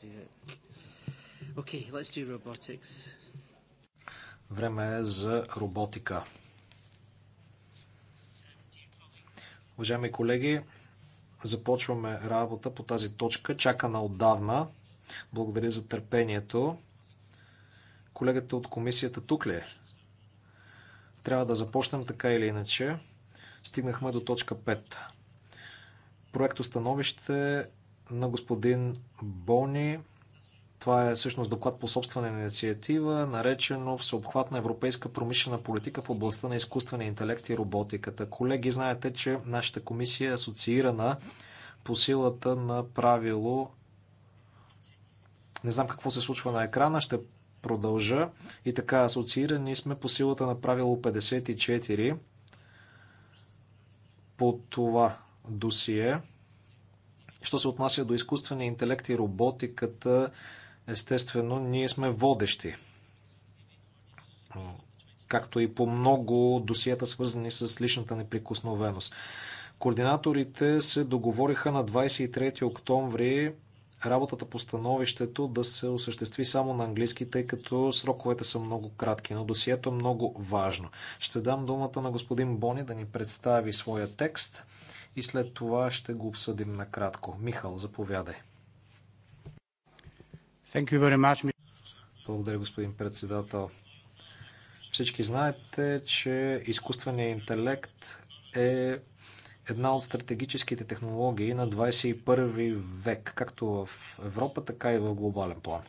do it. Okay, let's do robotics. Време е за роботика. Уважаеми колеги, започваме работа по тази точка, чакана отдавна. Благодаря за търпението. Колегата от комисията тук ли е? Трябва да започнем така или иначе. Стигнахме до точка 5. Проект установище на господин Бони. Това е всъщност доклад по собствена инициатива, наречено Всеобхватна европейска промишлена политика в областта на изкуствения интелект и роботиката. Колеги, знаете, че нашата комисия е асоциирана по силата на правило. Не знам какво се случва на екрана, ще продължа. И така, асоциирани сме по силата на правило 54 по това досие. Що се отнася до изкуствения интелект и роботиката, естествено, ние сме водещи. Както и по много досиета, свързани с личната неприкосновеност. Координаторите се договориха на 23 октомври работата по становището да се осъществи само на английски, тъй като сроковете са много кратки, но досието е много важно. Ще дам думата на господин Бони да ни представи своя текст и след това ще го обсъдим накратко. Михал, заповядай. Thank you very much. Благодаря, господин председател. Всички знаете, че изкуственият интелект е една от стратегическите технологии на 21 век, както в Европа, така и в глобален план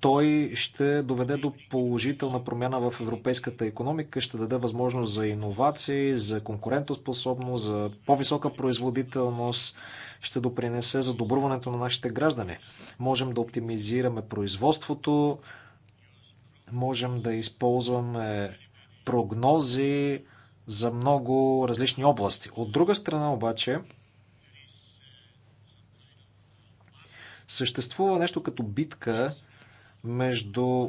той ще доведе до положителна промяна в европейската економика, ще даде възможност за иновации, за конкурентоспособност, за по-висока производителност, ще допринесе за добруването на нашите граждани. Можем да оптимизираме производството, можем да използваме прогнози за много различни области. От друга страна обаче, съществува нещо като битка между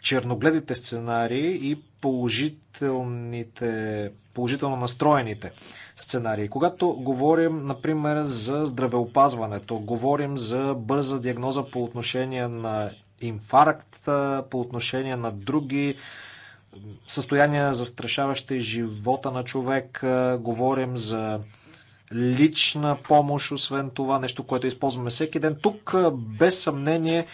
черногледите сценарии и положителните, положително настроените сценарии. Когато говорим, например, за здравеопазването, говорим за бърза диагноза по отношение на инфаркт, по отношение на други състояния, застрашаващи живота на човек, говорим за лична помощ, освен това, нещо, което използваме всеки ден. Тук, без съмнение,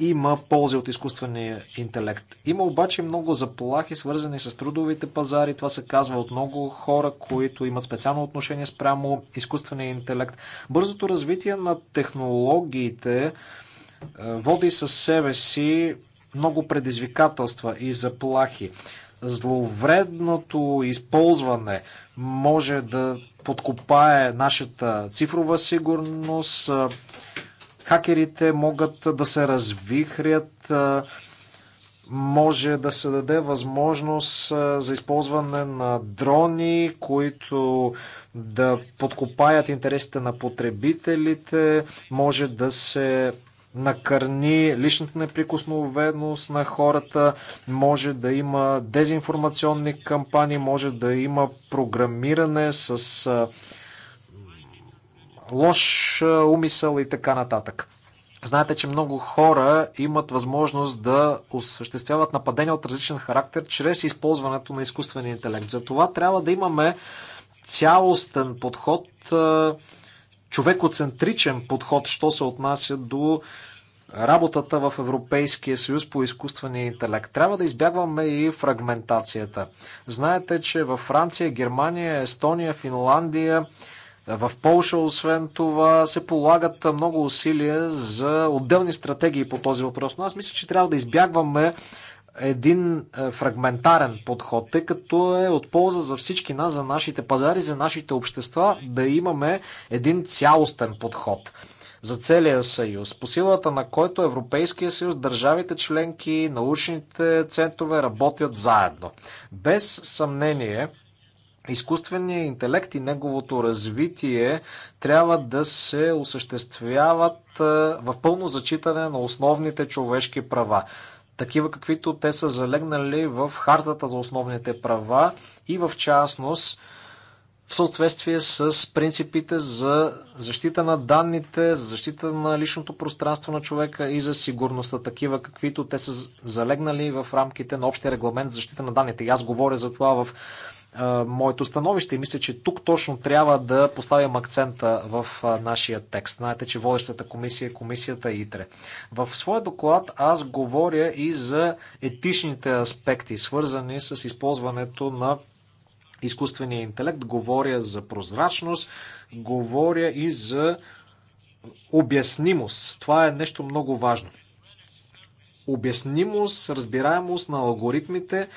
има ползи от изкуствения интелект. Има обаче много заплахи, свързани с трудовите пазари. Това се казва от много хора, които имат специално отношение спрямо изкуствения интелект. Бързото развитие на технологиите е, води със себе си много предизвикателства и заплахи. Зловредното използване може да подкопае нашата цифрова сигурност, е, хакерите могат да се развихрят, може да се даде възможност за използване на дрони, които да подкопаят интересите на потребителите, може да се накърни личната неприкосновеност на хората, може да има дезинформационни кампании, може да има програмиране с лош умисъл и така нататък. Знаете, че много хора имат възможност да осъществяват нападения от различен характер чрез използването на изкуствения интелект. Затова трябва да имаме цялостен подход, човекоцентричен подход, що се отнася до работата в Европейския съюз по изкуствения интелект. Трябва да избягваме и фрагментацията. Знаете, че във Франция, Германия, Естония, Финландия, в Полша, освен това, се полагат много усилия за отделни стратегии по този въпрос. Но аз мисля, че трябва да избягваме един е, фрагментарен подход, тъй като е от полза за всички нас, за нашите пазари, за нашите общества, да имаме един цялостен подход за целия съюз, по силата на който Европейския съюз, държавите членки, научните центрове работят заедно. Без съмнение, изкуственият интелект и неговото развитие трябва да се осъществяват е, в пълно зачитане на основните човешки права. Такива каквито те са залегнали в Хартата за основните права и в частност в съответствие с принципите за защита на данните, за защита на личното пространство на човека и за сигурността, такива каквито те са залегнали в рамките на общия регламент за защита на данните. И аз говоря за това в моето становище и мисля, че тук точно трябва да поставим акцента в нашия текст. Знаете, че водещата комисия е комисията ИТРЕ. В своя доклад аз говоря и за етичните аспекти, свързани с използването на изкуствения интелект, говоря за прозрачност, говоря и за обяснимост. Това е нещо много важно. Обяснимост, разбираемост на алгоритмите,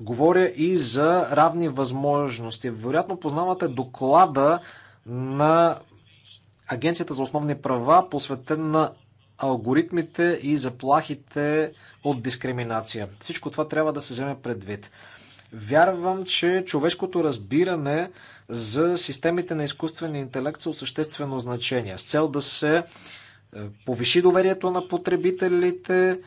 Говоря и за равни възможности. Вероятно познавате доклада на Агенцията за основни права, посветен на алгоритмите и заплахите от дискриминация. Всичко това трябва да се вземе предвид. Вярвам, че човешкото разбиране за системите на изкуствения интелект са от съществено значение. С цел да се е, повиши доверието на потребителите, е,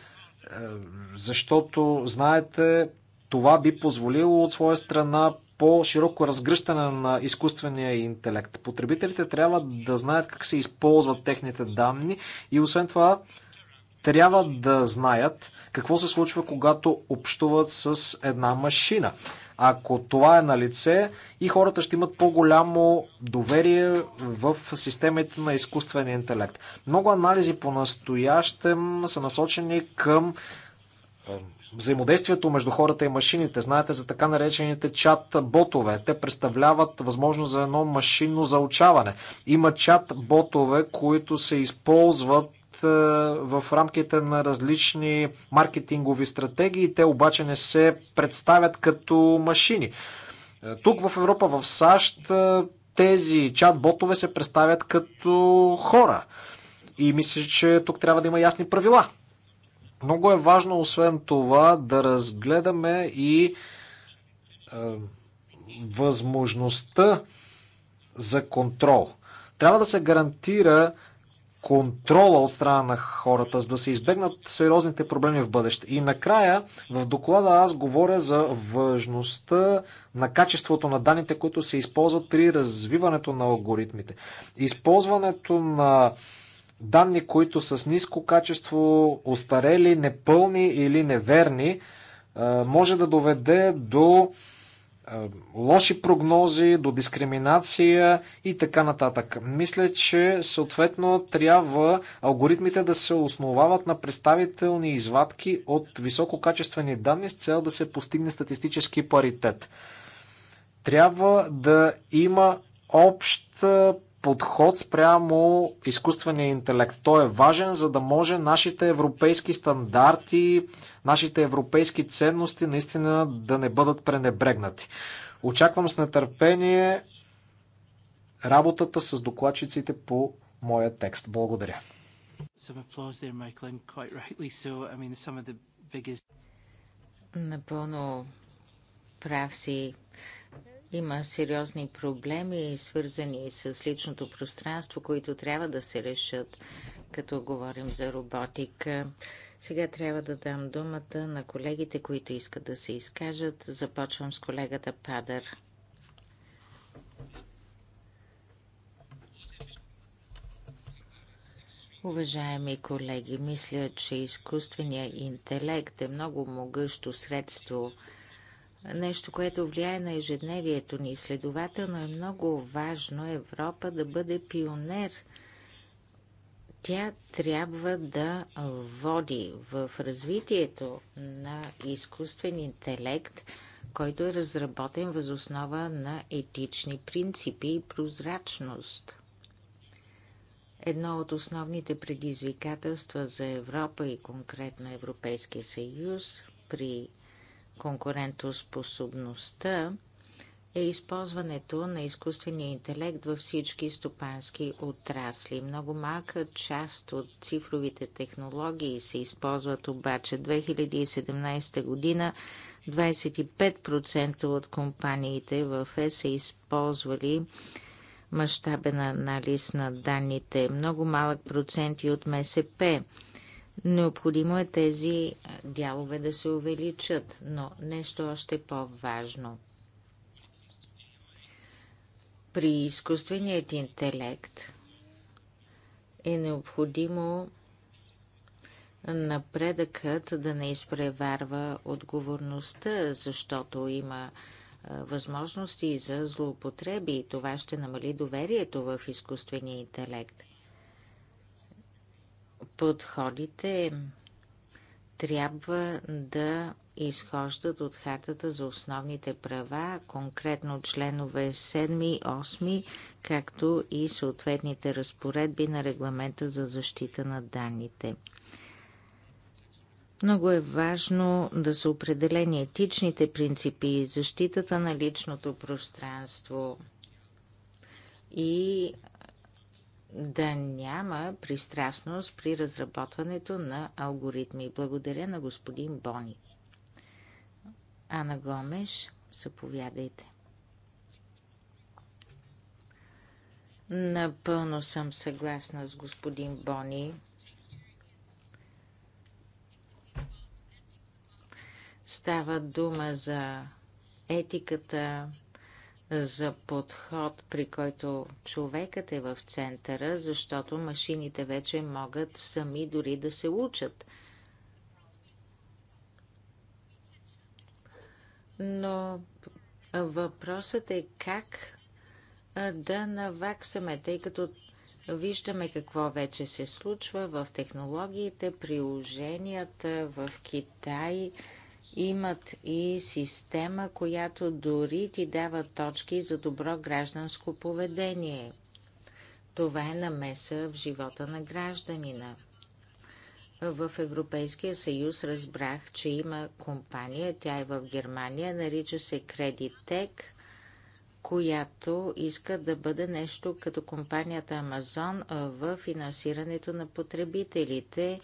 защото, знаете, това би позволило от своя страна по-широко разгръщане на изкуствения интелект. Потребителите трябва да знаят как се използват техните данни и освен това трябва да знаят какво се случва, когато общуват с една машина. Ако това е на лице и хората ще имат по-голямо доверие в системите на изкуствения интелект. Много анализи по настоящем са насочени към взаимодействието между хората и машините. Знаете за така наречените чат-ботове. Те представляват възможност за едно машинно заучаване. Има чат-ботове, които се използват е, в рамките на различни маркетингови стратегии, те обаче не се представят като машини. Е, тук в Европа, в САЩ, е, тези чат-ботове се представят като хора. И мисля, че тук трябва да има ясни правила много е важно, освен това, да разгледаме и е, възможността за контрол. Трябва да се гарантира контрола от страна на хората, за да се избегнат сериозните проблеми в бъдеще. И накрая, в доклада аз говоря за важността на качеството на данните, които се използват при развиването на алгоритмите. Използването на данни, които са с ниско качество, устарели, непълни или неверни, е, може да доведе до е, лоши прогнози, до дискриминация и така нататък. Мисля, че съответно трябва алгоритмите да се основават на представителни извадки от висококачествени данни с цел да се постигне статистически паритет. Трябва да има обща е, подход спрямо изкуствения интелект. Той е важен, за да може нашите европейски стандарти, нашите европейски ценности наистина да не бъдат пренебрегнати. Очаквам с нетърпение работата с докладчиците по моя текст. Благодаря. Напълно прав си. Има сериозни проблеми, свързани с личното пространство, които трябва да се решат, като говорим за роботика. Сега трябва да дам думата на колегите, които искат да се изкажат. Започвам с колегата Падър. Уважаеми колеги, мисля, че изкуственият интелект е много могъщо средство – нещо, което влияе на ежедневието ни. Следователно е много важно Европа да бъде пионер. Тя трябва да води в развитието на изкуствен интелект, който е разработен въз основа на етични принципи и прозрачност. Едно от основните предизвикателства за Европа и конкретно Европейския съюз при конкурентоспособността е използването на изкуствения интелект във всички стопански отрасли. Много малка част от цифровите технологии се използват обаче. 2017 година 25% от компаниите в ЕС са използвали мащабен анализ на данните. Много малък процент и от МСП Необходимо е тези е, дялове да се увеличат, но нещо още по-важно. При изкуственият интелект е необходимо напредъкът да не изпреварва отговорността, защото има е, възможности за злоупотреби и това ще намали доверието в изкуствения интелект подходите трябва да изхождат от хартата за основните права, конкретно членове 7, 8, както и съответните разпоредби на регламента за защита на данните. Много е важно да са определени етичните принципи, защитата на личното пространство и да няма пристрастност при разработването на алгоритми. Благодаря на господин Бони. Ана Гомеш, заповядайте. Напълно съм съгласна с господин Бони. Става дума за етиката, за подход, при който човекът е в центъра, защото машините вече могат сами дори да се учат. Но въпросът е как да наваксаме, тъй като виждаме какво вече се случва в технологиите, приложенията в Китай – имат и система, която дори ти дава точки за добро гражданско поведение. Това е намеса в живота на гражданина. В Европейския съюз разбрах, че има компания, тя е в Германия, нарича се Creditec, която иска да бъде нещо като компанията Амазон в финансирането на потребителите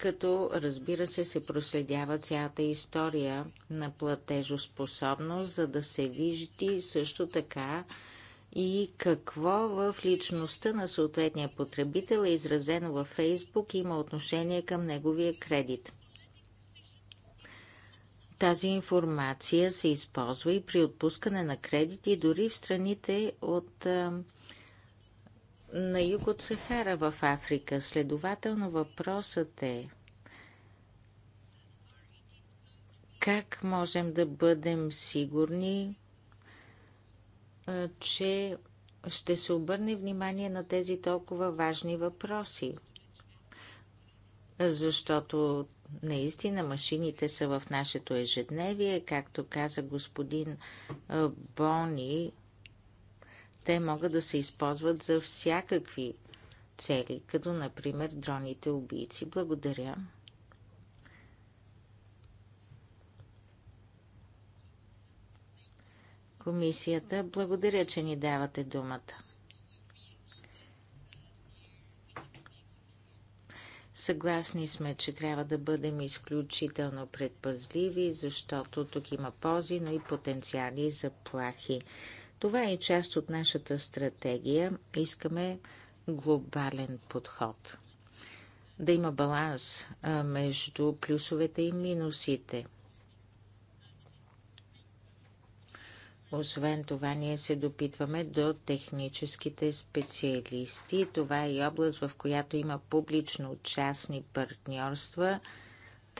като разбира се се проследява цялата история на платежоспособност, за да се вижди също така и какво в личността на съответния потребител е изразено във Фейсбук и има отношение към неговия кредит. Тази информация се използва и при отпускане на кредити, дори в страните от на юг от Сахара в Африка. Следователно въпросът е как можем да бъдем сигурни, че ще се обърне внимание на тези толкова важни въпроси. Защото наистина машините са в нашето ежедневие, както каза господин Бони, те могат да се използват за всякакви цели, като например дроните убийци. Благодаря. Комисията, благодаря, че ни давате думата. Съгласни сме, че трябва да бъдем изключително предпазливи, защото тук има пози, но и потенциали за плахи. Това е част от нашата стратегия. Искаме глобален подход. Да има баланс между плюсовете и минусите. Освен това, ние се допитваме до техническите специалисти. Това е и област, в която има публично-частни партньорства –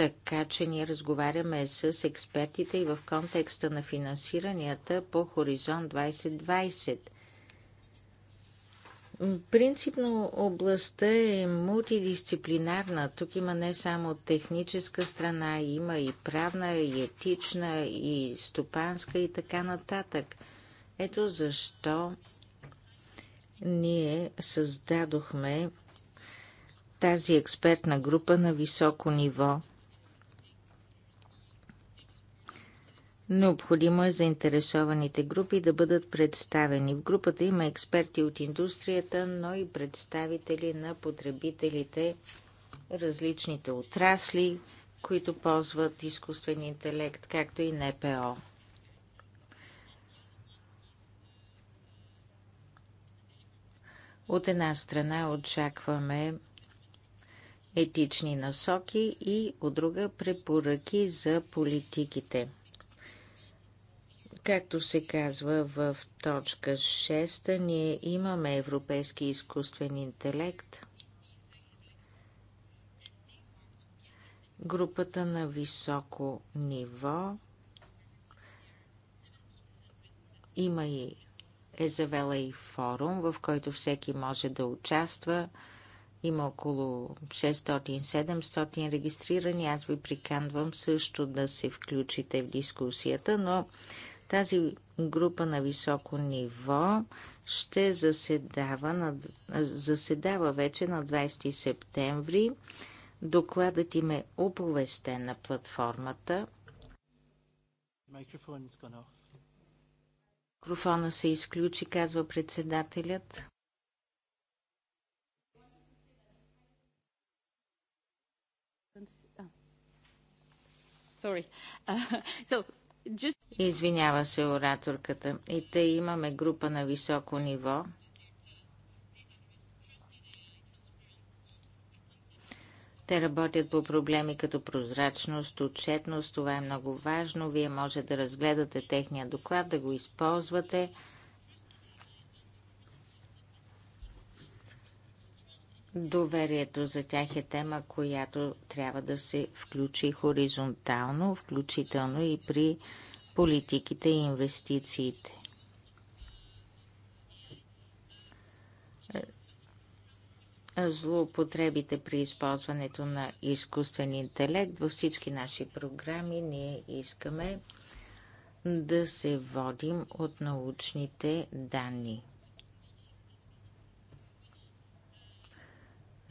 така че ние разговаряме с експертите и в контекста на финансиранията по Хоризонт 2020. Принципно областта е мултидисциплинарна. Тук има не само техническа страна, има и правна, и етична, и стопанска и така нататък. Ето защо ние създадохме тази експертна група на високо ниво Необходимо е заинтересованите групи да бъдат представени. В групата има експерти от индустрията, но и представители на потребителите, различните отрасли, които ползват изкуствен интелект, както и НПО. От една страна очакваме етични насоки и от друга препоръки за политиките – Както се казва в точка 6, ние имаме европейски изкуствен интелект. Групата на високо ниво има и е завела и форум, в който всеки може да участва. Има около 600-700 регистрирани. Аз ви приканвам също да се включите в дискусията, но тази група на високо ниво ще заседава, на, заседава вече на 20 септември. Докладът им е оповестен на платформата. Е Микрофона се изключи, казва председателят. Sorry. Uh, so Извинява се ораторката. И тъй имаме група на високо ниво. Те работят по проблеми като прозрачност, отчетност. Това е много важно. Вие може да разгледате техния доклад, да го използвате. Доверието за тях е тема, която трябва да се включи хоризонтално, включително и при политиките и инвестициите. Злоупотребите при използването на изкуствен интелект във всички наши програми ние искаме да се водим от научните данни.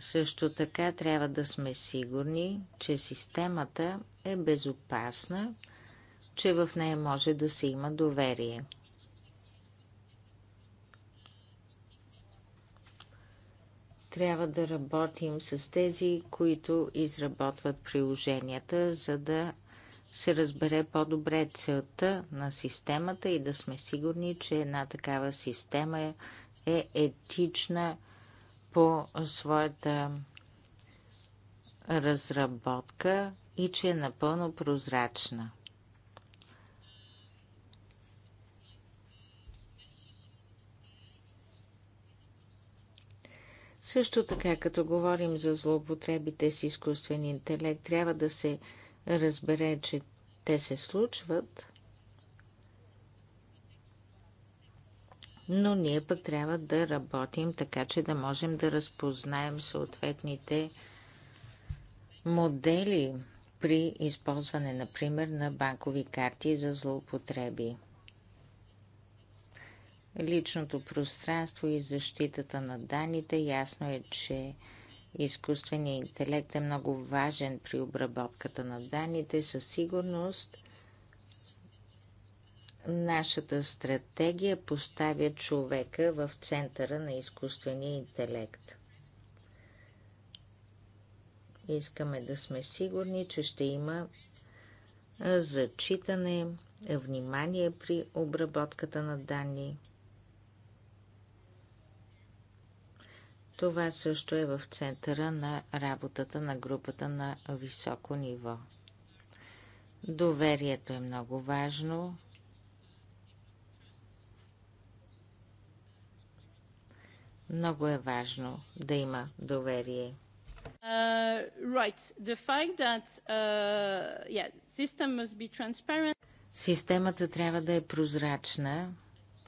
Също така трябва да сме сигурни, че системата е безопасна, че в нея може да се има доверие. Трябва да работим с тези, които изработват приложенията, за да се разбере по-добре целта на системата и да сме сигурни, че една такава система е, е етична по своята разработка и че е напълно прозрачна. Също така, като говорим за злоупотребите с изкуствен интелект, трябва да се разбере, че те се случват но ние пък трябва да работим така, че да можем да разпознаем съответните модели при използване, например, на банкови карти за злоупотреби. Личното пространство и защитата на данните ясно е, че изкуственият интелект е много важен при обработката на данните. Със сигурност – Нашата стратегия поставя човека в центъра на изкуствения интелект. Искаме да сме сигурни, че ще има зачитане, внимание при обработката на данни. Това също е в центъра на работата на групата на високо ниво. Доверието е много важно. Много е важно да има доверие. Uh, right. The fact that uh, yeah, system must be transparent. Системата трябва да е прозрачна.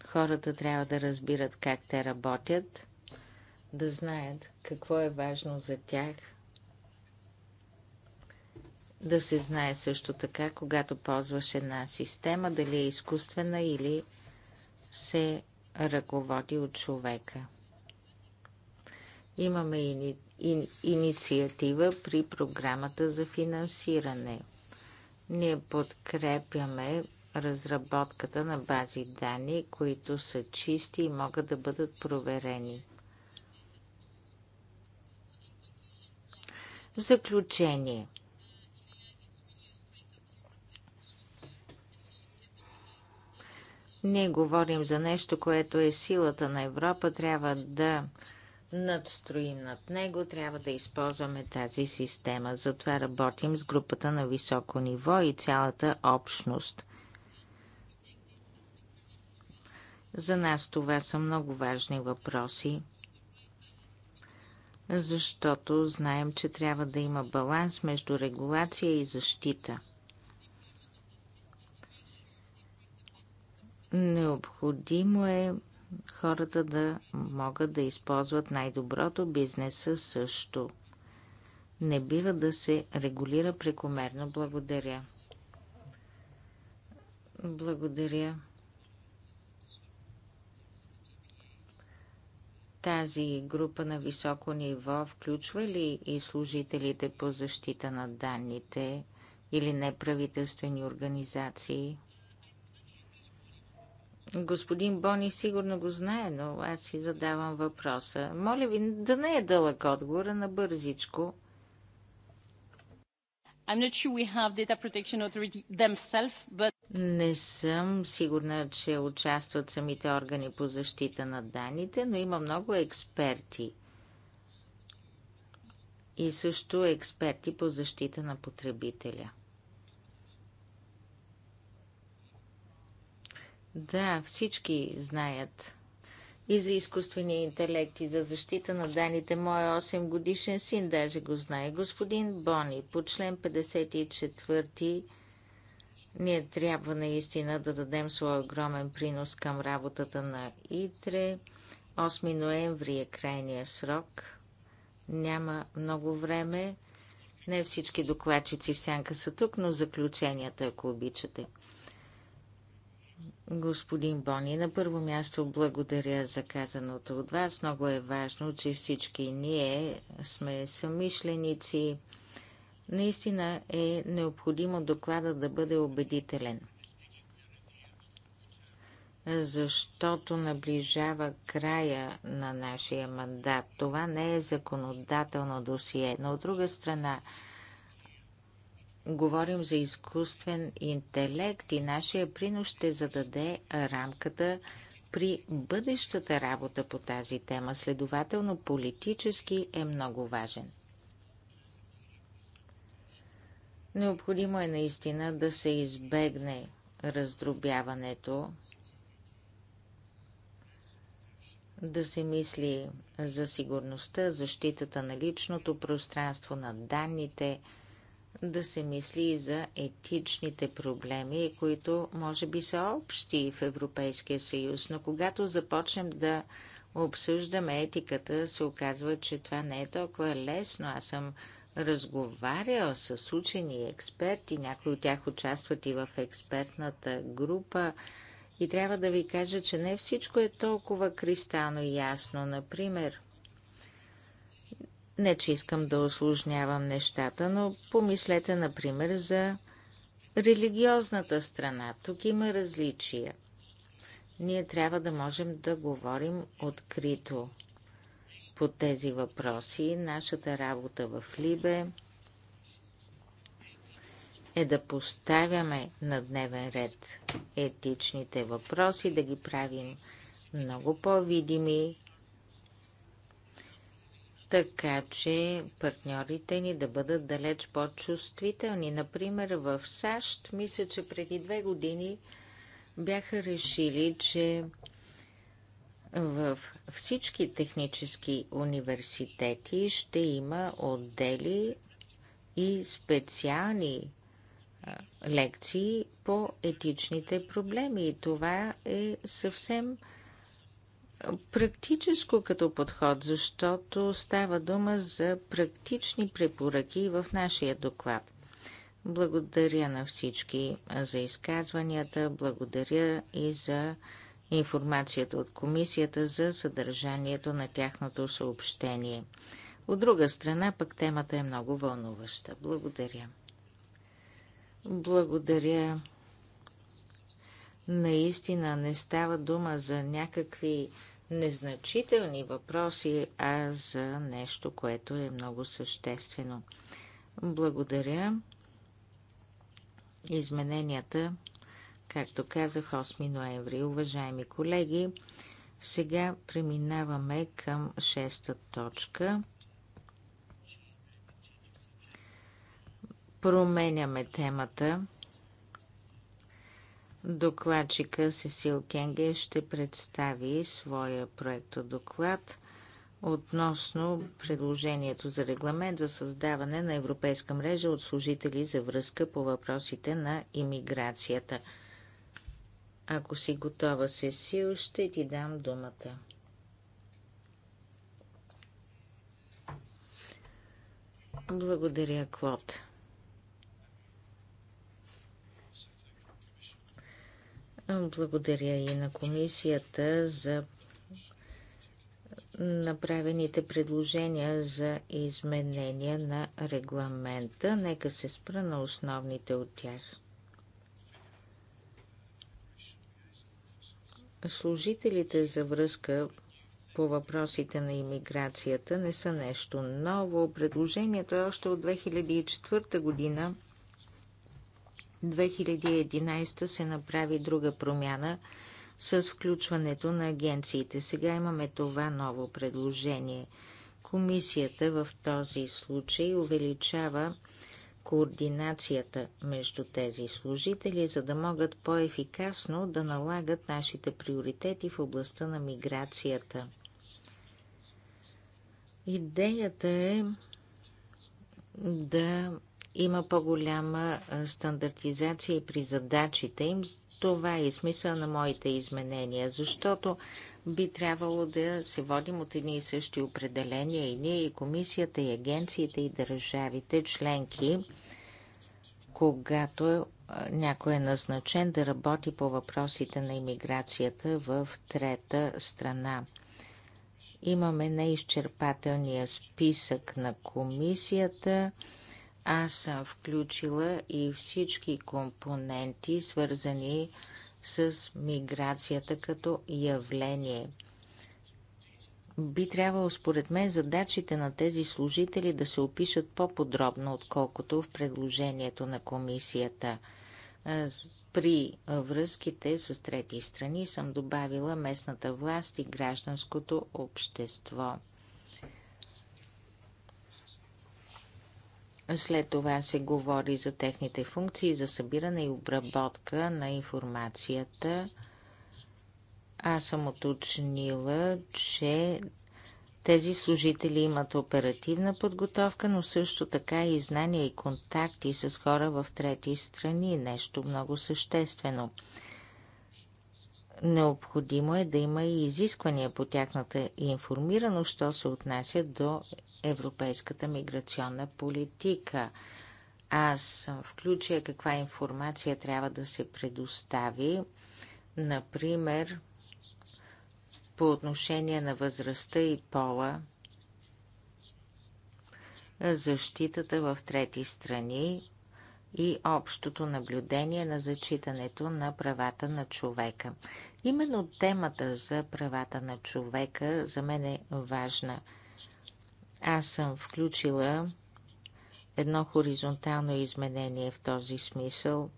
Хората трябва да разбират как те работят, да знаят какво е важно за тях. Да се знае също така, когато ползваш една система, дали е изкуствена или се ръководи от човека. Имаме и, инициатива при програмата за финансиране. Ние подкрепяме разработката на бази данни, които са чисти и могат да бъдат проверени. В заключение – Ние говорим за нещо, което е силата на Европа. Трябва да надстроим над него, трябва да използваме тази система. Затова работим с групата на високо ниво и цялата общност. За нас това са много важни въпроси, защото знаем, че трябва да има баланс между регулация и защита. Необходимо е хората да могат да използват най-доброто, бизнеса също. Не бива да се регулира прекомерно. Благодаря. Благодаря. Тази група на високо ниво включва ли и служителите по защита на данните или неправителствени организации? Господин Бони сигурно го знае, но аз си задавам въпроса. Моля ви да не е дълъг отговор, а на бързичко. Sure but... Не съм сигурна, че участват самите органи по защита на данните, но има много експерти. И също експерти по защита на потребителя. Да, всички знаят и за изкуствения интелект, и за защита на данните. Моя 8 годишен син даже го знае. Господин Бони, по член 54 ние трябва наистина да дадем своя огромен принос към работата на ИТРЕ. 8 ноември е крайния срок. Няма много време. Не всички докладчици в сянка са тук, но заключенията, ако обичате господин Бони. На първо място благодаря за казаното от вас. Много е важно, че всички ние сме съмишленици. Наистина е необходимо доклада да бъде убедителен, защото наближава края на нашия мандат. Това не е законодателно досие, но от друга страна – говорим за изкуствен интелект и нашия принос ще зададе рамката при бъдещата работа по тази тема. Следователно, политически е много важен. Необходимо е наистина да се избегне раздробяването, да се мисли за сигурността, защитата на личното пространство, на данните – да се мисли и за етичните проблеми, които може би са общи в Европейския съюз, но когато започнем да обсъждаме етиката, се оказва, че това не е толкова лесно. Аз съм разговарял с учени и експерти, някои от тях участват и в експертната група. И трябва да ви кажа, че не всичко е толкова кристално ясно. Например, не, че искам да осложнявам нещата, но помислете, например, за религиозната страна. Тук има различия. Ние трябва да можем да говорим открито по тези въпроси. Нашата работа в Либе е да поставяме на дневен ред етичните въпроси, да ги правим много по-видими, така че партньорите ни да бъдат далеч по-чувствителни. Например, в САЩ, мисля, че преди две години бяха решили, че в всички технически университети ще има отдели и специални лекции по етичните проблеми. И това е съвсем практическо като подход, защото става дума за практични препоръки в нашия доклад. Благодаря на всички за изказванията, благодаря и за информацията от комисията за съдържанието на тяхното съобщение. От друга страна, пък темата е много вълнуваща. Благодаря. Благодаря. Наистина не става дума за някакви незначителни въпроси, а за нещо, което е много съществено. Благодаря. Измененията, както казах, 8 ноември. Уважаеми колеги, сега преминаваме към шеста точка. Променяме темата Докладчика Сесил Кенге ще представи своя проектодоклад относно предложението за регламент за създаване на Европейска мрежа от служители за връзка по въпросите на имиграцията. Ако си готова, Сесил, ще ти дам думата. Благодаря, Клод. Благодаря и на комисията за направените предложения за изменения на регламента. Нека се спра на основните от тях. Служителите за връзка по въпросите на иммиграцията не са нещо ново. Предложението е още от 2004 година 2011 се направи друга промяна с включването на агенциите. Сега имаме това ново предложение. Комисията в този случай увеличава координацията между тези служители, за да могат по-ефикасно да налагат нашите приоритети в областта на миграцията. Идеята е да има по-голяма стандартизация и при задачите им. Това е и смисъл на моите изменения, защото би трябвало да се водим от едни и същи определения и ние, и комисията, и агенциите, и държавите членки, когато някой е назначен да работи по въпросите на иммиграцията в трета страна. Имаме неизчерпателния списък на комисията – аз съм включила и всички компоненти, свързани с миграцията като явление. Би трябвало, според мен, задачите на тези служители да се опишат по-подробно, отколкото в предложението на комисията. При връзките с трети страни съм добавила местната власт и гражданското общество. След това се говори за техните функции, за събиране и обработка на информацията. Аз съм уточнила, че тези служители имат оперативна подготовка, но също така и знания и контакти с хора в трети страни, нещо много съществено. Необходимо е да има и изисквания по тяхната информираност, що се отнася до европейската миграционна политика. Аз включая каква информация трябва да се предостави, например, по отношение на възрастта и пола, защитата в трети страни, и общото наблюдение на зачитането на правата на човека. Именно темата за правата на човека за мен е важна. Аз съм включила едно хоризонтално изменение в този смисъл.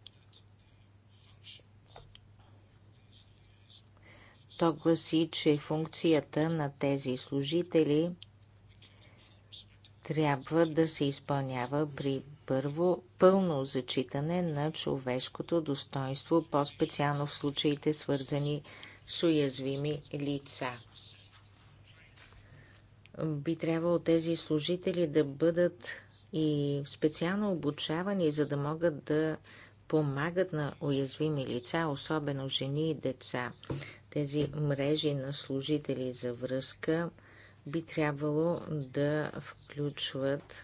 То гласи, че функцията на тези служители – трябва да се изпълнява при първо пълно зачитане на човешкото достоинство, по-специално в случаите свързани с уязвими лица. Би трябвало тези служители да бъдат и специално обучавани, за да могат да помагат на уязвими лица, особено жени и деца. Тези мрежи на служители за връзка – би трябвало да включват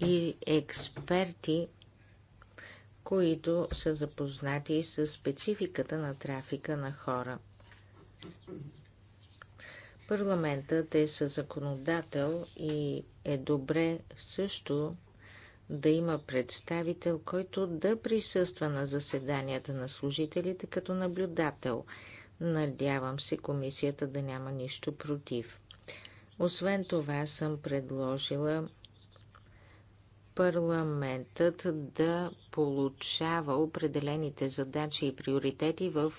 и експерти, които са запознати с спецификата на трафика на хора. Парламентът е със законодател и е добре също да има представител, който да присъства на заседанията на служителите като наблюдател – Надявам се комисията да няма нищо против. Освен това съм предложила парламентът да получава определените задачи и приоритети в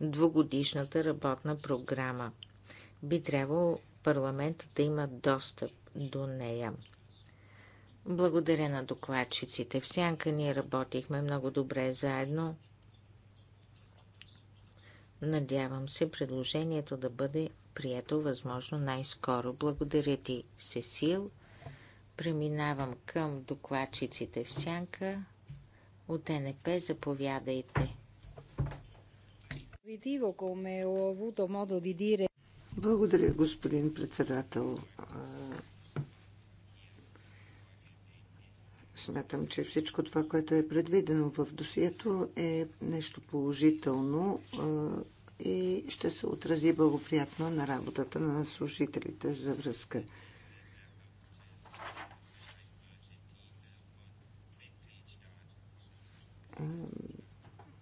двугодишната работна програма. Би трябвало парламентът да има достъп до нея. Благодаря на докладчиците. В Сянка ние работихме много добре заедно. Надявам се предложението да бъде прието възможно най-скоро. Благодаря ти, Сесил. Преминавам към докладчиците в сянка. От НП заповядайте. Благодаря, господин председател. Смятам, че всичко това, което е предвидено в досието, е нещо положително и ще се отрази благоприятно на работата на служителите за връзка.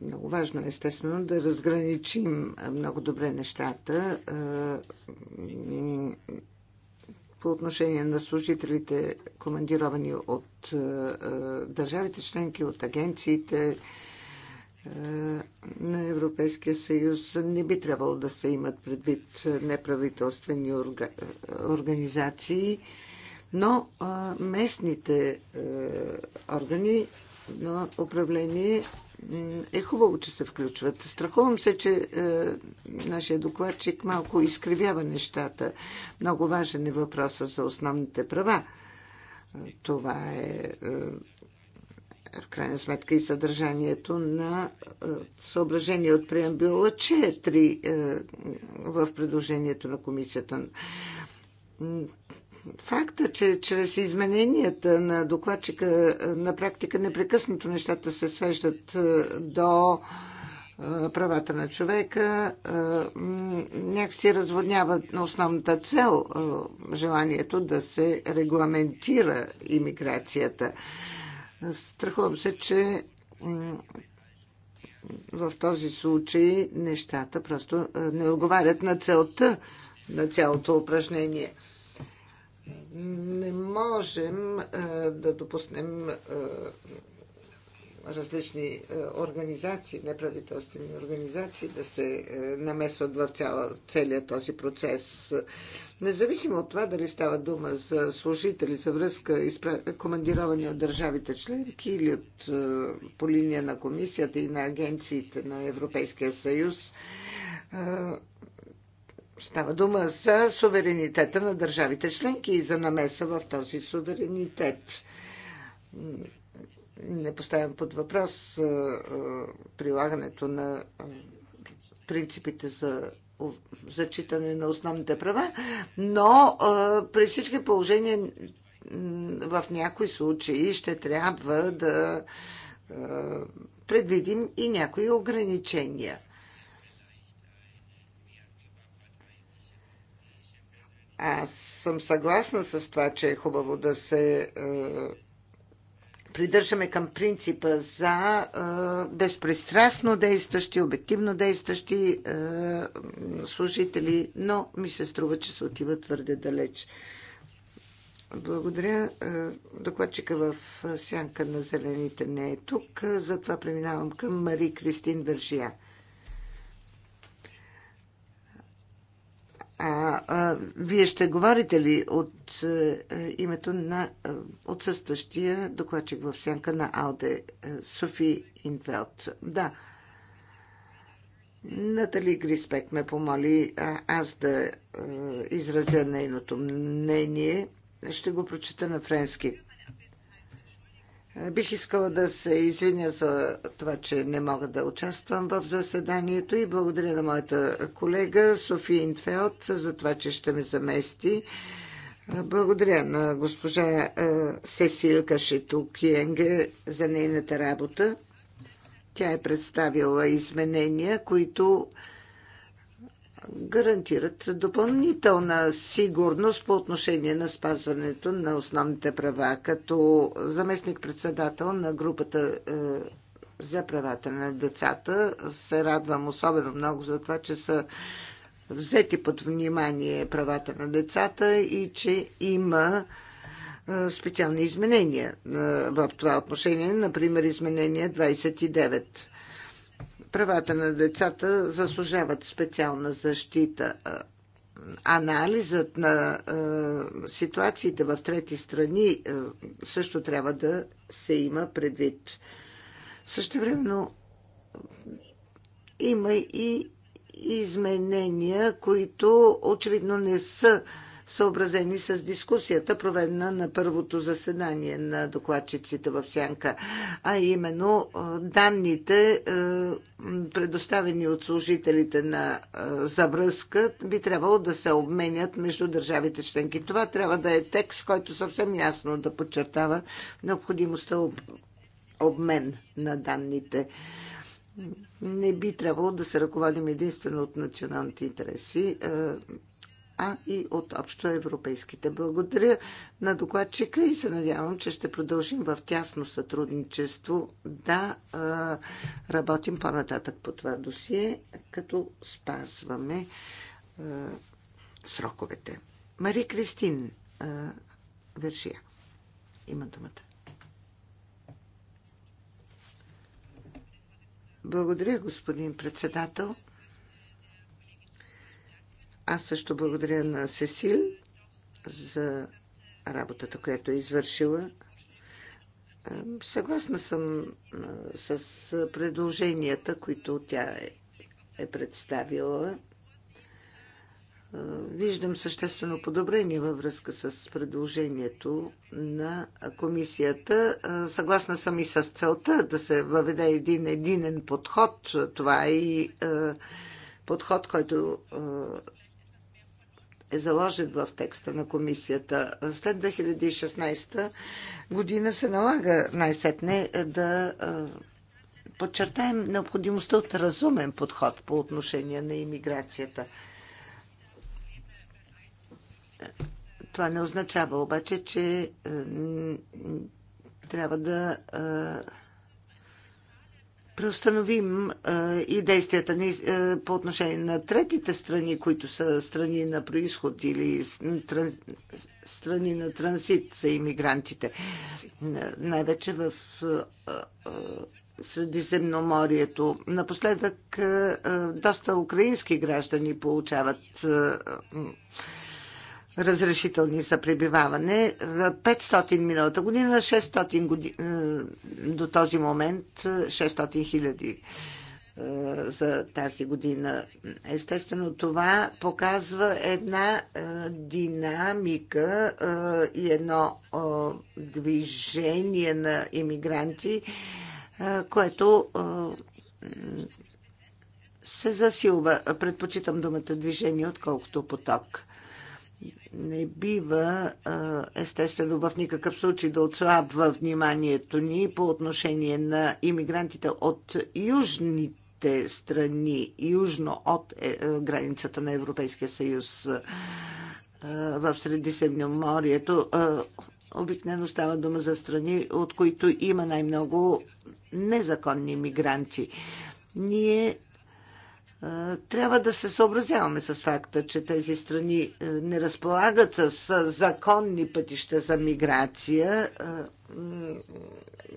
Много важно е, естествено, да разграничим много добре нещата по отношение на служителите, командировани от държавите членки, от агенциите, на Европейския съюз не би трябвало да се имат предвид неправителствени организации, но местните органи на управление е хубаво, че се включват. Страхувам се, че е, нашия докладчик малко изкривява нещата. Много важен е въпросът за основните права. Това е, е в крайна сметка и съдържанието на е, съображение от преамбюла 4 е е, в предложението на комисията. Факта, че чрез измененията на докладчика на практика непрекъснато нещата се свеждат до правата на човека някакси разводнява на основната цел желанието да се регламентира иммиграцията. Страхувам се, че в този случай нещата просто не отговарят на целта на цялото упражнение. Не можем да допуснем различни е, организации, неправителствени организации да се е, намесват в цяла, целия този процес. Независимо от това дали става дума за служители за връзка, командировани от държавите членки или от, е, по линия на комисията и на агенциите на Европейския съюз, Става дума за суверенитета на държавите членки и за намеса в този суверенитет не поставям под въпрос прилагането на принципите за зачитане на основните права, но при всички положения в някои случаи ще трябва да предвидим и някои ограничения. Аз съм съгласна с това, че е хубаво да се е, придържаме към принципа за безпристрастно действащи, обективно действащи служители, но ми се струва, че се отива твърде далеч. Благодаря. Докладчика в сянка на зелените не е тук, затова преминавам към Мари Кристин Вържия. А, а вие ще говорите ли от а, е, е, името на а, е, отсъстващия докладчик в сянка на Алде, Софи Инфелд? Да. Натали Гриспек ме помоли а, аз да а, изразя нейното мнение. Ще го прочета на френски. Бих искала да се извиня за това, че не мога да участвам в заседанието и благодаря на моята колега Софи Интфелд за това, че ще ме замести. Благодаря на госпожа е, Сесил Киенге за нейната работа. Тя е представила изменения, които гарантират допълнителна сигурност по отношение на спазването на основните права. Като заместник-председател на групата е, за правата на децата се радвам особено много за това, че са взети под внимание правата на децата и че има е, специални изменения е, в това отношение, например изменение 29 правата на децата заслужават специална защита. Анализът на ситуациите в трети страни също трябва да се има предвид. Също времено има и изменения, които очевидно не са съобразени с дискусията, проведена на първото заседание на докладчиците в Сянка, а именно данните, предоставени от служителите на завръзка, би трябвало да се обменят между държавите членки. Това трябва да е текст, който съвсем ясно да подчертава необходимостта от обмен на данните не би трябвало да се ръководим единствено от националните интереси а и от общо европейските. Благодаря на докладчика и се надявам, че ще продължим в тясно сътрудничество да а, работим по-нататък по това досие, като спазваме а, сроковете. Мари Кристин а, Вершия. има думата. Благодаря, господин председател. Аз също благодаря на Сесил за работата, която е извършила. Съгласна съм с предложенията, които тя е, е представила. Виждам съществено подобрение във връзка с предложението на комисията. Съгласна съм и с целта да се въведе един единен подход. Това е и подход, който е заложен в текста на комисията. След 2016 година се налага най-сетне да подчертаем необходимостта от разумен подход по отношение на иммиграцията. Това не означава обаче, че трябва да преустановим и действията ни по отношение на третите страни, които са страни на происход или транз... страни на транзит за иммигрантите. Най-вече в Средиземноморието. Напоследък доста украински граждани получават разрешителни за пребиваване. 500 миналата година, 600 годи... Е, до този момент, 600 е, хиляди е, за тази година. Естествено, това показва една динамика и едно движение на иммигранти, което се засилва. Предпочитам думата движение, отколкото поток не бива, естествено, в никакъв случай да отслабва вниманието ни по отношение на иммигрантите от южните страни, южно от е, е, границата на Европейския съюз в Средиземноморието. Обикновено става дума за страни, от които има най-много незаконни мигранти. Ние трябва да се съобразяваме с факта, че тези страни не разполагат с законни пътища за миграция.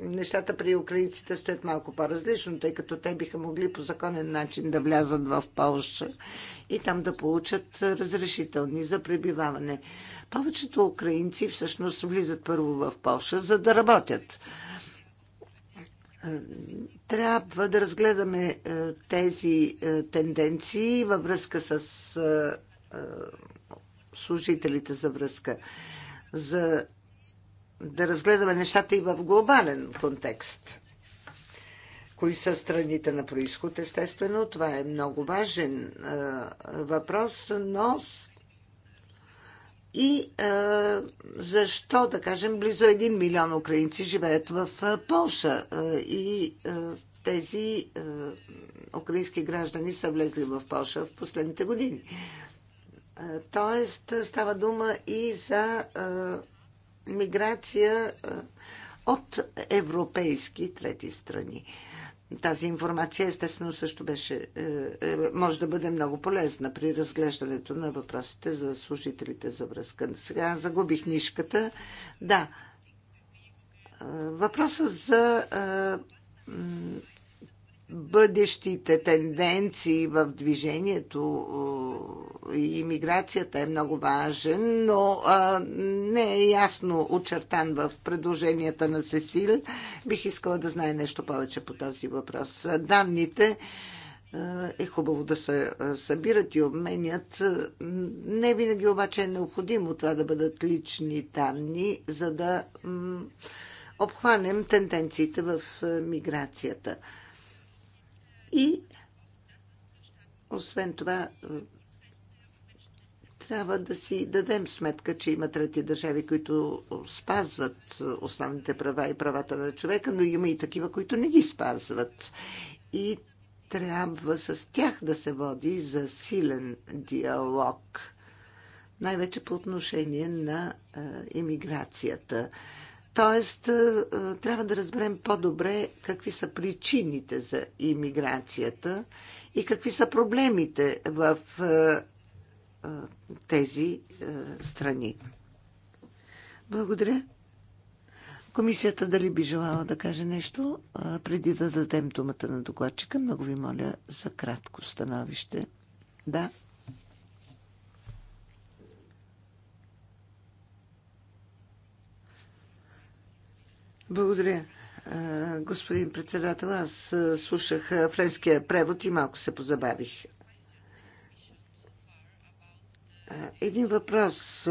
Нещата при украинците стоят малко по-различно, тъй като те биха могли по законен начин да влязат в Полша и там да получат разрешителни за пребиваване. Повечето украинци всъщност влизат първо в Полша, за да работят е, трябва да разгледаме е, тези е, тенденции във връзка с служителите за връзка, за да разгледаме нещата и в глобален контекст. Кои са страните на происход, естествено, това е много важен въпрос, но и а, защо, да кажем, близо 1 милион украинци живеят в Польша и а, тези а, украински граждани са влезли в Польша в последните години. Тоест, става дума и за миграция от европейски трети страни. Тази информация, естествено, също беше, е, е, може да бъде много полезна при разглеждането на въпросите за служителите за връзка. Сега загубих нишката. Да. Е, Въпросът за бъдещите тенденции в движението и миграцията е много важен, но не е ясно очертан в предложенията на Сесил. Бих искала да знае нещо повече по този въпрос. Данните е хубаво да се събират и обменят. Не винаги обаче е необходимо това да бъдат лични данни, за да обхванем тенденциите в миграцията. И освен това, е, трябва да си дадем сметка, че има трети държави, които спазват основните права и правата на човека, но има и такива, които не ги спазват. И трябва с тях да се води за силен диалог, най-вече по отношение на е, имиграцията. Тоест, е, е, трябва да разберем по-добре какви са причините за иммиграцията и какви са проблемите в е, тези страни. Благодаря. Комисията дали би желала да каже нещо преди да дадем думата на докладчика? Много ви моля за кратко становище. Да. Благодаря. Господин председател, аз слушах френския превод и малко се позабавих. Един въпрос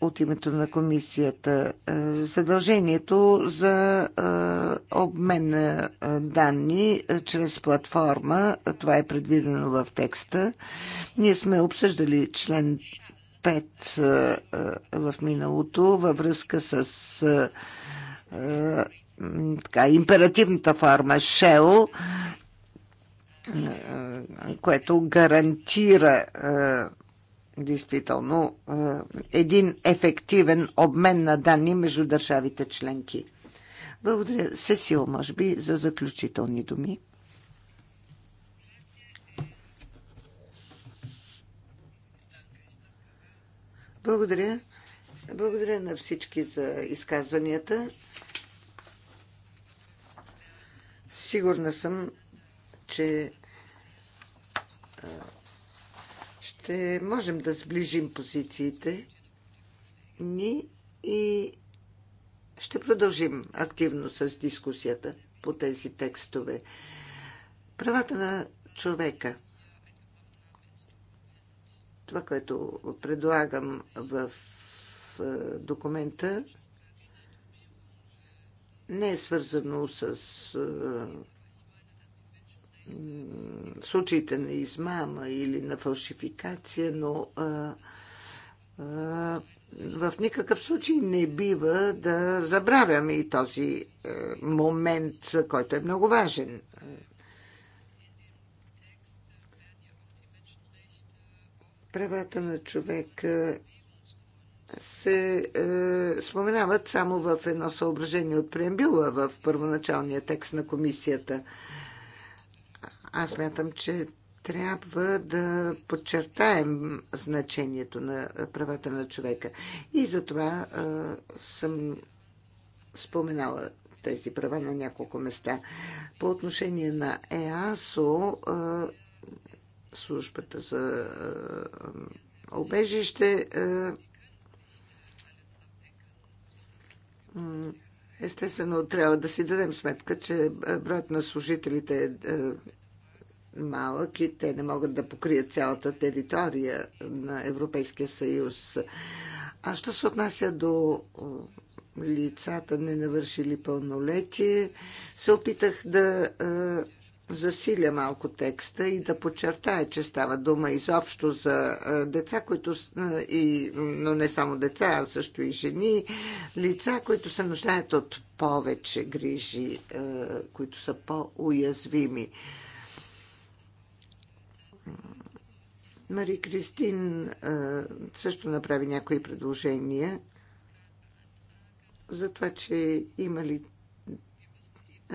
от името на комисията. Задължението за обмен на данни чрез платформа, това е предвидено в текста. Ние сме обсъждали член 5 в миналото във връзка с така, императивната форма Shell, което гарантира действително един ефективен обмен на данни между държавите членки. Благодаря. Сесил, може би, за заключителни думи. Благодаря. Благодаря на всички за изказванията. Сигурна съм, че ще можем да сближим позициите ни и ще продължим активно с дискусията по тези текстове. Правата на човека – това, което предлагам в е, документа, не е свързано с е, случаите на измама или на фалшификация, но е, в никакъв случай не бива да забравяме и този момент, който е много важен. правата на човека се е, споменават само в едно съображение от преембила в първоначалния текст на комисията. Аз мятам, че трябва да подчертаем значението на правата на човека. И затова е, съм споменала тези права на няколко места. По отношение на ЕАСО, е, службата за е, е, обежище. Е, естествено, трябва да си дадем сметка, че броят на служителите е малък и те не могат да покрият цялата територия на Европейския съюз. А що се отнася до лицата, не навършили пълнолетие, се опитах да засиля малко текста и да подчертая, че става дума изобщо за деца, които, и, но не само деца, а също и жени, лица, които се нуждаят от повече грижи, които са по-уязвими. Мари Кристин също направи някои предложения за това, че има ли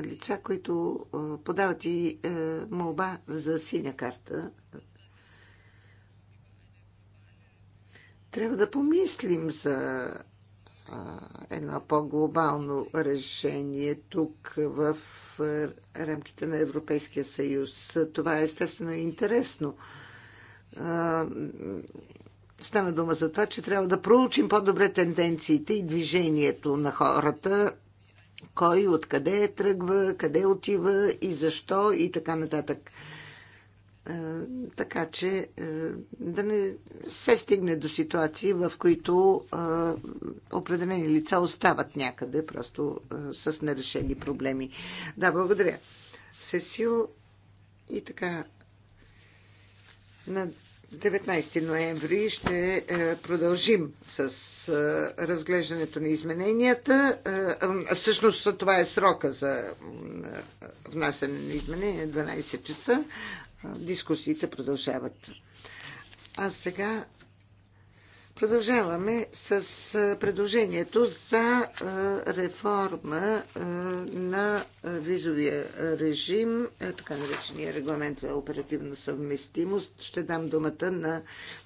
лица, които подават и молба за синя карта. Трябва да помислим за едно по-глобално решение тук в рамките на Европейския съюз. Това е естествено е интересно. Стана дума за това, че трябва да проучим по-добре тенденциите и движението на хората кой, откъде тръгва, къде отива и защо и така нататък. Е, така че е, да не се стигне до ситуации, в които е, определени лица остават някъде просто с нерешени проблеми. Да, благодаря. Сесил и така. На 19 ноември ще е, продължим с е, разглеждането на измененията. Е, всъщност това е срока за внасяне на изменения 12 часа. Дискусиите продължават. А сега Продължаваме с предложението за реформа на визовия режим, така наречения регламент за оперативна съвместимост. Ще дам думата на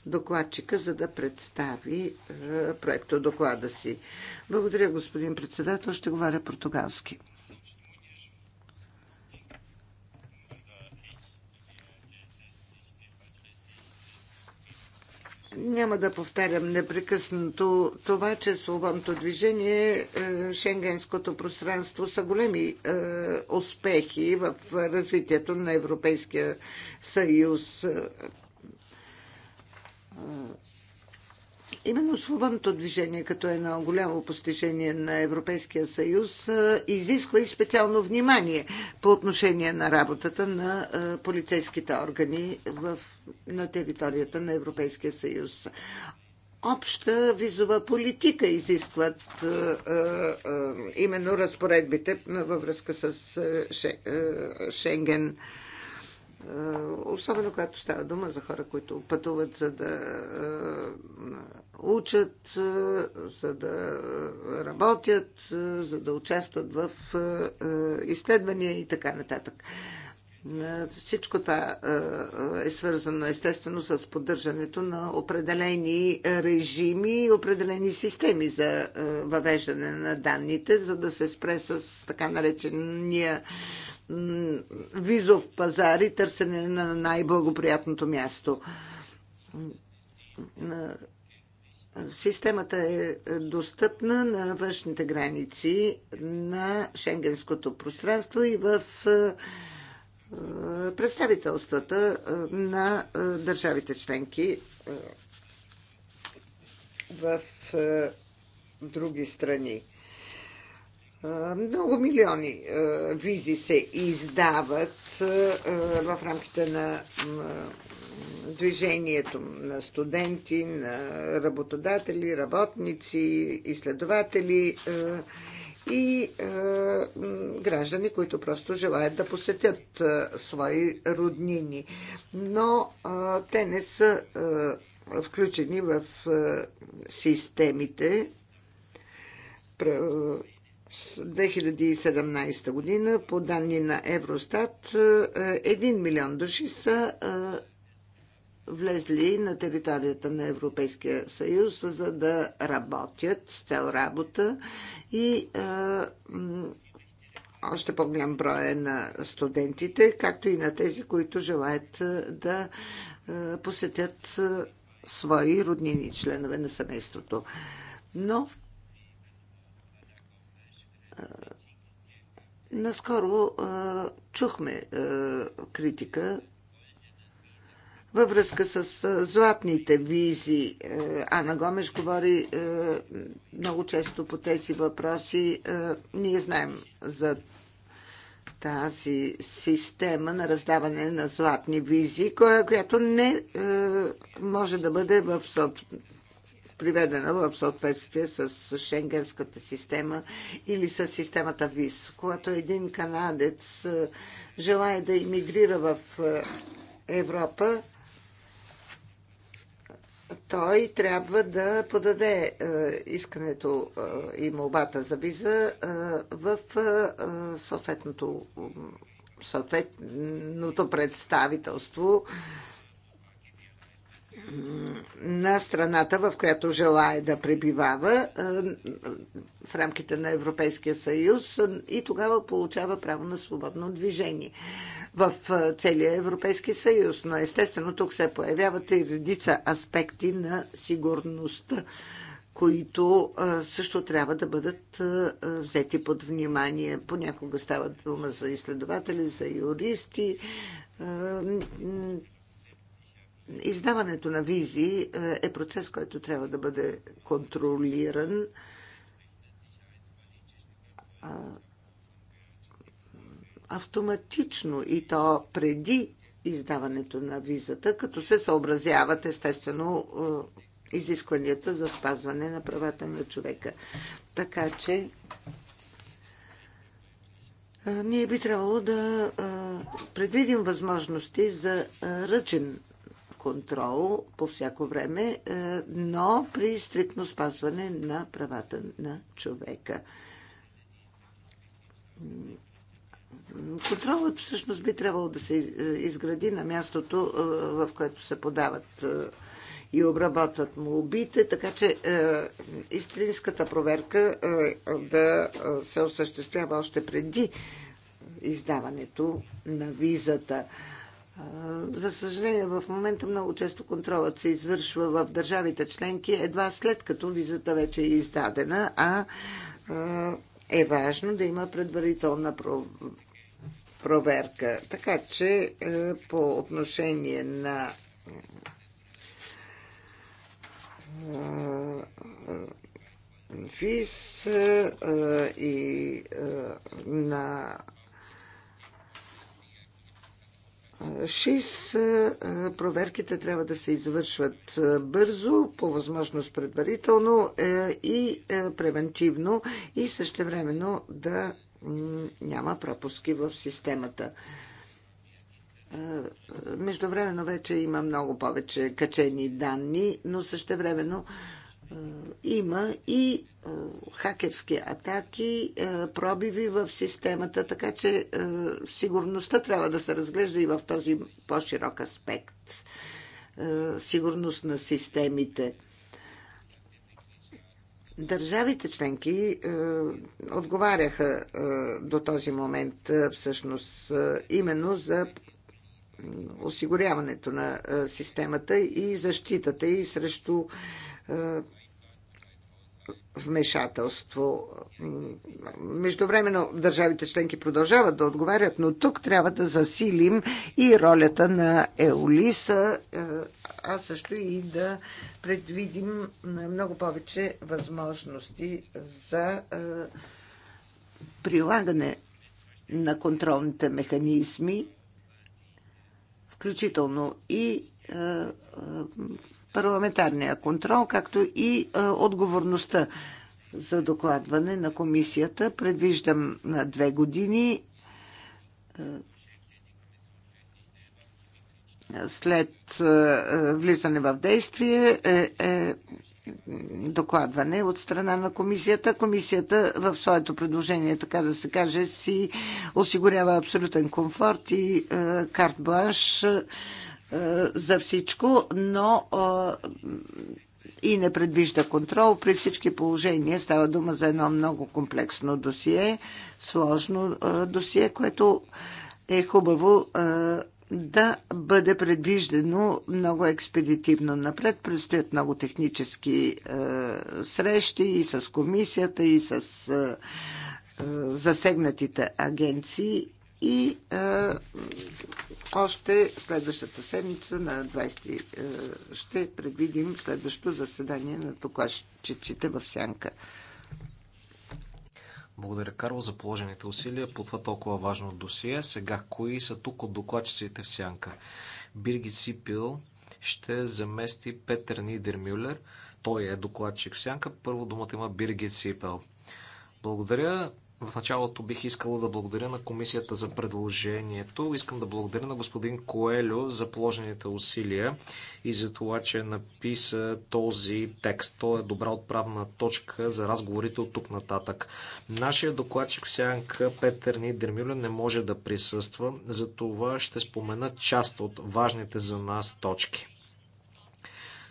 докладчика, за да представи проекто доклада си. Благодаря, господин председател. Ще говоря португалски. Няма да повтарям непрекъснато това, че свободното движение, е, шенгенското пространство са големи е, успехи в развитието на Европейския съюз. Е, Именно свободното движение, като едно голямо постижение на Европейския съюз, е, изисква и специално внимание по отношение на работата на е, полицейските органи в, на територията на Европейския съюз. Обща визова политика изискват а, е, а, именно разпоредбите във връзка с Шенген. Е, особено когато става дума за хора, които пътуват за да е, учат, е, за да работят, за да участват в изследвания и така нататък. Всичко това е свързано естествено с поддържането на определени режими и определени системи за въвеждане на данните, за да се спре с така наречения визов пазар и търсене на най-благоприятното място. Системата е достъпна на външните граници на шенгенското пространство и в е, представителствата на е, държавите членки е, в други страни. Много милиони визи се издават в рамките на движението на студенти, на работодатели, работници, изследователи и граждани, които просто желаят да посетят свои роднини. Но те не са включени в системите 2017 година, по данни на Евростат, 1 е, милион души са е, влезли на територията на Европейския съюз, за да работят с цел работа и е, още по-голям брой на студентите, както и на тези, които желаят да посетят свои роднини, членове на семейството. Но Наскоро чухме критика във връзка с златните визи. Ана Гомеш говори много често по тези въпроси. Ние знаем за тази система на раздаване на златни визи, която не може да бъде в приведена в съответствие с шенгенската система или с системата ВИС. Когато един канадец е, желая да иммигрира в е, Европа, той трябва да подаде е, искането и молбата за виза в съответното, съответното представителство на страната, в която желая да пребивава е, в рамките на Европейския съюз и тогава получава право на свободно движение в е, целия Европейски съюз. Но естествено тук се появяват и редица аспекти на сигурността, които е, също трябва да бъдат взети под внимание. Понякога става дума за изследователи, за юристи Издаването на визи е, е процес, който трябва да бъде контролиран. Автоматично и то преди издаването на визата, като се съобразяват естествено е, изискванията за спазване на правата на човека. Така че е, ние би трябвало да предвидим възможности за ръчен контрол по всяко време, е, но при стриктно спазване на правата на човека. Контролът всъщност би трябвало да се е, изгради на мястото, е, в което се подават и обработват молбите, така че е, истинската проверка е, да се осъществява още преди издаването на визата. За съжаление, в момента много често контролът се извършва в държавите членки едва след като визата вече е издадена, а е важно да има предварителна проверка. Така че е, по отношение на е, е, ФИС и на ШИС проверките трябва да се извършват бързо, по възможност предварително е, и е, превентивно и същевременно да няма пропуски в системата. Междувременно вече има много повече качени данни, но същевременно времено е, има и е, хакерски атаки, е, пробиви в системата, така че сигурността трябва да се разглежда и в този по-широк аспект. Сигурност на системите. Държавите членки отговаряха до този момент всъщност именно за осигуряването на системата и защитата и срещу вмешателство. Междувременно държавите членки продължават да отговарят, но тук трябва да засилим и ролята на Еолиса, е, а също и да предвидим много повече възможности за е, прилагане на контролните механизми, включително и е, парламентарния контрол, както и отговорността за докладване на комисията. Предвиждам на две години след влизане в действие е, е докладване от страна на комисията. Комисията в своето предложение, така да се каже, си осигурява абсолютен комфорт и карт бланш е, за всичко, но е, и не предвижда контрол. При всички положения става дума за едно много комплексно досие, сложно е, досие, което е хубаво да бъде предвиждено много експедитивно напред. Предстоят много технически срещи и с комисията, и с засегнатите агенции и а, още следващата седмица на 20 ще предвидим следващото заседание на докладчиците в Сянка. Благодаря, Карло, за положените усилия по това толкова важно досие. Сега, кои са тук от докладчиците в Сянка? Бирги Сипил ще замести Петър Нидермюлер. Той е докладчик в Сянка. Първо думата има Бирги Сипил. Благодаря. В началото бих искала да благодаря на комисията за предложението. Искам да благодаря на господин Коелю за положените усилия и за това, че написа този текст. Той е добра отправна точка за разговорите от тук нататък. Нашия докладчик в сянка Петър Нидермюле не може да присъства, за това ще спомена част от важните за нас точки.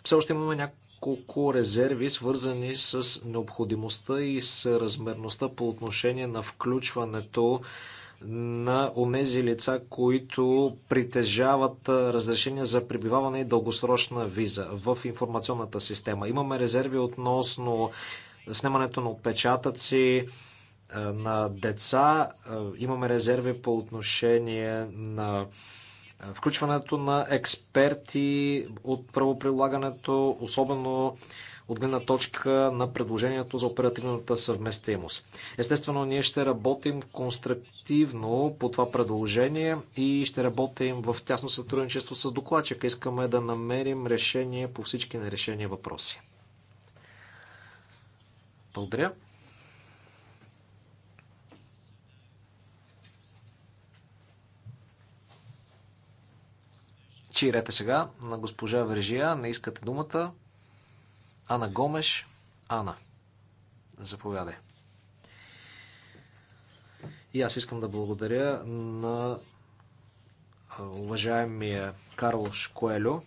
Все още имаме няколко няколко резерви, свързани с необходимостта и с размерността по отношение на включването на онези лица, които притежават разрешение за пребиваване и дългосрочна виза в информационната система. Имаме резерви относно снимането на отпечатъци на деца, имаме резерви по отношение на Включването на експерти от правоприлагането, особено от гледна точка на предложението за оперативната съвместимост. Естествено, ние ще работим конструктивно по това предложение и ще работим в тясно сътрудничество с докладчика. Искаме да намерим решение по всички нерешени въпроси. Благодаря. чирете сега на госпожа Вержия. Не искате думата. Ана Гомеш. Ана. Заповядай. И аз искам да благодаря на уважаемия Карлош Шкоелю.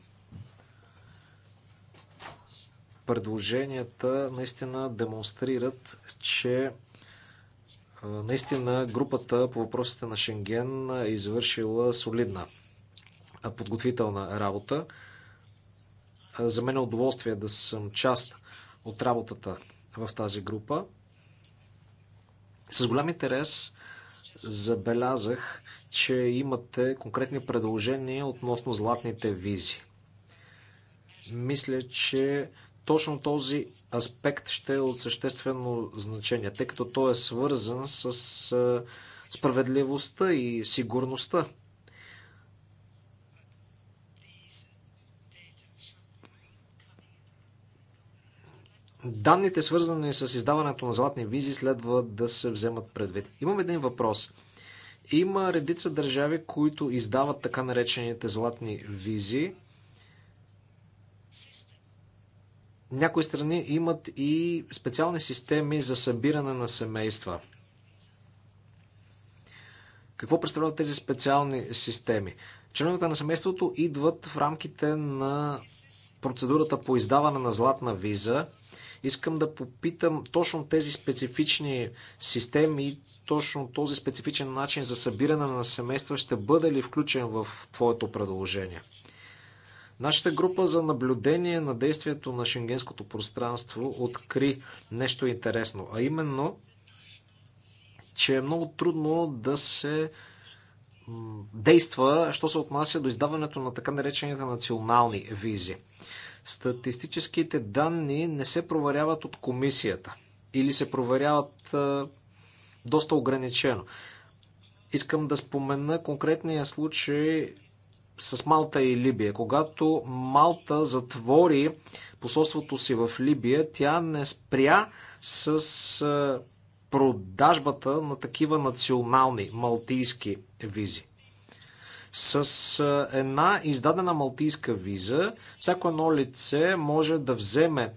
Предложенията наистина демонстрират, че наистина групата по въпросите на Шенген е извършила солидна подготвителна работа. За мен е удоволствие да съм част от работата в тази група. С голям интерес забелязах, че имате конкретни предложения относно златните визи. Мисля, че точно този аспект ще е от съществено значение, тъй като той е свързан с справедливостта и сигурността Данните, свързани с издаването на златни визи, следва да се вземат предвид. Имам един въпрос. Има редица държави, които издават така наречените златни визи. Някои страни имат и специални системи за събиране на семейства. Какво представляват тези специални системи? Членовете на семейството идват в рамките на процедурата по издаване на златна виза. Искам да попитам точно тези специфични системи и точно този специфичен начин за събиране на семейства ще бъде ли включен в твоето предложение? Нашата група за наблюдение на действието на шенгенското пространство откри нещо интересно, а именно, че е много трудно да се действа, що се отнася до издаването на така наречените национални визи. Статистическите данни не се проверяват от комисията или се проверяват доста ограничено. Искам да спомена конкретния случай с Малта и Либия. Когато Малта затвори посолството си в Либия, тя не спря с продажбата на такива национални малтийски визи. С една издадена малтийска виза, всяко едно лице може да вземе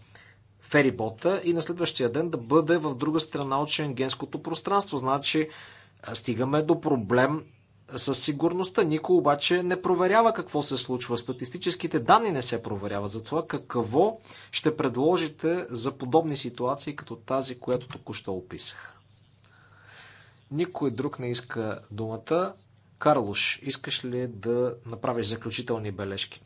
ферибота и на следващия ден да бъде в друга страна от шенгенското пространство. Значи, стигаме до проблем със сигурността. Никой обаче не проверява какво се случва. Статистическите данни не се проверяват. За това, какво ще предложите за подобни ситуации, като тази, която току-що описах? Никой друг не иска думата. Карлош, искаш ли да направиш заключителни бележки?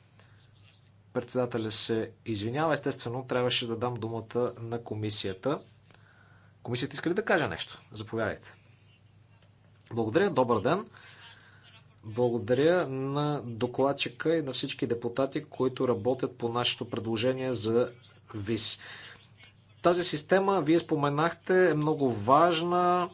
Председателя се извинява. Естествено, трябваше да дам думата на комисията. Комисията иска ли да каже нещо? Заповядайте. Благодаря, добър ден. Благодаря на докладчика и на всички депутати, които работят по нашето предложение за ВИС. Тази система, вие споменахте, е много важна.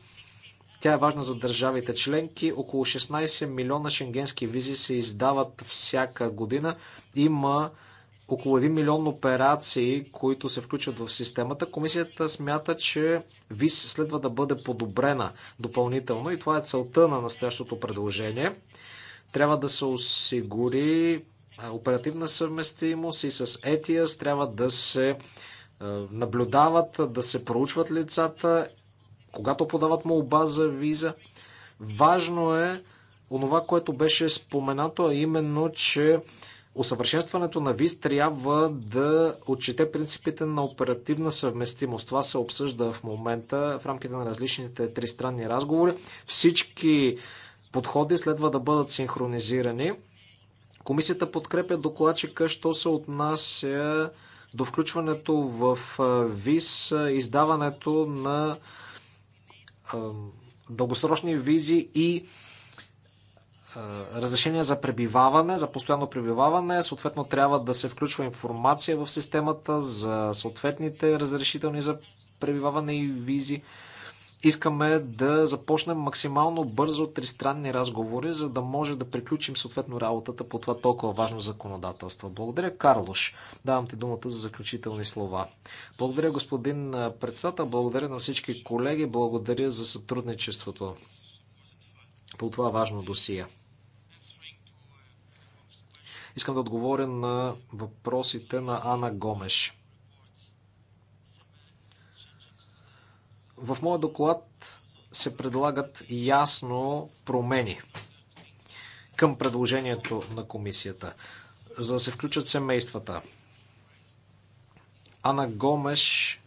Тя е важна за държавите членки. Около 16 милиона шенгенски визи се издават всяка година. Има около 1 милион операции, които се включват в системата. Комисията смята, че ВИС следва да бъде подобрена допълнително и това е целта на настоящото предложение. Трябва да се осигури оперативна съвместимост и с ETIAS. Трябва да се наблюдават, да се проучват лицата, когато подават молба за виза. Важно е онова, което беше споменато, а именно, че усъвършенстването на виз трябва да отчете принципите на оперативна съвместимост. Това се обсъжда в момента в рамките на различните тристранни разговори. Всички подходи следва да бъдат синхронизирани. Комисията подкрепя докладчика, що се отнася до включването в ВИЗ, издаването на дългосрочни визи и разрешение за пребиваване, за постоянно пребиваване. Съответно трябва да се включва информация в системата за съответните разрешителни за пребиваване и визи. Искаме да започнем максимално бързо тристранни разговори, за да може да приключим съответно работата по това толкова важно законодателство. Благодаря, Карлош. Давам ти думата за заключителни слова. Благодаря, господин председател. Благодаря на всички колеги. Благодаря за сътрудничеството по това важно досие. Искам да отговоря на въпросите на Ана Гомеш. В моя доклад се предлагат ясно промени към предложението на комисията, за да се включат семействата. Ана Гомеш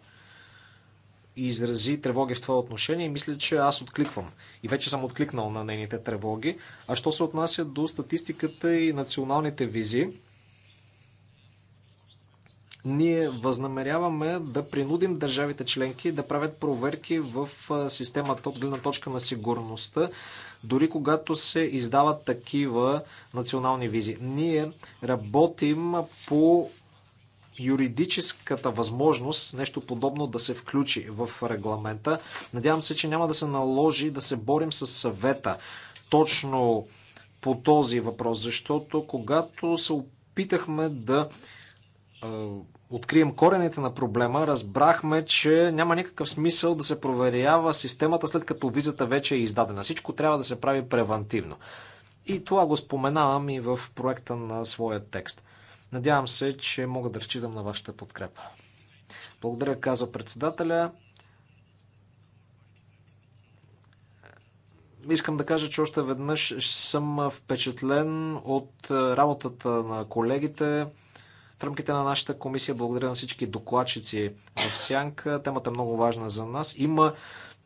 изрази тревоги в това отношение и мисля, че аз откликвам. И вече съм откликнал на нейните тревоги. А що се отнася до статистиката и националните визи, ние възнамеряваме да принудим държавите членки да правят проверки в системата от гледна точка на сигурността, дори когато се издават такива национални визи. Ние работим по юридическата възможност нещо подобно да се включи в регламента. Надявам се, че няма да се наложи да се борим с съвета точно по този въпрос, защото когато се опитахме да открием корените на проблема, разбрахме, че няма никакъв смисъл да се проверява системата след като визата вече е издадена. Всичко трябва да се прави превантивно. И това го споменавам и в проекта на своя текст. Надявам се, че мога да разчитам на вашата подкрепа. Благодаря, казва председателя. Искам да кажа, че още веднъж съм впечатлен от работата на колегите в рамките на нашата комисия. Благодаря на всички докладчици в Сянка. Темата е много важна за нас. Има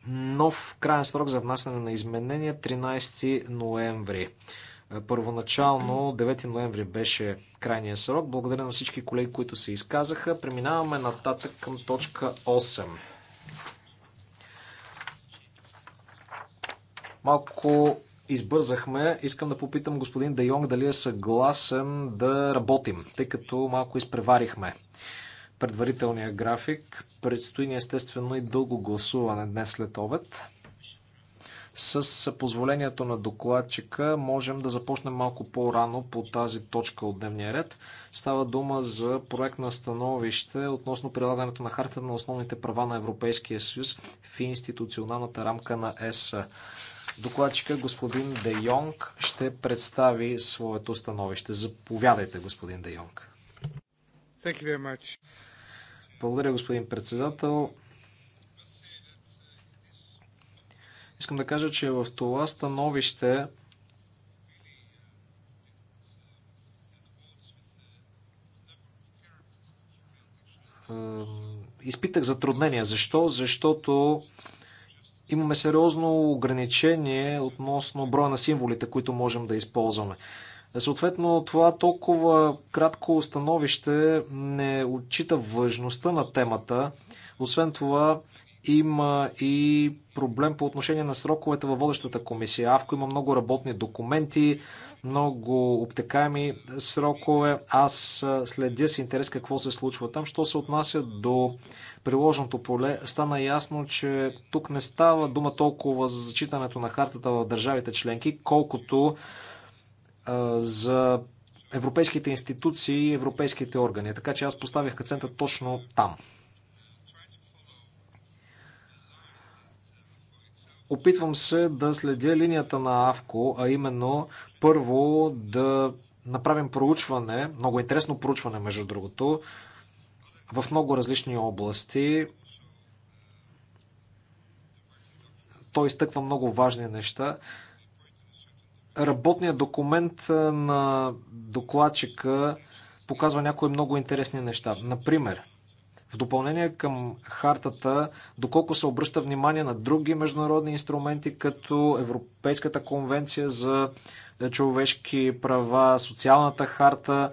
нов крайен срок за внасяне на изменения 13 ноември. Първоначално 9 ноември беше крайния срок. Благодаря на всички колеги, които се изказаха. Преминаваме нататък към точка 8. Малко избързахме. Искам да попитам господин Де Йонг дали е съгласен да работим, тъй като малко изпреварихме предварителния график. Предстои ни естествено и дълго гласуване днес след обед. С позволението на докладчика можем да започнем малко по-рано по тази точка от дневния ред. Става дума за проект на становище относно прилагането на харта на основните права на Европейския съюз в институционалната рамка на ЕС. Докладчика господин Де Йонг ще представи своето становище. Заповядайте, господин Де Йонг. Благодаря, господин председател. Искам да кажа, че в това становище изпитах затруднения. Защо? Защото имаме сериозно ограничение относно броя на символите, които можем да използваме. Съответно, това толкова кратко становище не отчита важността на темата. Освен това, има и проблем по отношение на сроковете във водещата комисия. Авко има много работни документи, много обтекаеми срокове. Аз следя с интерес какво се случва там. Що се отнася до приложното поле, стана ясно, че тук не става дума толкова за зачитането на хартата в държавите членки, колкото за европейските институции и европейските органи. Така че аз поставих акцента точно там. Опитвам се да следя линията на АВКО, а именно първо да направим проучване, много интересно проучване между другото, в много различни области. Той изтъква много важни неща. Работният документ на докладчика показва някои много интересни неща. Например, в допълнение към хартата, доколко се обръща внимание на други международни инструменти, като Европейската конвенция за е, човешки права, социалната харта,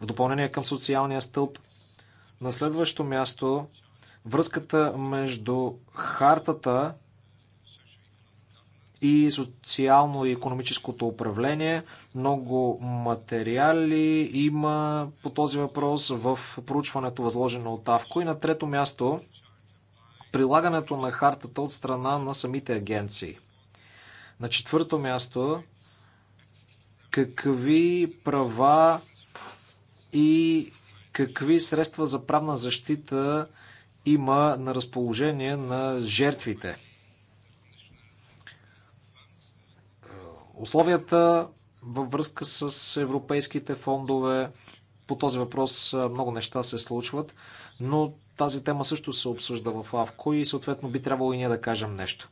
в допълнение към социалния стълб. На следващо място, връзката между хартата и социално-економическото управление – много материали има по този въпрос в проучването възложено от АВКО. И на трето място, прилагането на хартата от страна на самите агенции. На четвърто място, какви права и какви средства за правна защита има на разположение на жертвите. Условията във връзка с европейските фондове. По този въпрос много неща се случват, но тази тема също се обсъжда в Лавко и съответно би трябвало и ние да кажем нещо.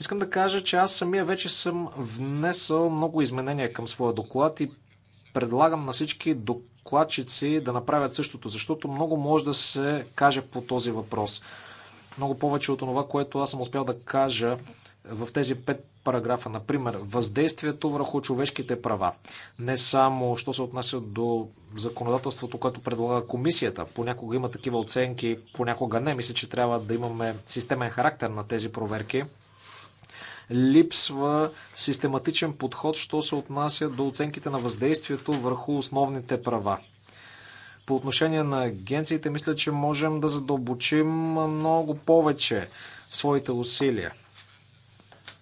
Искам да кажа, че аз самия вече съм внесъл много изменения към своя доклад и предлагам на всички докладчици да направят същото, защото много може да се каже по този въпрос. Много повече от това, което аз съм успял да кажа в тези пет параграфа. Например, въздействието върху човешките права. Не само, що се отнася до законодателството, което предлага комисията. Понякога има такива оценки, понякога не. Мисля, че трябва да имаме системен характер на тези проверки. Липсва систематичен подход, що се отнася до оценките на въздействието върху основните права. По отношение на агенциите, мисля, че можем да задълбочим много повече своите усилия.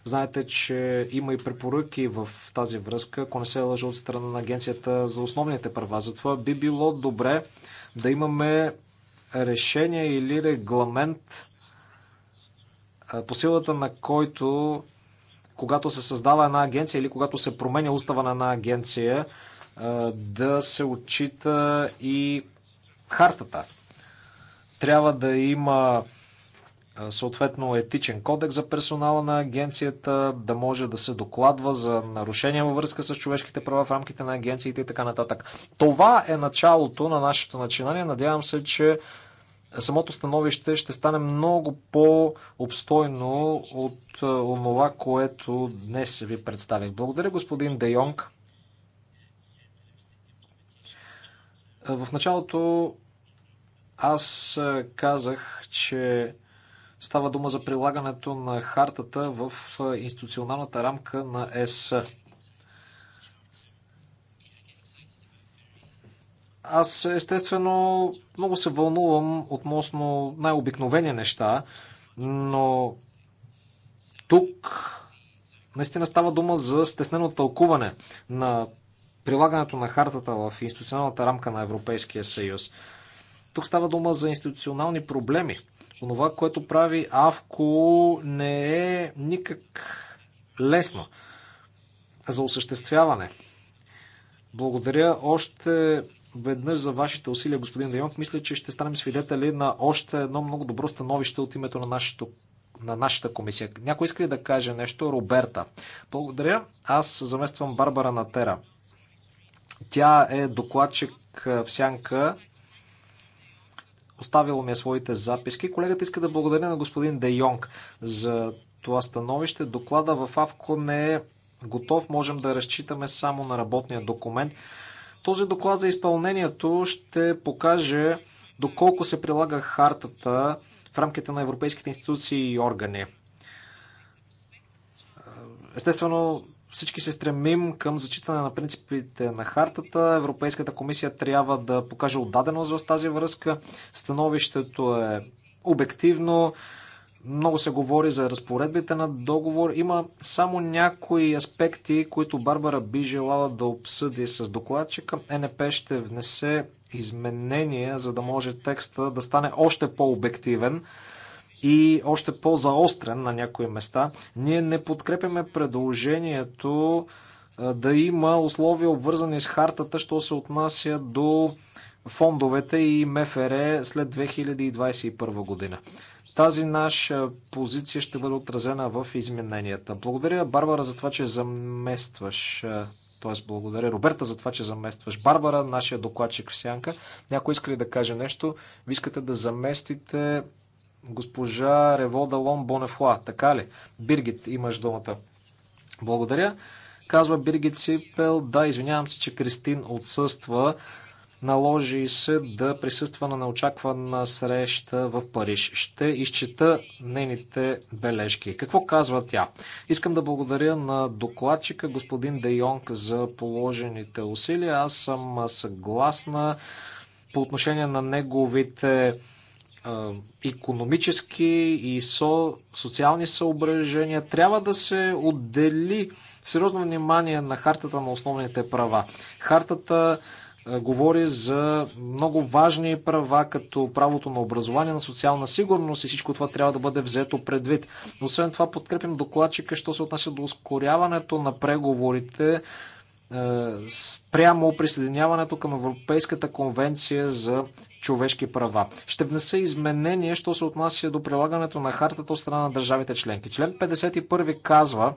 Знаете, че има и препоръки в тази връзка, ако не се лъжа от страна на Агенцията за основните права. Затова би било добре да имаме решение или регламент, по силата на който, когато се създава една агенция или когато се променя устава на една агенция, да се отчита и хартата. Трябва да има съответно етичен кодекс за персонала на агенцията, да може да се докладва за нарушения във връзка с човешките права в рамките на агенциите и така нататък. Това е началото на нашето начинание. Надявам се, че самото становище ще стане много по-обстойно от това, е, което днес ви представих. Благодаря, господин Де Йонг. Е, в началото аз е, казах, че Става дума за прилагането на хартата в институционалната рамка на ЕС. Аз естествено много се вълнувам относно най-обикновени неща, но тук наистина става дума за стеснено тълкуване на прилагането на хартата в институционалната рамка на Европейския съюз. Тук става дума за институционални проблеми – онова, което прави Авко, не е никак лесно за осъществяване. Благодаря още веднъж за вашите усилия, господин Дайонг. Мисля, че ще станем свидетели на още едно много добро становище от името на, нашето, на нашата комисия. Някой иска ли да каже нещо? Роберта. Благодаря. Аз замествам Барбара Натера. Тя е докладчик в Сянка оставило ми е своите записки. Колегата иска да благодаря на господин Де Йонг за това становище. Доклада в АВКО не е готов. Можем да разчитаме само на работния документ. Този доклад за изпълнението ще покаже доколко се прилага хартата в рамките на европейските институции и органи. Естествено, всички се стремим към зачитане на принципите на хартата. Европейската комисия трябва да покаже отдаденост в тази връзка. Становището е обективно. Много се говори за разпоредбите на договор. Има само някои аспекти, които Барбара би желала да обсъди с докладчика. НП ще внесе изменения, за да може текста да стане още по-обективен и още по-заострен на някои места. Ние не подкрепяме предложението да има условия обвързани с хартата, що се отнася до фондовете и МФР след 2021 година. Тази наша позиция ще бъде отразена в измененията. Благодаря, Барбара, за това, че заместваш. Т.е. благодаря, Роберта, за това, че заместваш Барбара, нашия докладчик в Сянка. Някой иска ли да каже нещо? Ви искате да заместите госпожа Ревода Лон Бонефла. Така ли? Биргит, имаш думата. Благодаря. Казва Биргит Сипел. Да, извинявам се, че Кристин отсъства. Наложи се да присъства на неочаквана среща в Париж. Ще изчета нейните бележки. Какво казва тя? Искам да благодаря на докладчика господин Де Йонг за положените усилия. Аз съм съгласна по отношение на неговите економически и со, социални съображения. Трябва да се отдели сериозно внимание на хартата на основните права. Хартата говори за много важни права, като правото на образование, на социална сигурност и всичко това трябва да бъде взето предвид. Но Освен това, подкрепим докладчика, що се отнася до ускоряването на преговорите е, спрямо присъединяването към Европейската конвенция за човешки права. Ще внеса изменение, що се отнася до прилагането на хартата от страна на държавите членки. Член 51 казва,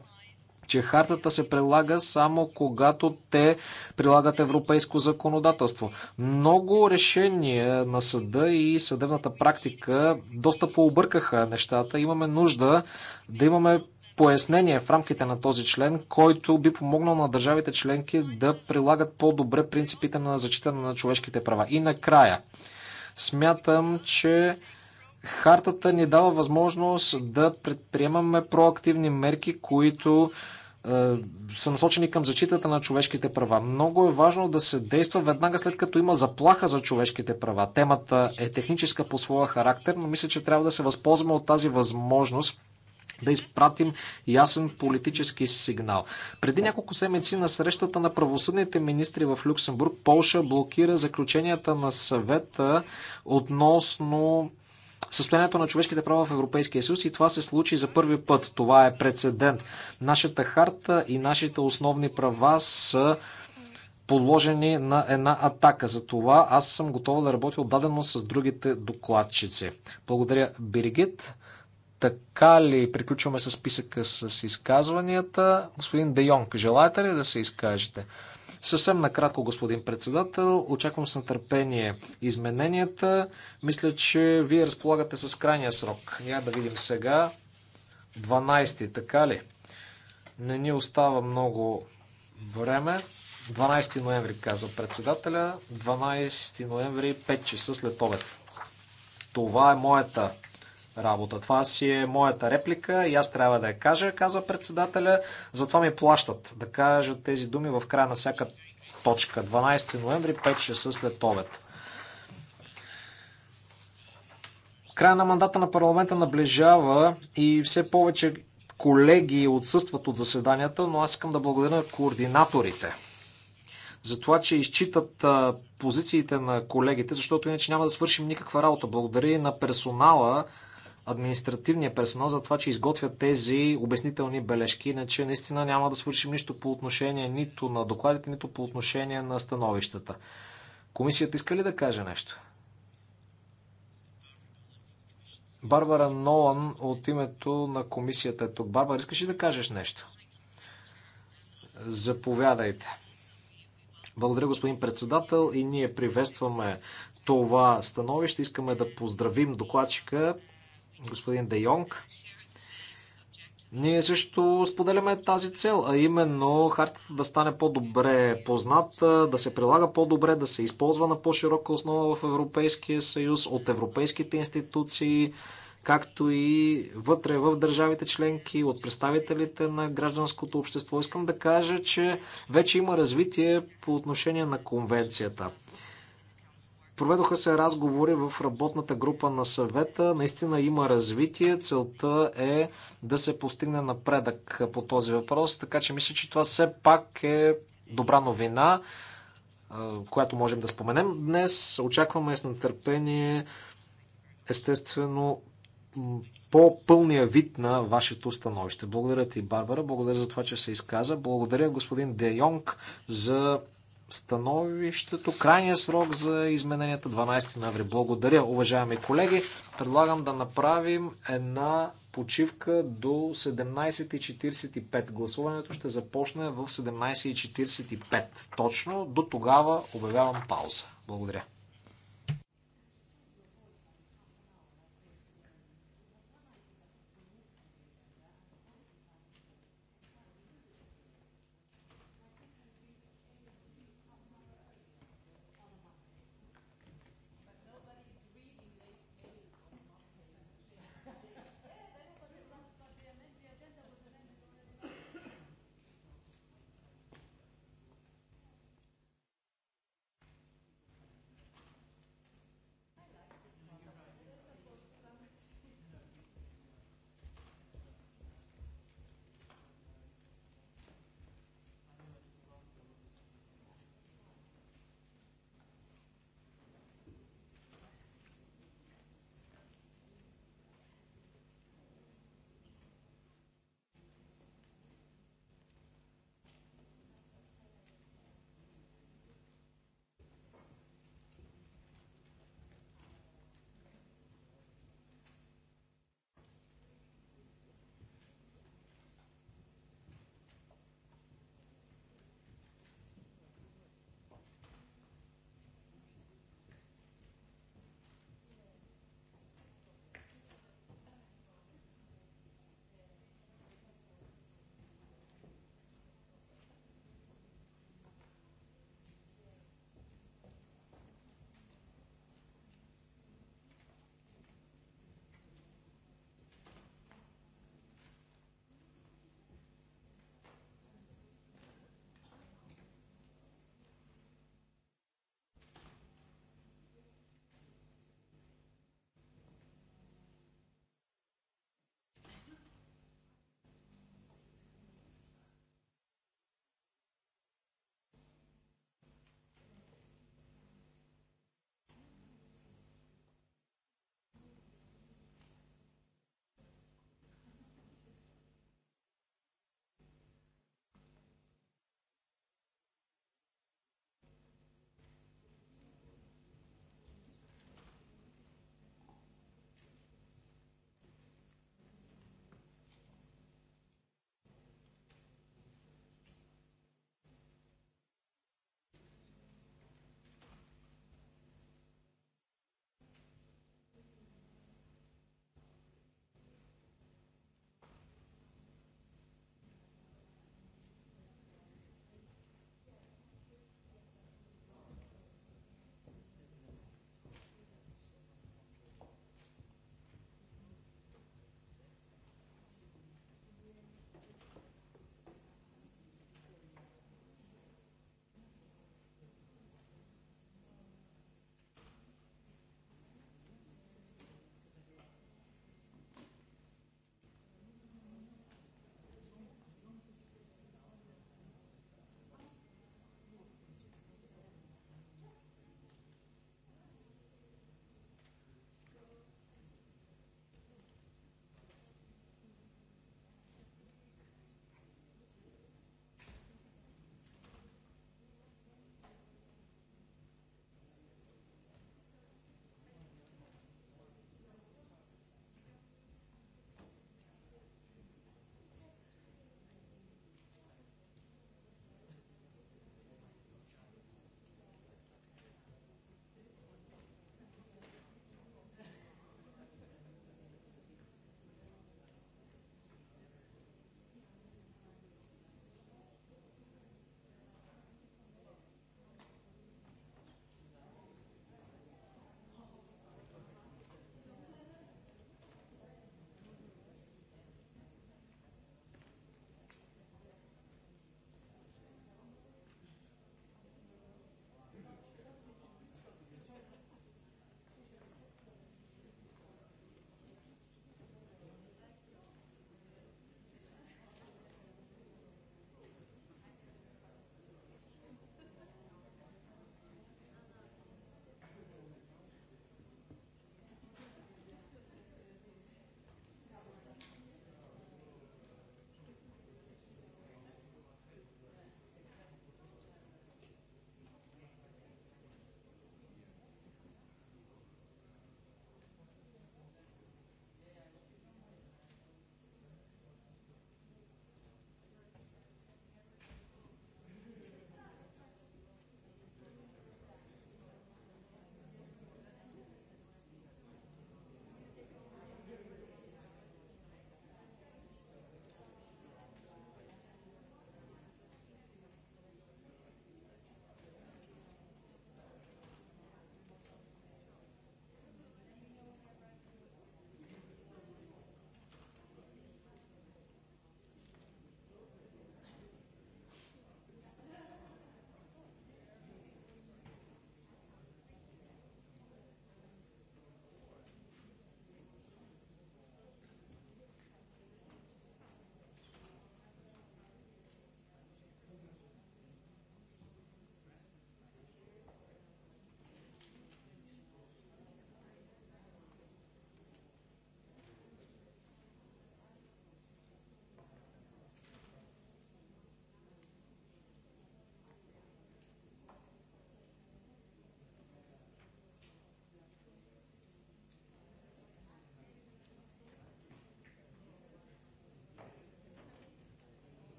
че хартата се прилага само когато те прилагат европейско законодателство. Много решения на съда и съдебната практика доста пообъркаха нещата. Имаме нужда да имаме пояснение в рамките на този член, който би помогнал на държавите членки да прилагат по-добре принципите на защита на човешките права. И накрая, смятам, че хартата ни дава възможност да предприемаме проактивни мерки, които е, са насочени към зачитата на човешките права. Много е важно да се действа веднага след като има заплаха за човешките права. Темата е техническа по своя характер, но мисля, че трябва да се възползваме от тази възможност да изпратим ясен политически сигнал. Преди няколко седмици на срещата на правосъдните министри в Люксембург, Полша блокира заключенията на съвета относно състоянието на човешките права в Европейския съюз и това се случи за първи път. Това е прецедент. Нашата харта и нашите основни права са подложени на една атака. За това аз съм готова да работя отдадено с другите докладчици. Благодаря, Биригит. Така ли приключваме с списъка с изказванията? Господин Де Йонг, желаете ли да се изкажете? Съвсем накратко, господин председател, очаквам с нетърпение измененията. Мисля, че вие разполагате с крайния срок. Я да видим сега. 12, така ли? Не ни остава много време. 12 ноември, каза председателя. 12 ноември, 5 часа след обед. Това е моята работа. Това си е моята реплика и аз трябва да я кажа, каза председателя. Затова ми плащат да кажа тези думи в края на всяка точка. 12 ноември, 5 часа след обед. Края на мандата на парламента наближава и все повече колеги отсъстват от заседанията, но аз искам да благодаря координаторите за това, че изчитат позициите на колегите, защото иначе няма да свършим никаква работа. Благодаря и на персонала, административния персонал за това, че изготвят тези обяснителни бележки, иначе наистина няма да свършим нищо по отношение нито на докладите, нито по отношение на становищата. Комисията иска ли да каже нещо? Барбара Нолан от името на комисията е тук. Барбара, искаш ли да кажеш нещо? Заповядайте. Благодаря, господин председател, и ние приветстваме това становище. Искаме да поздравим докладчика господин Де Йонг. Ние също споделяме тази цел, а именно хартата да стане по-добре позната, да се прилага по-добре, да се използва на по-широка основа в Европейския съюз, от европейските институции, както и вътре в държавите членки, от представителите на гражданското общество. Искам да кажа, че вече има развитие по отношение на конвенцията. Проведоха се разговори в работната група на съвета. Наистина има развитие. Целта е да се постигне напредък по този въпрос, така че мисля, че това все пак е добра новина, която можем да споменем днес. Очакваме с нетърпение, естествено, по-пълния вид на вашето становище. Благодаря ти, Барбара. Благодаря за това, че се изказа. Благодаря господин Де Йонг за становището. Крайният срок за измененията 12 ноември. Благодаря, уважаеми колеги. Предлагам да направим една почивка до 17.45. Гласуването ще започне в 17.45. Точно до тогава обявявам пауза. Благодаря.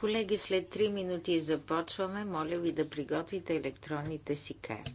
Колеги, след 3 минути започваме. Моля ви да приготвите електронните си карти.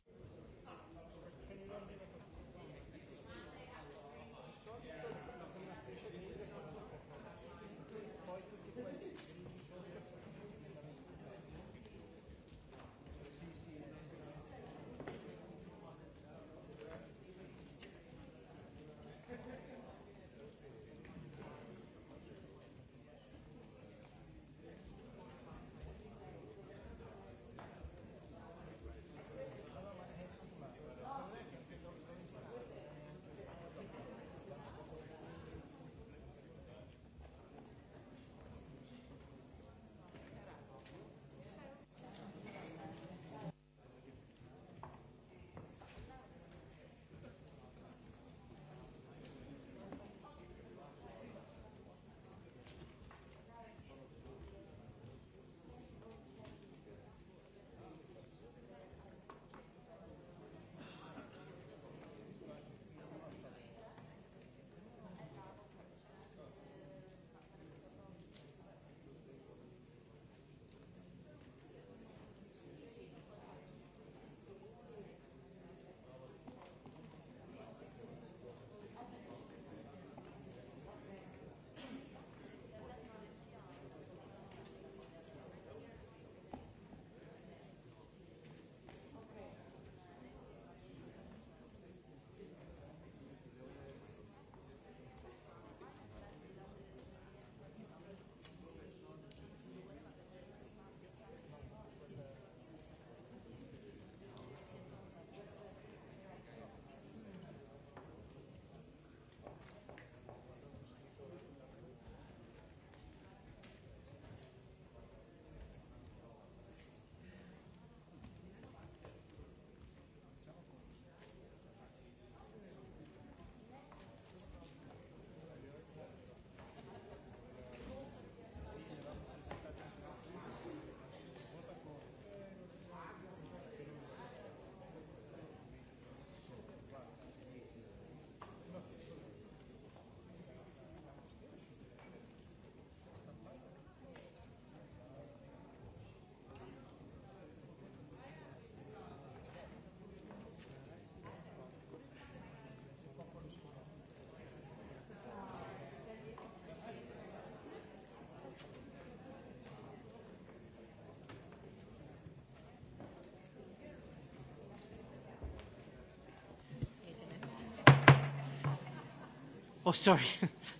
Oh, sorry.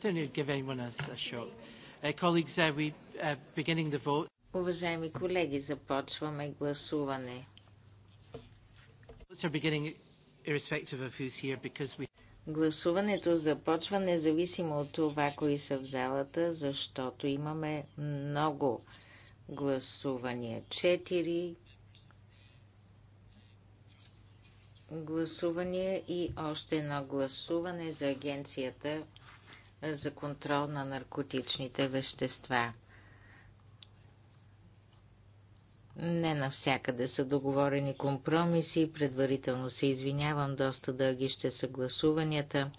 Don't need to give anyone a, a shock. Uh, colleagues, uh, we uh, beginning the vote. Уважаеми колеги, започваме гласуване. Votes are beginning irrespective of who's here because we... Гласуването започва независимо от това, кои са в залата, защото имаме много гласувания. Четири гласувания и още едно гласуване за Агенцията за контрол на наркотичните вещества. Не навсякъде са договорени компромиси. Предварително се извинявам, доста дълги ще са гласуванията.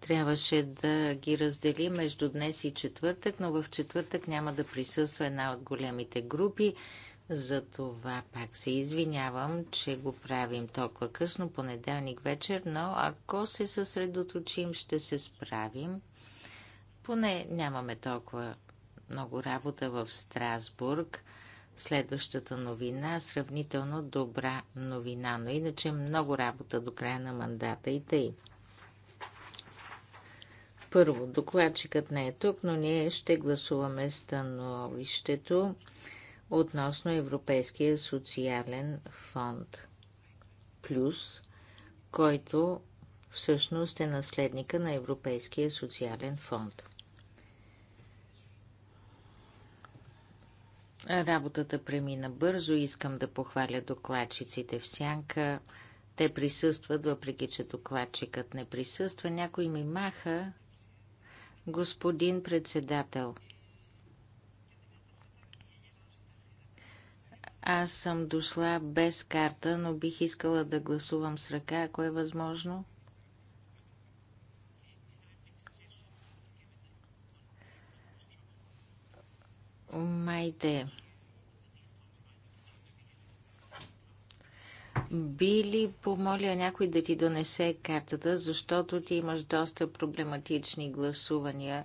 Трябваше да ги раздели между днес и четвъртък, но в четвъртък няма да присъства една от големите групи. За това пак се извинявам, че го правим толкова късно, понеделник вечер, но ако се съсредоточим, ще се справим. Поне нямаме толкова много работа в Страсбург. Следващата новина сравнително добра новина, но иначе много работа до края на мандата и тъй. Първо, докладчикът не е тук, но ние ще гласуваме становището относно Европейския социален фонд плюс, който всъщност е наследника на Европейския социален фонд. Работата премина бързо. Искам да похваля докладчиците в сянка. Те присъстват, въпреки че докладчикът не присъства. Някой ми маха. Господин председател – Аз съм дошла без карта, но бих искала да гласувам с ръка, ако е възможно. Майте. Би ли помоля някой да ти донесе картата, защото ти имаш доста проблематични гласувания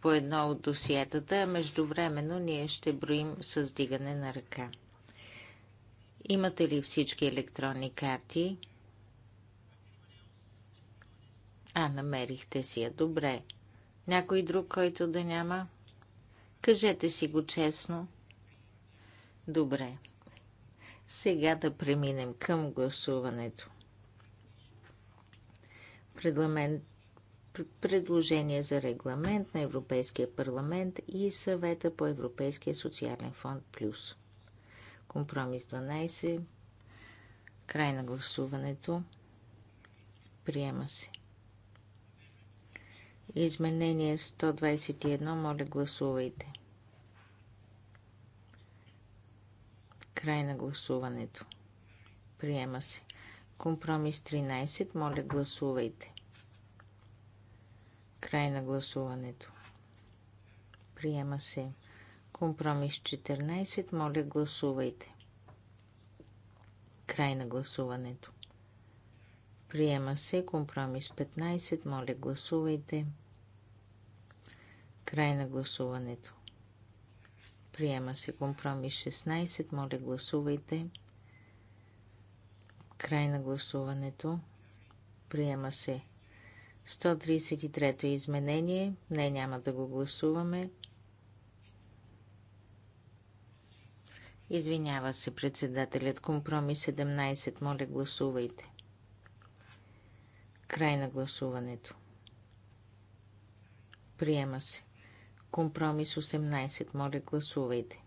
по едно от досиетата, а междувременно ние ще броим с дигане на ръка. Имате ли всички електронни карти? А, намерихте си я. Добре. Някой друг, който да няма? Кажете си го честно. Добре. Сега да преминем към гласуването. Предламент предложение за регламент на Европейския парламент и съвета по Европейския социален фонд Плюс. Компромис 12. Край на гласуването. Приема се. Изменение 121. Моля, гласувайте. Край на гласуването. Приема се. Компромис 13. Моля, гласувайте. Край на гласуването. Приема се. Компромис 14. Моля, гласувайте. Край на гласуването. Приема се компромис 15. Моля, гласувайте. Край на гласуването. Приема се компромис 16. Моля, гласувайте. Край на гласуването. Приема се 133 изменение. Не, няма да го гласуваме. Извинява се председателят. Компромис 17. Моля, гласувайте. Край на гласуването. Приема се. Компромис 18. Моля, гласувайте.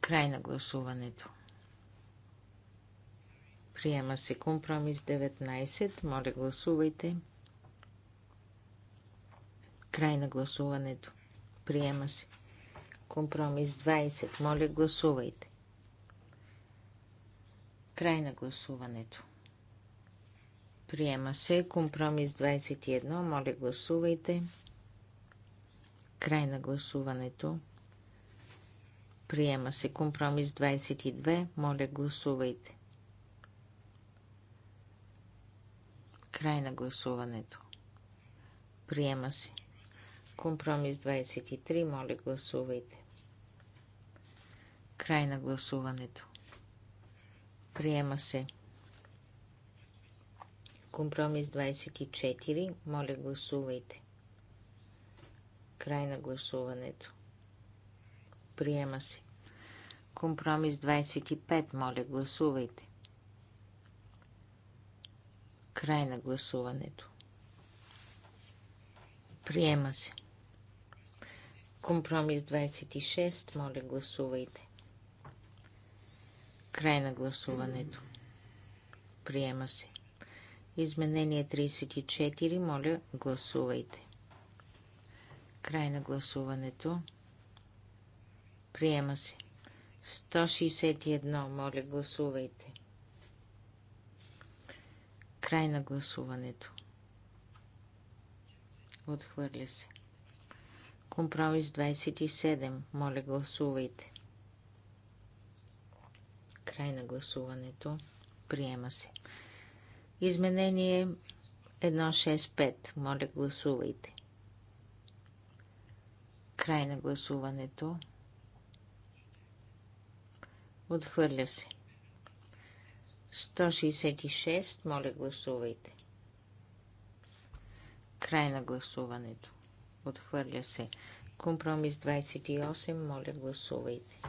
Край на гласуването. Приема се компромис 19. Моля, гласувайте. Край на гласуването. Приема се. Компромис 20. Моля, гласувайте. Край на гласуването. Приема се. Компромис 21. Моля, гласувайте. Край на гласуването. Приема се. Компромис 22. Моля, гласувайте. Край на гласуването. Приема се. Компромис 23. Моля, гласувайте. Край на гласуването. Приема се. Компромис 24. Моля, гласувайте. Край на гласуването. Приема се. Компромис 25. Моля, гласувайте. Край на гласуването. Приема се. Компромис 26. Моля, гласувайте. Край на гласуването. Приема се. Изменение 34. Моля, гласувайте. Край на гласуването. Приема се. 161. Моля, гласувайте. Край на гласуването. Отхвърля се. Компромис 27. Моля, гласувайте. Край на гласуването. Приема се. Изменение 165. Моля, гласувайте. Край на гласуването. Отхвърля се. 166. Моля, гласувайте. Край на гласуването. Отхвърля се. Компромис 28. Моля, гласувайте.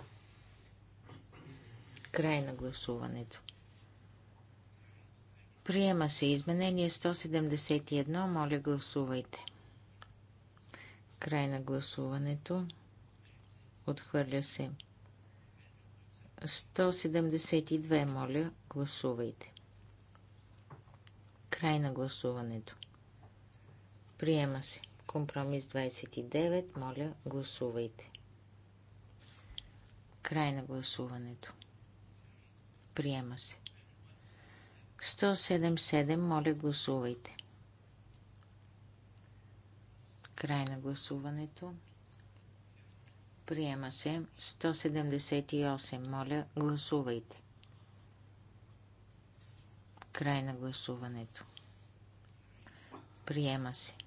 Край на гласуването. Приема се изменение 171. Моля, гласувайте. Край на гласуването. Отхвърля се. 172. Моля, гласувайте. Край на гласуването. Приема се. Компромис 29. Моля, гласувайте. Край на гласуването. Приема се. 177. Моля, гласувайте. Край на гласуването. Приема се. 178. Моля, гласувайте. Край на гласуването. Приема се. 179.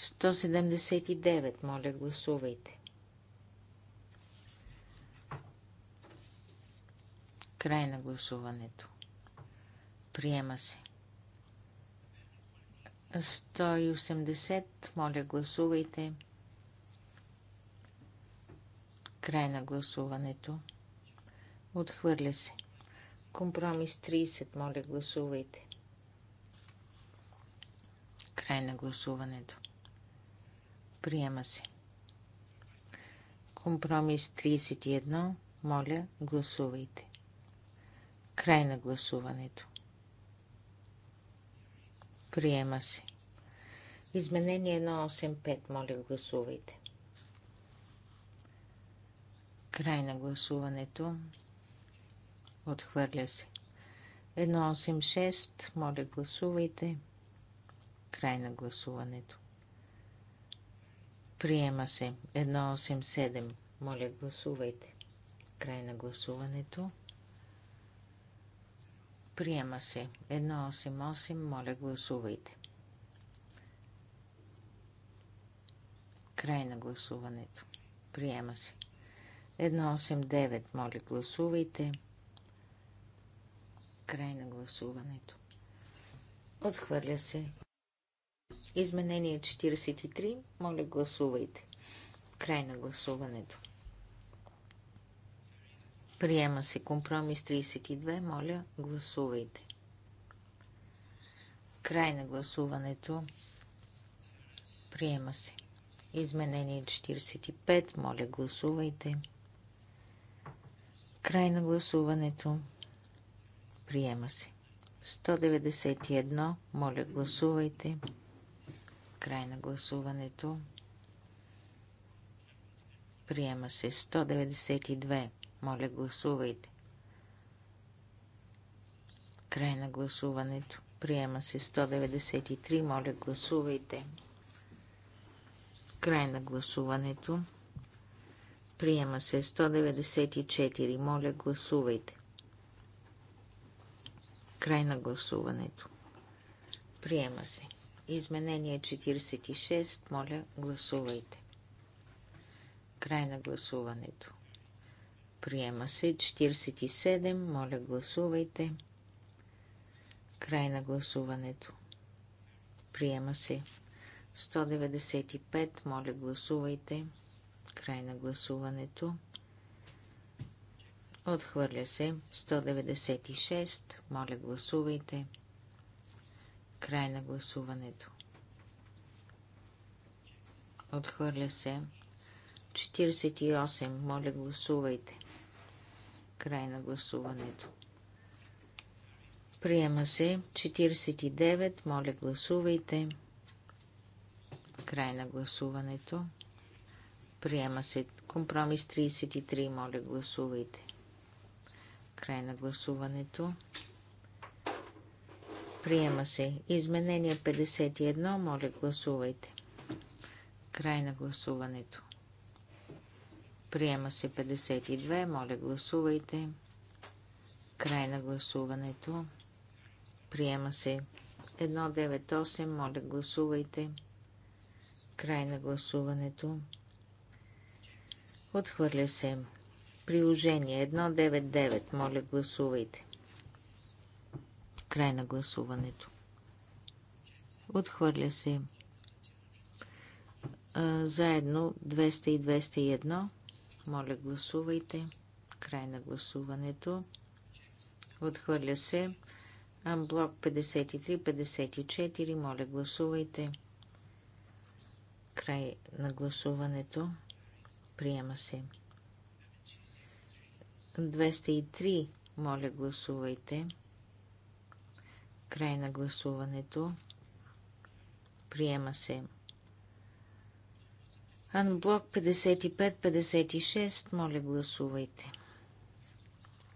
179. Моля, гласувайте. Край на гласуването. Приема се. 180. Моля, гласувайте. Край на гласуването. Отхвърля се. Компромис 30. Моля, гласувайте. Край на гласуването. Приема се. Компромис 31. Моля, гласувайте. Край на гласуването. Приема се. Изменение 185. Моля, гласувайте. Край на гласуването. Отхвърля се. 186. Моля, гласувайте. Край на гласуването. Приема се 187. Моля, гласувайте. Край на гласуването. Приема се 188. Моля, гласувайте. Край на гласуването. Приема се 189. Моля, гласувайте. Край на гласуването. Отхвърля се Изменение 43. Моля, гласувайте. Край на гласуването. Приема се компромис 32. Моля, гласувайте. Край на гласуването. Приема се. Изменение 45. Моля, гласувайте. Край на гласуването. Приема се. 191. Моля, гласувайте. Край на гласуването. Приема се 192. Моля, гласувайте. Край на гласуването. Приема се 193. Моля, гласувайте. Край на гласуването. Приема се 194. Моля, гласувайте. Край на гласуването. Приема се. Изменение 46. Моля, гласувайте. Край на гласуването. Приема се 47. Моля, гласувайте. Край на гласуването. Приема се 195. Моля, гласувайте. Край на гласуването. Отхвърля се 196. Моля, гласувайте. Край на гласуването. Отхвърля се. 48. Моля, гласувайте. Край на гласуването. Приема се 49. Моля, гласувайте. Край на гласуването. Приема се компромис 33. Моля, гласувайте. Край на гласуването. Приема се. Изменение 51. Моля, гласувайте. Край на гласуването. Приема се 52. Моля, гласувайте. Край на гласуването. Приема се 198. Моля, гласувайте. Край на гласуването. Отхвърля се. Приложение 199. Моля, гласувайте. Край на гласуването. Отхвърля се. Заедно 200 и 201. Моля, гласувайте. Край на гласуването. Отхвърля се. Амблок 53-54. Моля, гласувайте. Край на гласуването. Приема се. 203. Моля, гласувайте. Край на гласуването. Приема се. Анблок 55-56. Моля, гласувайте.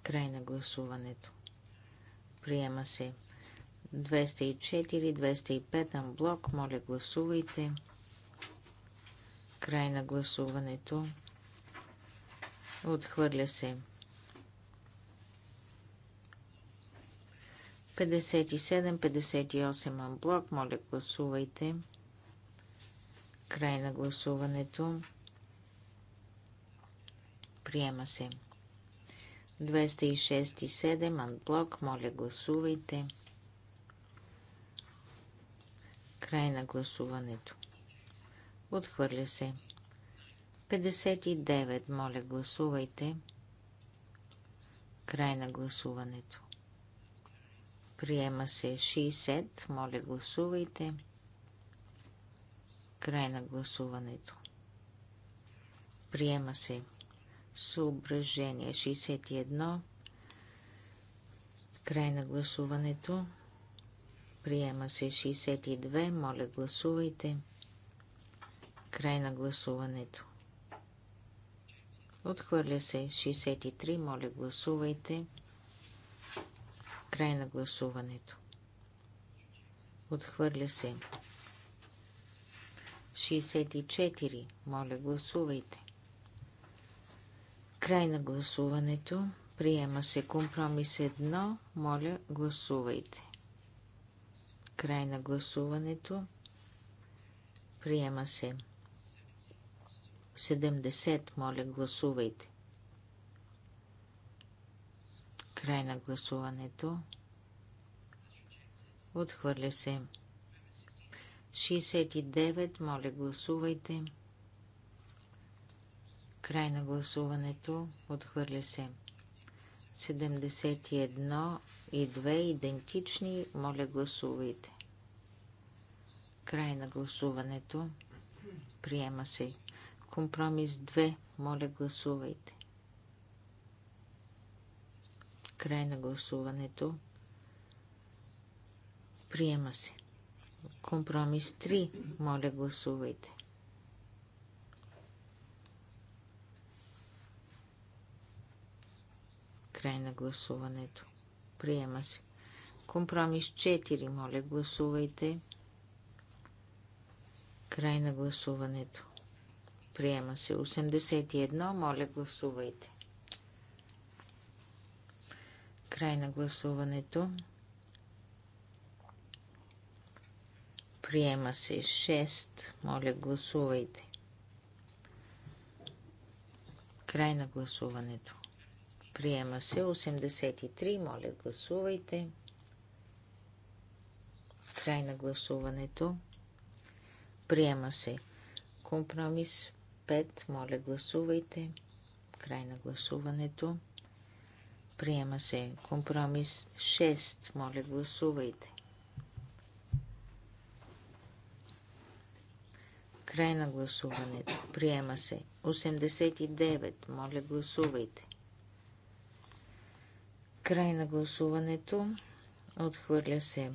Край на гласуването. Приема се. 204-205 анблок. Моля, гласувайте. Край на гласуването. Отхвърля се. 57-58 блок. Моля, гласувайте. Край на гласуването. Приема се. 206 7 анблок. Моля, гласувайте. Край на гласуването. Отхвърля се. 59. Моля, гласувайте. Край на гласуването. Приема се 60. Моля, гласувайте. Край на гласуването. Приема се съображение 61. Край на гласуването. Приема се 62. Моля, гласувайте. Край на гласуването. Отхвърля се 63. Моля, гласувайте. Край на гласуването. Отхвърля се. 64. Моля, гласувайте. Край на гласуването. Приема се компромис 1. Моля, гласувайте. Край на гласуването. Приема се. 70. Моля, гласувайте. Край на гласуването. Отхвърля се. 69. Моля, гласувайте. Край на гласуването. Отхвърля се. 71 и 2 идентични. Моля, гласувайте. Край на гласуването. Приема се. Компромис 2. Моля, гласувайте. Край на гласуването. Приема се. Компромис 3. Моля, гласувайте. Край на гласуването. Приема се. Компромис 4. Моля, гласувайте. Край на гласуването. Приема се. 81. Моля, гласувайте. Край на гласуването. Приема се 6. Моля, гласувайте. Край на гласуването. Приема се 83. Моля, гласувайте. Край на гласуването. Приема се. Компромис 5. Моля, гласувайте. Край на гласуването. Приема се компромис 6. Моля, гласувайте. Край на гласуването. Приема се 89. Моля, гласувайте. Край на гласуването. Отхвърля се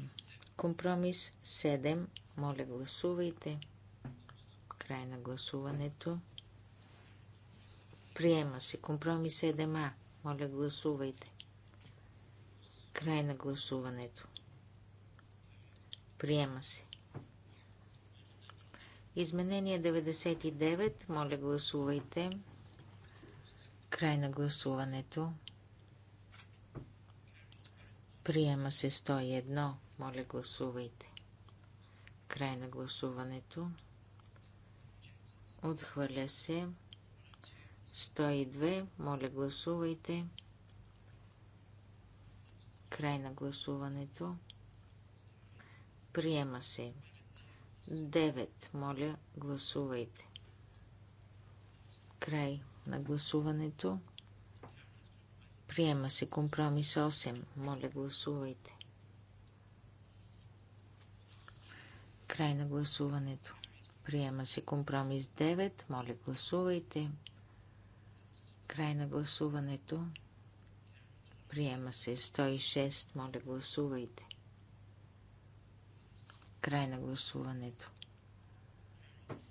компромис 7. Моля, гласувайте. Край на гласуването. Приема се компромис 7А. Моля, гласувайте. Край на гласуването. Приема се. Изменение 99. Моля, гласувайте. Край на гласуването. Приема се 101. Моля, гласувайте. Край на гласуването. Отхвърля се. 102. Моля, гласувайте. Край на гласуването. Приема се. 9. Моля, гласувайте. Край на гласуването. Приема се компромис 8. Моля, гласувайте. Край на гласуването. Приема се компромис 9. Моля, гласувайте. Край на гласуването. Приема се 106. Моля, гласувайте. Край на гласуването.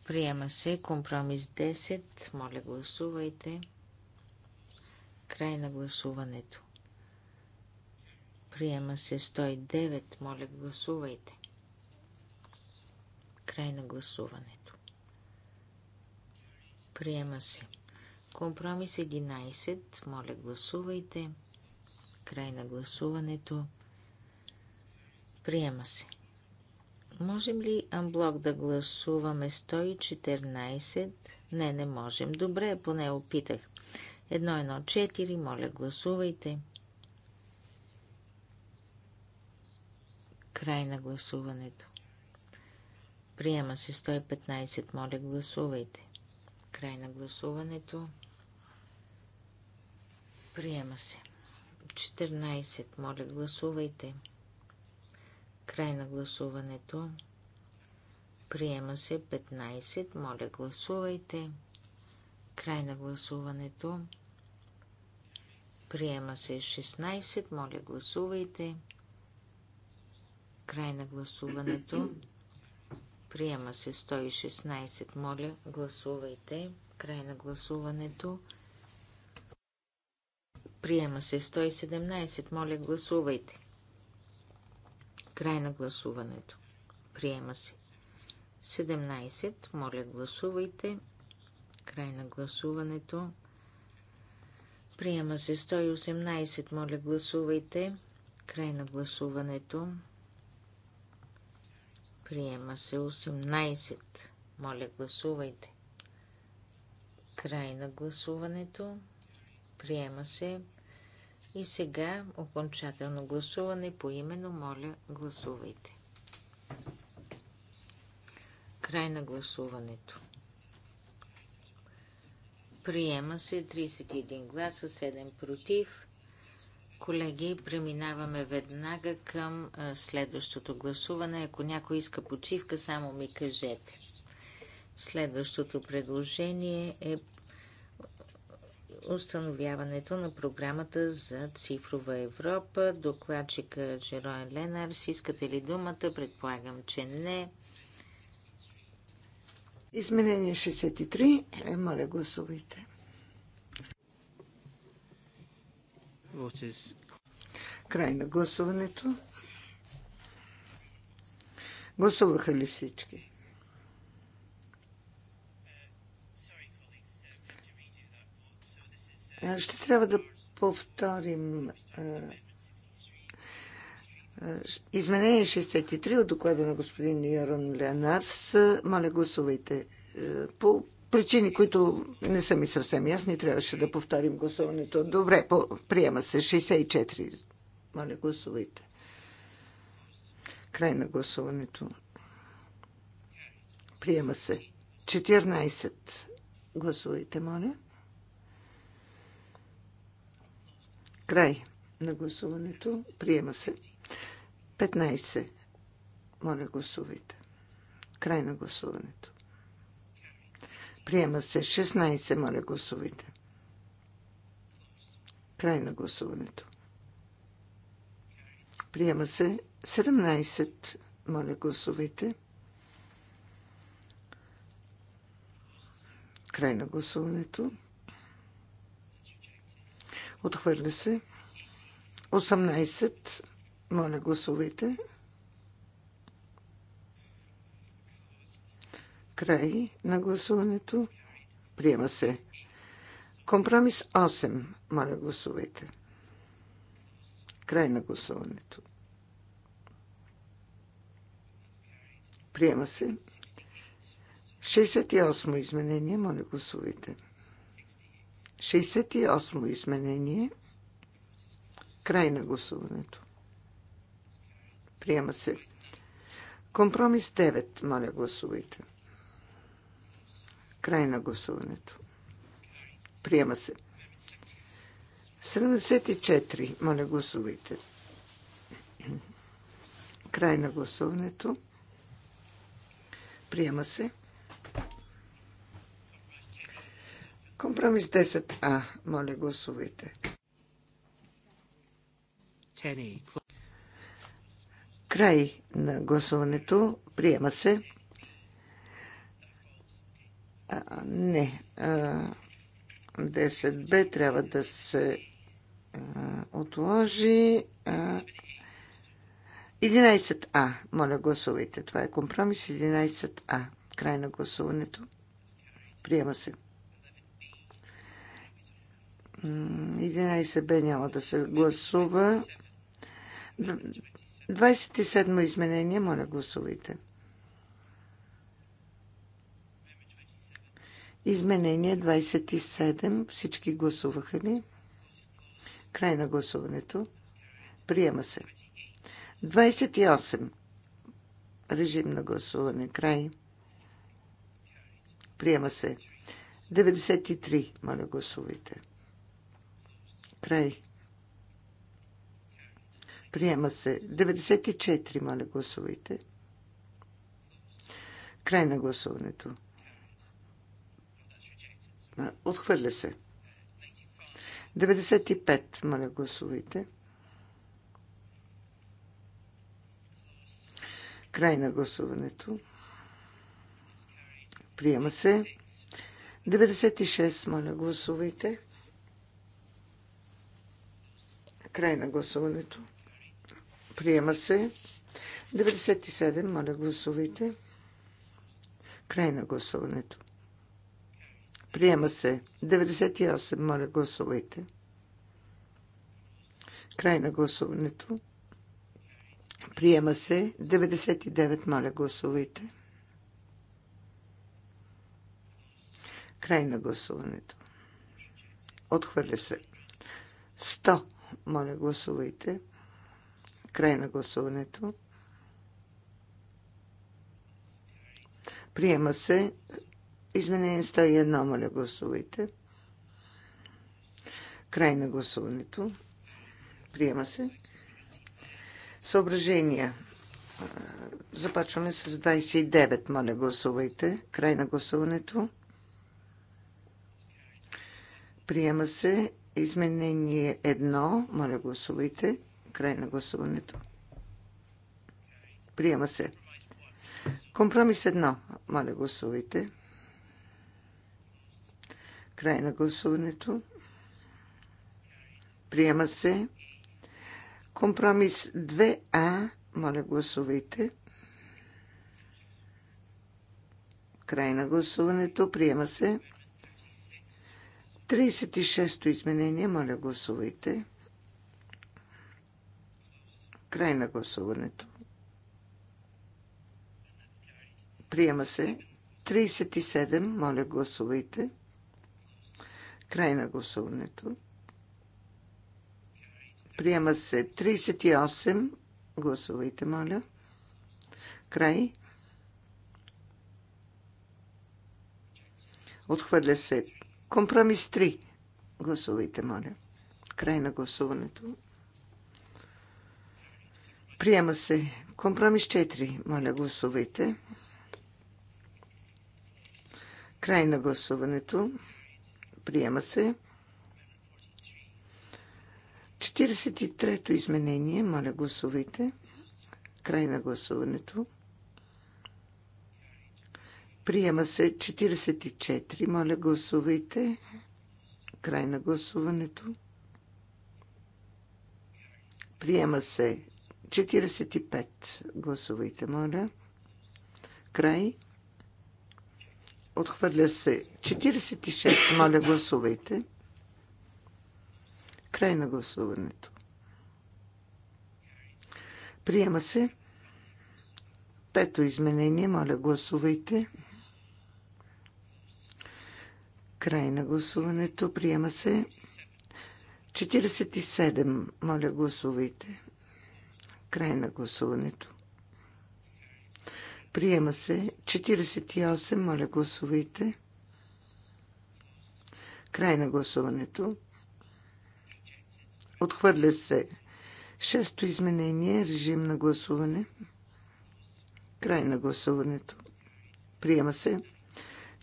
Приема се компромис 10. Моля, гласувайте. Край на гласуването. Приема се 109. Моля, гласувайте. Край на гласуването. Приема се 110. Компромис 11. Моля, гласувайте. Край на гласуването. Приема се. Можем ли амблок да гласуваме 114? Не, не можем. Добре, поне опитах. 114, моля, гласувайте. Край на гласуването. Приема се 115, моля, гласувайте. Край на гласуването. Приема се. 14. Моля, гласувайте. Край на гласуването. Приема се 15. Моля, гласувайте. Край на гласуването. Приема се 16. Моля, гласувайте. Край на гласуването. Приема се 116. Моля, гласувайте. Край на гласуването. Приема се 117. Моля, гласувайте. Край на гласуването. Приема се. 17. Моля, гласувайте. Край на гласуването. Приема се 118. Моля, гласувайте. Край на гласуването. Приема се 18. Моля, гласувайте. Край на гласуването. Приема се. И сега окончателно гласуване по именно. Моля, гласувайте. Край на гласуването. Приема се 31 гласа, 7 против. Колеги, преминаваме веднага към следващото гласуване. Ако някой иска почивка, само ми кажете. Следващото предложение е установяването на програмата за цифрова Европа. Докладчика Жероен си искате ли думата? Предполагам, че не. Изменение 63. Е, моля, гласувайте. Край на гласуването. Гласуваха ли всички? Е, ще трябва да повторим е, е, изменение 63 от доклада на господин Ярон Леонарс. Моля, гласувайте. По причини, които не са ми съвсем ясни, трябваше да повторим гласуването. Добре, приема се 64. Моля, гласувайте. Край на гласуването. Приема се. 14. Гласувайте, моля. Край на гласуването. Приема се. 15. Моля, гласувайте. Край на гласуването. Приема се. 16. Моля, гласувайте. Край на гласуването. Приема се. 17. Моля, гласувайте. Край на гласуването. Отхвърля се. 18. Моля, гласувайте. Край на гласуването. Приема се. Компромис 8. Моля, гласувайте. Край на гласуването. Приема се. 68 изменение. Моля, гласувайте. 68 изменение. Край на гласуването. Приема се. Компромис 9. Моля, гласувайте. Край на гласуването. Приема се. 74. Моля, гласувайте. Край на гласуването. Приема се. Компромис 10А. Моля, гласувайте. Край на гласуването. Приема се. А, не. А, 10Б трябва да се а, отложи. А, 11А. Моля, гласувайте. Това е компромис 11А. Край на гласуването. Приема се. 11 бе няма да се гласува. 27 изменение, моля гласувайте. Изменение 27. Всички гласуваха ли? Край на гласуването. Приема се. 28. Режим на гласуване. Край. Приема се. 93. Моля гласувайте. Край. Приема се. 94, моля, гласувайте. Край на гласуването. Отхвърля се. 95, моля, гласувайте. Край на гласуването. Приема се. 96, моля, гласувайте. Край на гласуването. Приема се. 97. Моля, гласувайте. Край на гласуването. Приема се. 98. Моля, гласувайте. Край на гласуването. Приема се. 99. Моля, гласувайте. Край на гласуването. Отхвърля се. 100. Моля, гласувайте. Край на гласуването. Приема се изменение 101. Моля, гласувайте. Край на гласуването. Приема се. Съображения. Започваме с 29. Моля, гласувайте. Край на гласуването. Приема се Изменение едно, Моля, гласувайте. Край на гласуването. Приема се. Компромис 1. Моля, гласувайте. Край на гласуването. Приема се. Компромис 2А. Моля, гласувайте. Край на гласуването. Приема се. 36-то изменение, моля гласувайте. Край на гласуването. Приема се. 37, моля гласувайте. Край на гласуването. Приема се 38. Гласувайте, моля. Край. Отхвърля се Компромис 3. Гласувайте, моля. Край на гласуването. Приема се. Компромис 4. Моля, гласувайте. Край на гласуването. Приема се. 43-то изменение. Моля, гласувайте. Край на гласуването. Приема се 44. Моля, гласувайте. Край на гласуването. Приема се 45. Гласувайте, моля. Край. Отхвърля се 46. Моля, гласувайте. Край на гласуването. Приема се. Пето изменение. Моля, гласувайте. Край на гласуването. Приема се 47. Моля, гласувайте. Край на гласуването. Приема се 48. Моля, гласувайте. Край на гласуването. Отхвърля се шесто изменение. Режим на гласуване. Край на гласуването. Приема се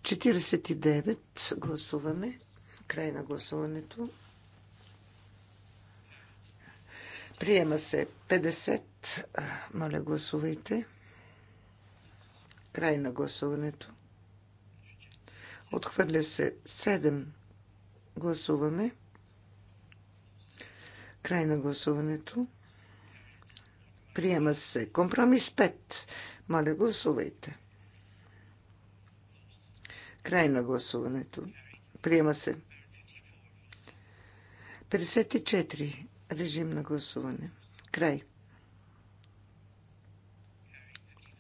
49 гласуваме. Край на гласуването. Приема се 50. Моля, гласувайте. Край на гласуването. Отхвърля се 7. Гласуваме. Край на гласуването. Приема се компромис 5. Моля, гласувайте. Край на гласуването. Приема се. 54. Режим на гласуване. Край.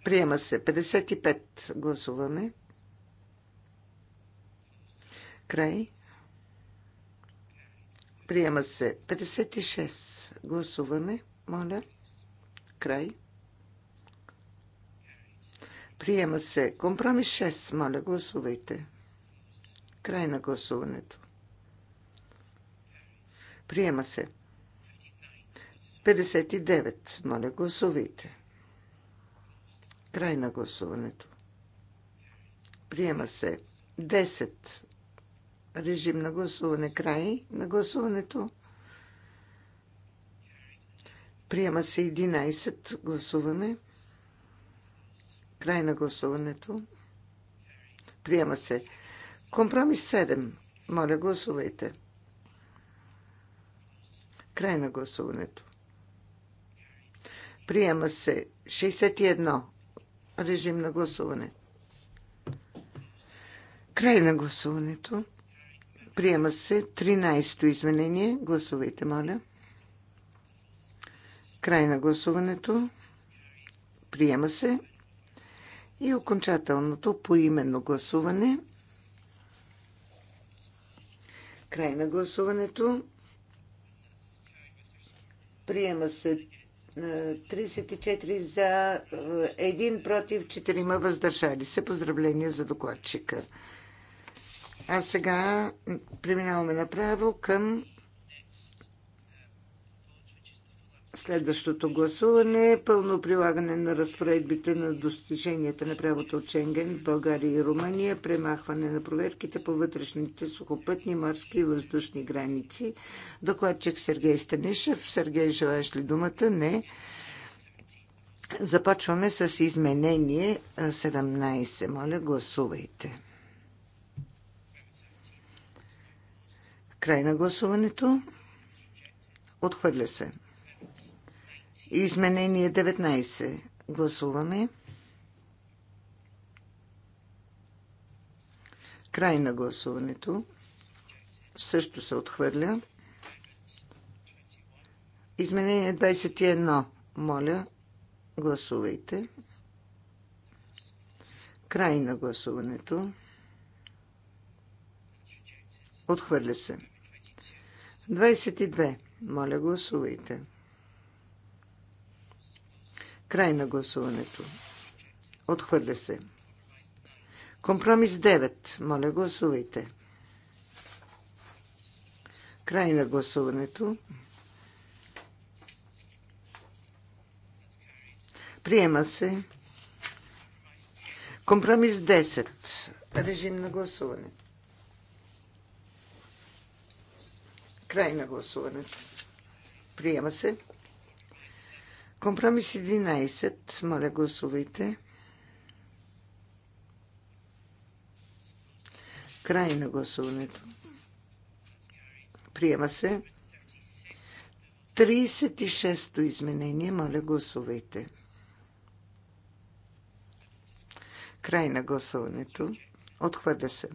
Приема се. 55. Гласуваме. Край. Приема се. 56. Гласуваме. Моля. Край. Приема се. Компромис 6. Моля, гласувайте. Край на гласуването. Приема се. 59. Моля, гласувайте. Край на гласуването. Приема се. 10. Режим на гласуване. Край на гласуването. Приема се 11. Гласуваме. Край на гласуването. Приема се. Компромис 7. Моля, гласувайте. Край на гласуването. Приема се 61. Режим на гласуване. Край на гласуването. Приема се 13-то изменение. Гласувайте, моля. Край на гласуването. Приема се и окончателното поименно гласуване. Край на гласуването. Приема се 34 е, за, 1 е, против, 4 въздържали се. Поздравления за докладчика. А сега преминаваме направо към следващото гласуване е пълно прилагане на разпоредбите на достиженията на правото от Шенген в България и Румъния, премахване на проверките по вътрешните сухопътни, морски и въздушни граници. Докладчик Сергей Станишев. Сергей, желаеш ли думата? Не. Започваме с изменение 17. Моля, гласувайте. Край на гласуването. Отхвърля се. Изменение 19. Гласуваме. Край на гласуването. Също се отхвърля. Изменение 21. Моля, гласувайте. Край на гласуването. Отхвърля се. 22. Моля, гласувайте. Край на гласуването. Отхвърля се. Компромис 9. Моля, гласувайте. Край на гласуването. Приема се. Компромис 10. Режим на гласуване. Край на гласуването. Приема се. Компромис 11. Моля, гласувайте. Край на гласуването. Приема се. 36-то изменение. Моля, гласувайте. Край на гласуването. Отхвърля се.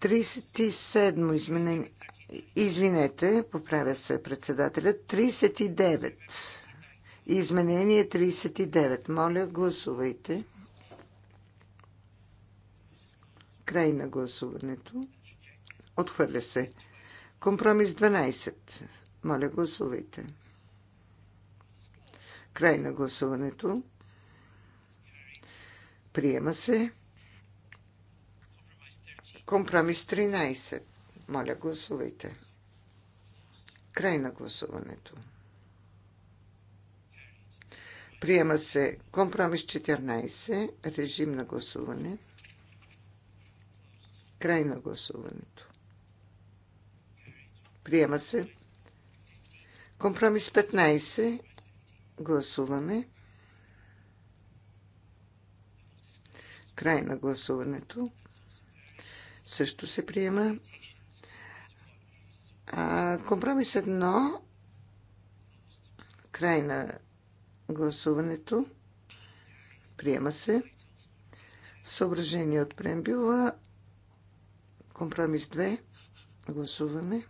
37-мо изменение. Извинете, поправя се председателя. 39. Изменение 39. Моля, гласувайте. Край на гласуването. Отхвърля се. Компромис 12. Моля, гласувайте. Край на гласуването. Приема се. Компромис 13. Моля, гласувайте. Край на гласуването. Приема се компромис 14, режим на гласуване. Край на гласуването. Приема се компромис 15, гласуваме. Край на гласуването. Също се приема а, компромис 1. Край на гласуването. Приема се. Съображение от преамбюла. Компромис 2. Гласуваме.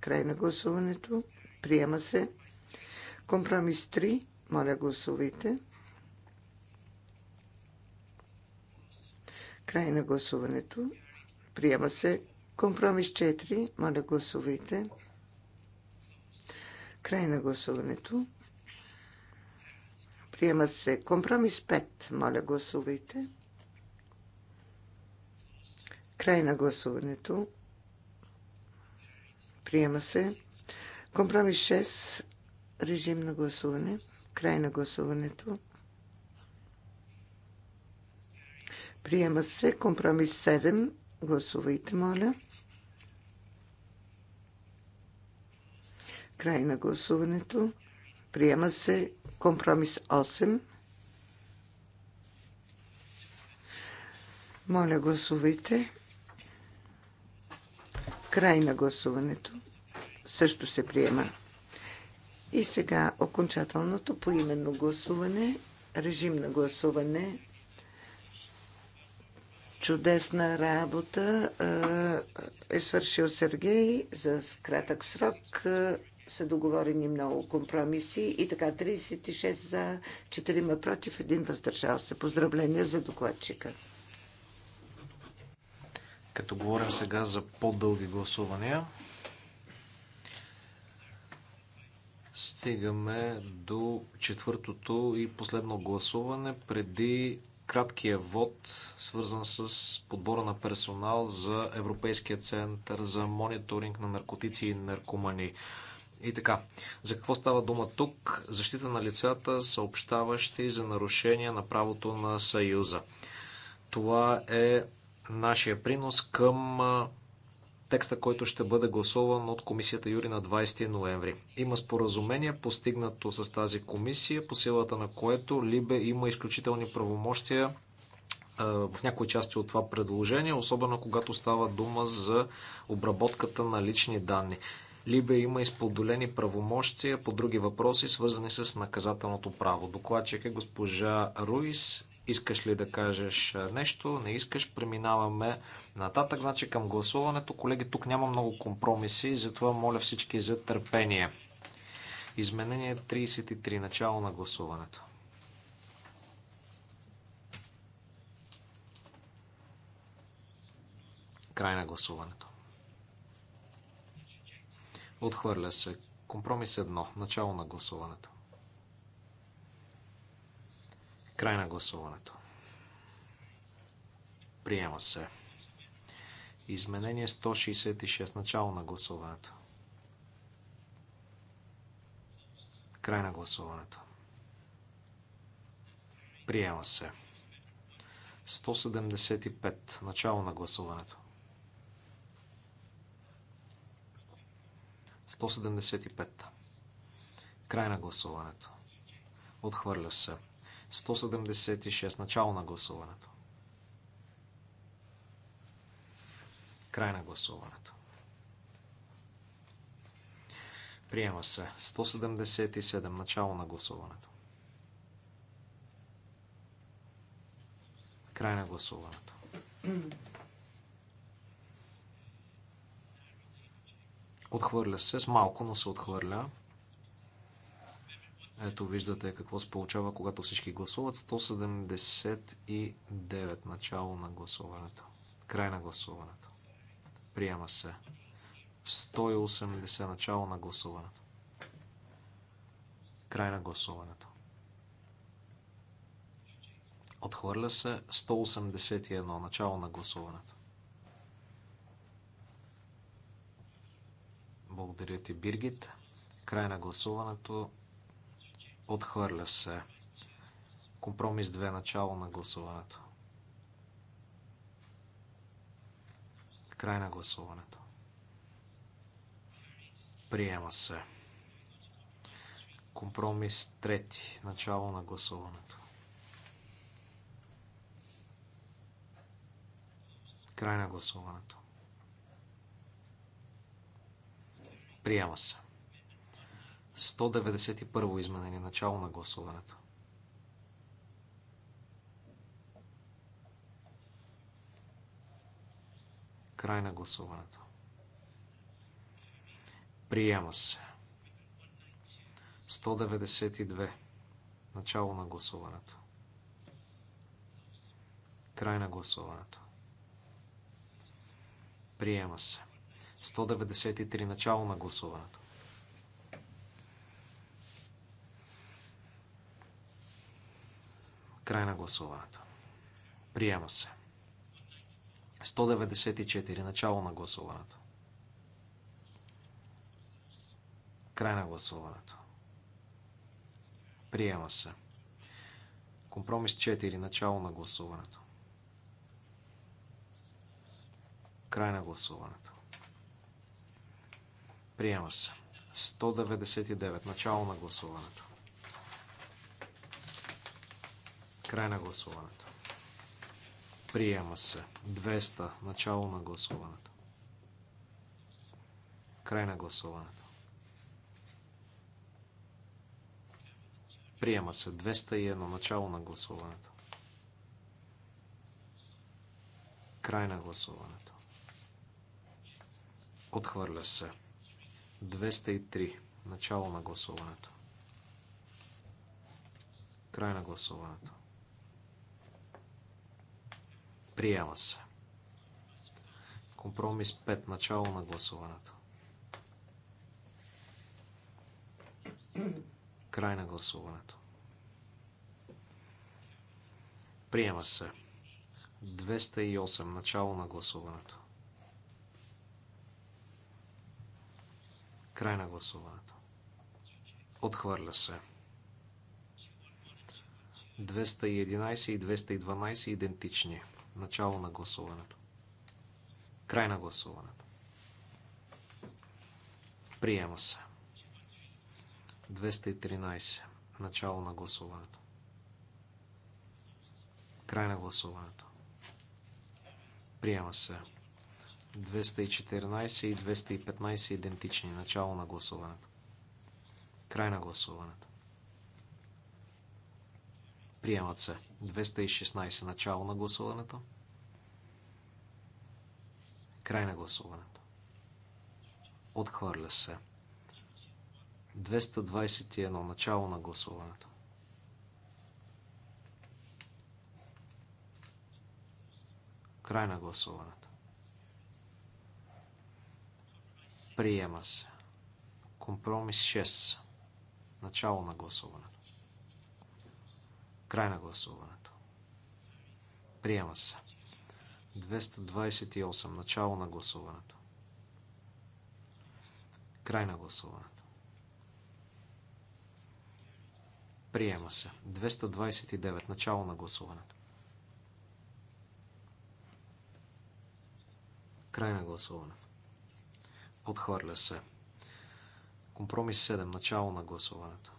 Край на гласуването. Приема се. Компромис 3. Моля, гласувайте. Край на гласуването. Приема се Компромис 4. Моля, гласувайте. Край на гласуването. Приема се компромис 5. Моля, гласувайте. Край на гласуването. Приема се. Компромис 6. Режим на гласуване. Край на гласуването. Приема се. Компромис 7. Гласувайте, моля. Край на гласуването. Приема се компромис 8. Моля, гласувайте. Край на гласуването. Също се приема. И сега окончателното поименно гласуване. Режим на гласуване чудесна работа е свършил Сергей за кратък срок. Са договорени много компромиси и така 36 за 4 против, 1 въздържал се. Поздравления за докладчика. Като говорим сега за по-дълги гласувания, стигаме до четвъртото и последно гласуване преди краткия вод, свързан с подбора на персонал за Европейския център за мониторинг на наркотици и наркомани. И така, за какво става дума тук? Защита на лицата, съобщаващи за нарушения на правото на Съюза. Това е нашия принос към текста, който ще бъде гласуван от комисията Юри на 20 ноември. Има споразумение, постигнато с тази комисия, по силата на което Либе има изключителни правомощия в някои части от това предложение, особено когато става дума за обработката на лични данни. Либе има изподолени правомощия по други въпроси, свързани с наказателното право. Докладчик е госпожа Руис. Искаш ли да кажеш нещо? Не искаш. Преминаваме нататък. Значи към гласуването. Колеги, тук няма много компромиси, затова моля всички за търпение. Изменение 33. Начало на гласуването. Край на гласуването. Отхвърля се. Компромис 1. Начало на гласуването. Край на гласуването. Приема се. Изменение 166. Начало на гласуването. Край на гласуването. Приема се. 175. Начало на гласуването. 175. Край на гласуването. Отхвърля се. 176. Начало на гласуването. Край на гласуването. Приема се. 177. Начало на гласуването. Край на гласуването. Отхвърля се с малко, но се отхвърля. Ето виждате какво се получава, когато всички гласуват. 179 начало на гласуването. Край на гласуването. Приема се. 180 начало на гласуването. Край на гласуването. Отхвърля се 181 начало на гласуването. Благодаря ти, Биргит. Край на гласуването Отхвърля се. Компромис 2. Начало на гласуването. Край на гласуването. Приема се. Компромис 3. Начало на гласуването. Край на гласуването. Приема се. 191 изменение, начало на гласуването. Край на гласуването. Приема се. 192. Начало на гласуването. Край на гласуването. Приема се. 193. Начало на гласуването. Край на гласуването. Приема се. 194. Начало на гласуването. Край на гласуването. Приема се. Компромис 4. Начало на гласуването. Край на гласуването. Приема се. 199. Начало на гласуването. Край на гласуването. Приема се. 200. Начало на гласуването. Край на гласуването. Приема се. 201. Начало на гласуването. Край на гласуването. Отхвърля се. 203. Начало на гласуването. Край на гласуването. Приема се. Компромис 5. Начало на гласуването. Край на гласуването. Приема се. 208. Начало на гласуването. Край на гласуването. Отхвърля се. 211 и 212 идентични. Начало на гласуването. Край на гласуването. Приема се. 213. Начало на гласуването. Край на гласуването. Приема се. 214 и 215 идентични. Начало на гласуването. Край на гласуването. Приемат се. 216. Начало на гласуването. Край на гласуването. Отхвърля се. 221. Начало на гласуването. Край на гласуването. Приема се. Компромис 6. Начало на гласуването. Край на гласуването. Приема се. 228. Начало на гласуването. Край на гласуването. Приема се. 229. Начало на гласуването. Край на гласуването. Отхвърля се. Компромис 7. Начало на гласуването.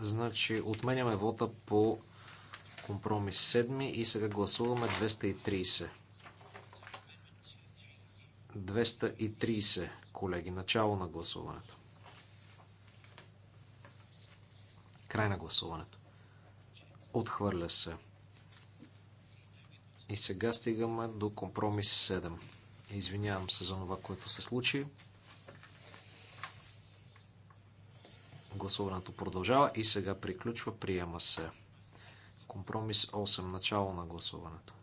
Значи отменяме вота по компромис 7 и сега гласуваме 230. 230, колеги. Начало на гласуването. Край на гласуването. Отхвърля се. И сега стигаме до компромис 7. Извинявам се за това, което се случи. Гласуването продължава и сега приключва. Приема се. Компромис 8. Начало на гласуването.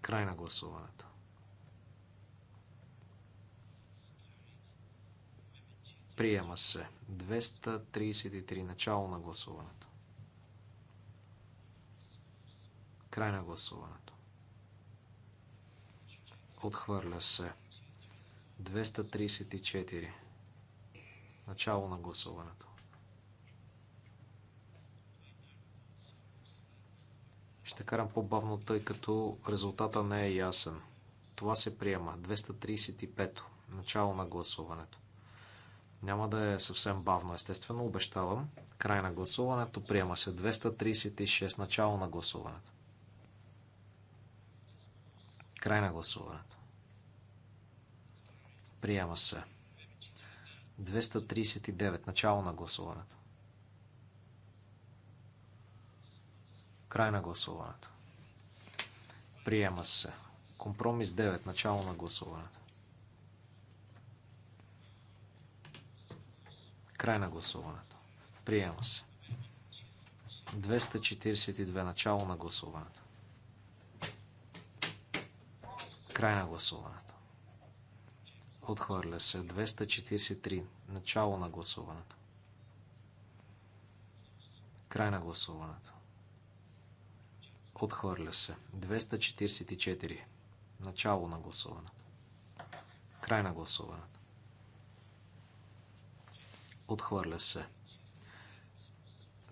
Край на гласуването. Приема се. 233. Начало на гласуването. Край на гласуването. Отхвърля се. 234. Начало на гласуването. Ще карам по-бавно, тъй като резултата не е ясен. Това се приема. 235. Начало на гласуването. Няма да е съвсем бавно, естествено, обещавам. Край на гласуването. Приема се 236. Начало на гласуването. Край на гласуването. Приема се. 239. Начало на гласуването. Край на гласуването. Приема се. Компромис 9. Начало на гласуването. Край на гласуването. Приема се. 242. Начало на гласуването. Край на гласуването. Отхвърля се. 243. Начало на гласуването. Край на гласуването. Отхвърля се. 244. Начало на гласуването. Край на гласуването. Отхвърля се.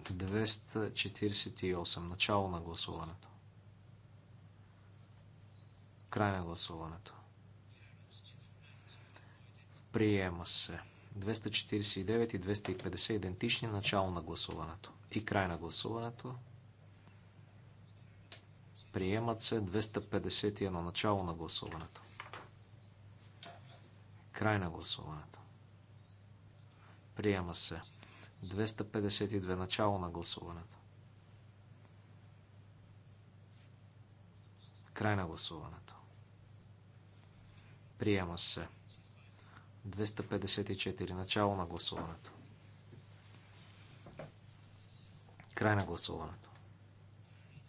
248. Начало на гласуването. Край на гласуването. Приема се. 249 и 250 идентични. Начало на гласуването. И край на гласуването. Приемат се 251. Начало на гласуването. Край на гласуването. Приема се. 252. Начало на гласуването. Край на гласуването. Приема се. 254. Начало на гласуването. Край на гласуването.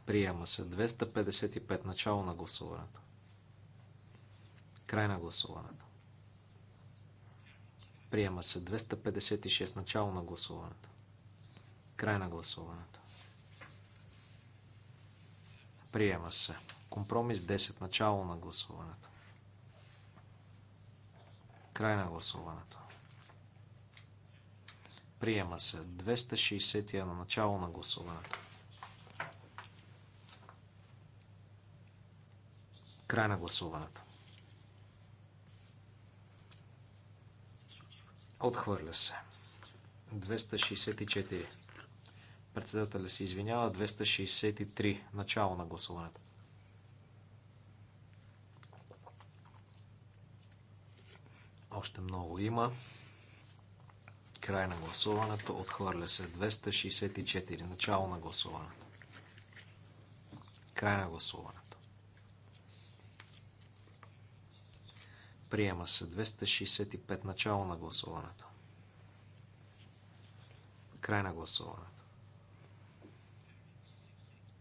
Приема се. 255. Начало на гласуването. Край на гласуването. Приема се. 256. Начало на гласуването. Край на гласуването. Приема се. Компромис 10. Начало на гласуването. Край на гласуването. Приема се 260 на начало на гласуването. Край на гласуването. Отхвърля се. 264. Председателя се извинява. 263. Начало на гласуването. Още много има. Край на гласуването. Отхвърля се 264. Начало на гласуването. Край на гласуването. Приема се 265. Начало на гласуването. Край на гласуването.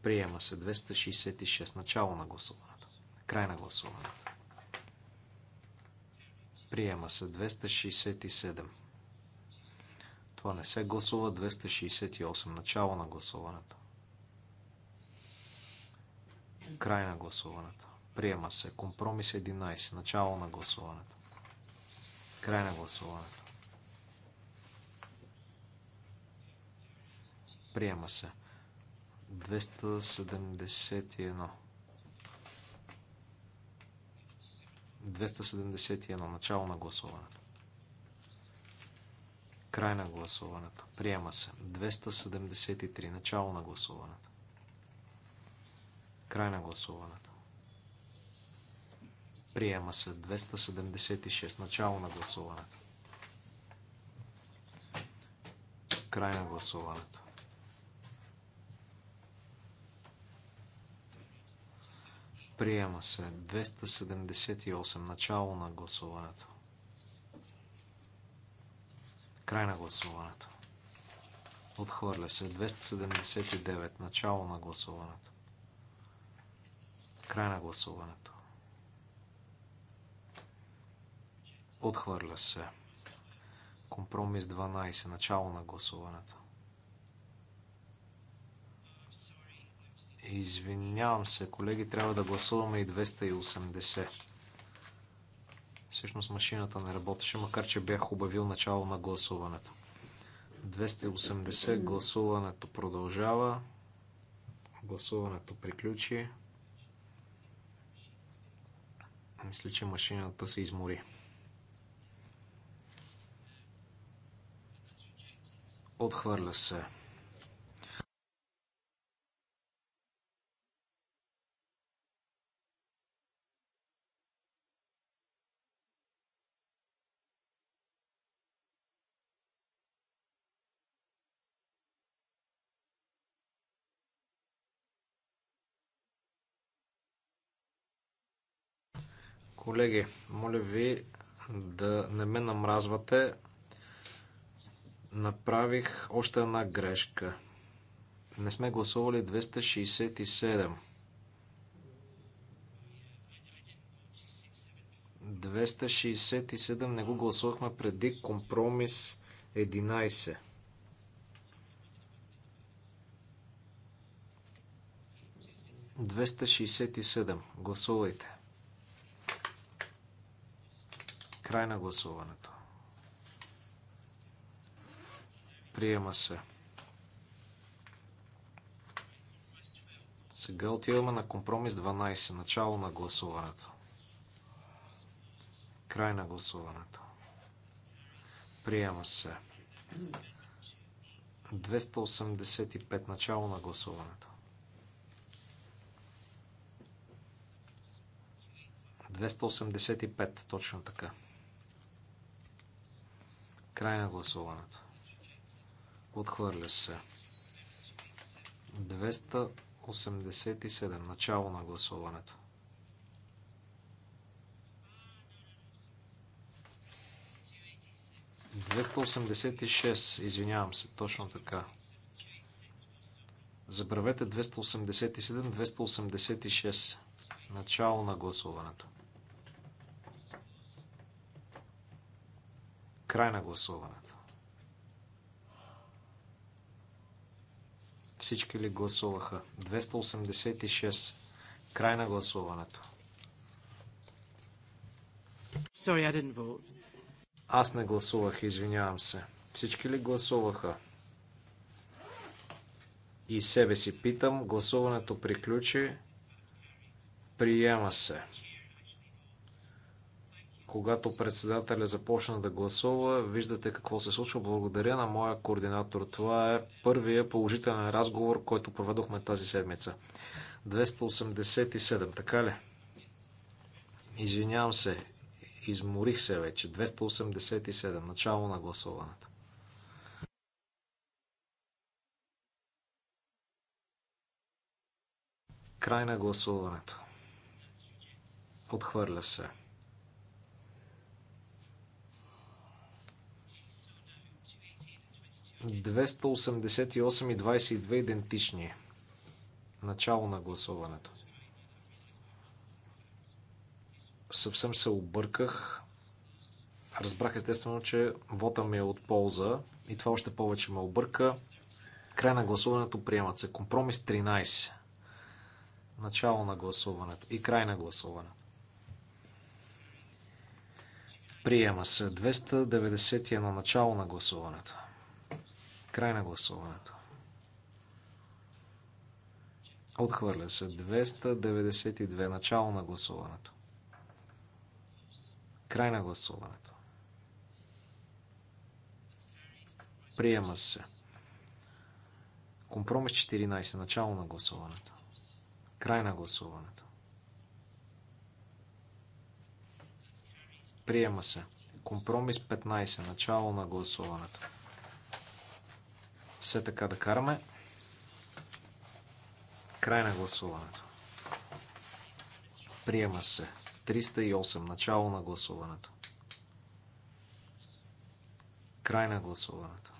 Приема се 266. Начало на гласуването. Край на гласуването. Приема се 267. Това не се гласува 268. Начало на гласуването. Край на гласуването. Приема се компромис 11. Начало на гласуването. Край на гласуването. Приема се 271. 271. Начало на гласуването. Край на гласуването. Приема се. 273. Начало на гласуването. Край на гласуването. Приема се. 276. Начало на гласуването. Край на гласуването. Приема се 278. Начало на гласуването. Край на гласуването. Отхвърля се 279. Начало на гласуването. Край на гласуването. Отхвърля се. Компромис 12. Начало на гласуването. Извинявам се, колеги, трябва да гласуваме и 280. Всъщност машината не работеше, макар че бях обявил начало на гласуването. 280, гласуването продължава. Гласуването приключи. Мисля, че машината се измори. Отхвърля се. Колеги, моля ви да не ме намразвате. Направих още една грешка. Не сме гласували 267. 267 не го гласувахме преди компромис 11. Двеста и седем. Гласувайте. Край на гласуването. Приема се. Сега отиваме на компромис 12. Начало на гласуването. Край на гласуването. Приема се. 285. Начало на гласуването. 285. Точно така. Край на гласуването. Отхвърля се. 287. Начало на гласуването. извинявам се, точно така. Забравете 287, 286. Начало на гласуването. Край на гласуването. Всички ли гласуваха? 286. Край на гласуването. Sorry, I didn't vote. Аз не гласувах, извинявам се. Всички ли гласуваха? И себе си питам, гласуването приключи, приема се когато председателя започна да гласува, виждате какво се случва. Благодаря на моя координатор. Това е първия положителен разговор, който проведохме тази седмица. 287, така ли? Извинявам се, изморих се вече. 287, начало на гласуването. Край на гласуването. Отхвърля се. 288 и 22 идентични. Начало на гласуването. Съвсем се обърках. Разбрах естествено, че вота ми е от полза и това още повече ме обърка. Край на гласуването приемат се. Компромис 13. Начало на гласуването и край на гласуване. Приема се 291 начало на гласуването. Край на гласуването. Отхвърля се 292. Начало на гласуването. Край на гласуването. Приема се. Компромис 14. Начало на гласуването. Край на гласуването. Приема се. Компромис 15. Начало на гласуването все така да караме. Край на гласуването. Приема се. 308. Начало на гласуването. Край на гласуването.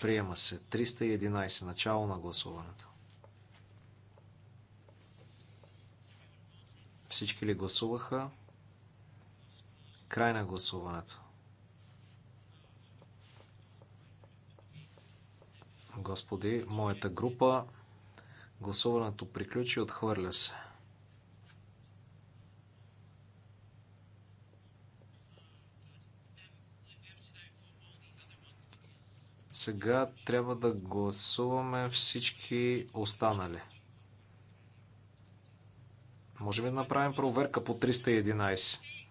Приема се. 311. Начало на гласуването. Всички ли гласуваха? Край на гласуването. господи, моята група. Гласуването приключи, отхвърля се. Сега трябва да гласуваме всички останали. Можем да направим проверка по 311.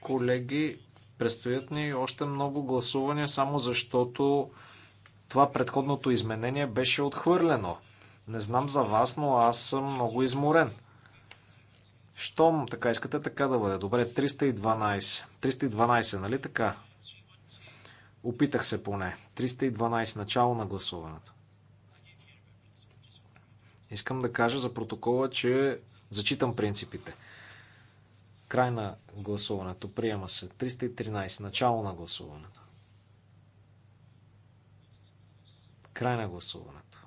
Колеги, Предстоят ни още много гласувания, само защото това предходното изменение беше отхвърлено. Не знам за вас, но аз съм много изморен. Щом така искате, така да бъде. Добре, 312. 312, нали така? Опитах се поне. 312, начало на гласуването. Искам да кажа за протокола, че зачитам принципите. Край на гласуването. Приема се. 313. Начало на гласуването. Край на гласуването.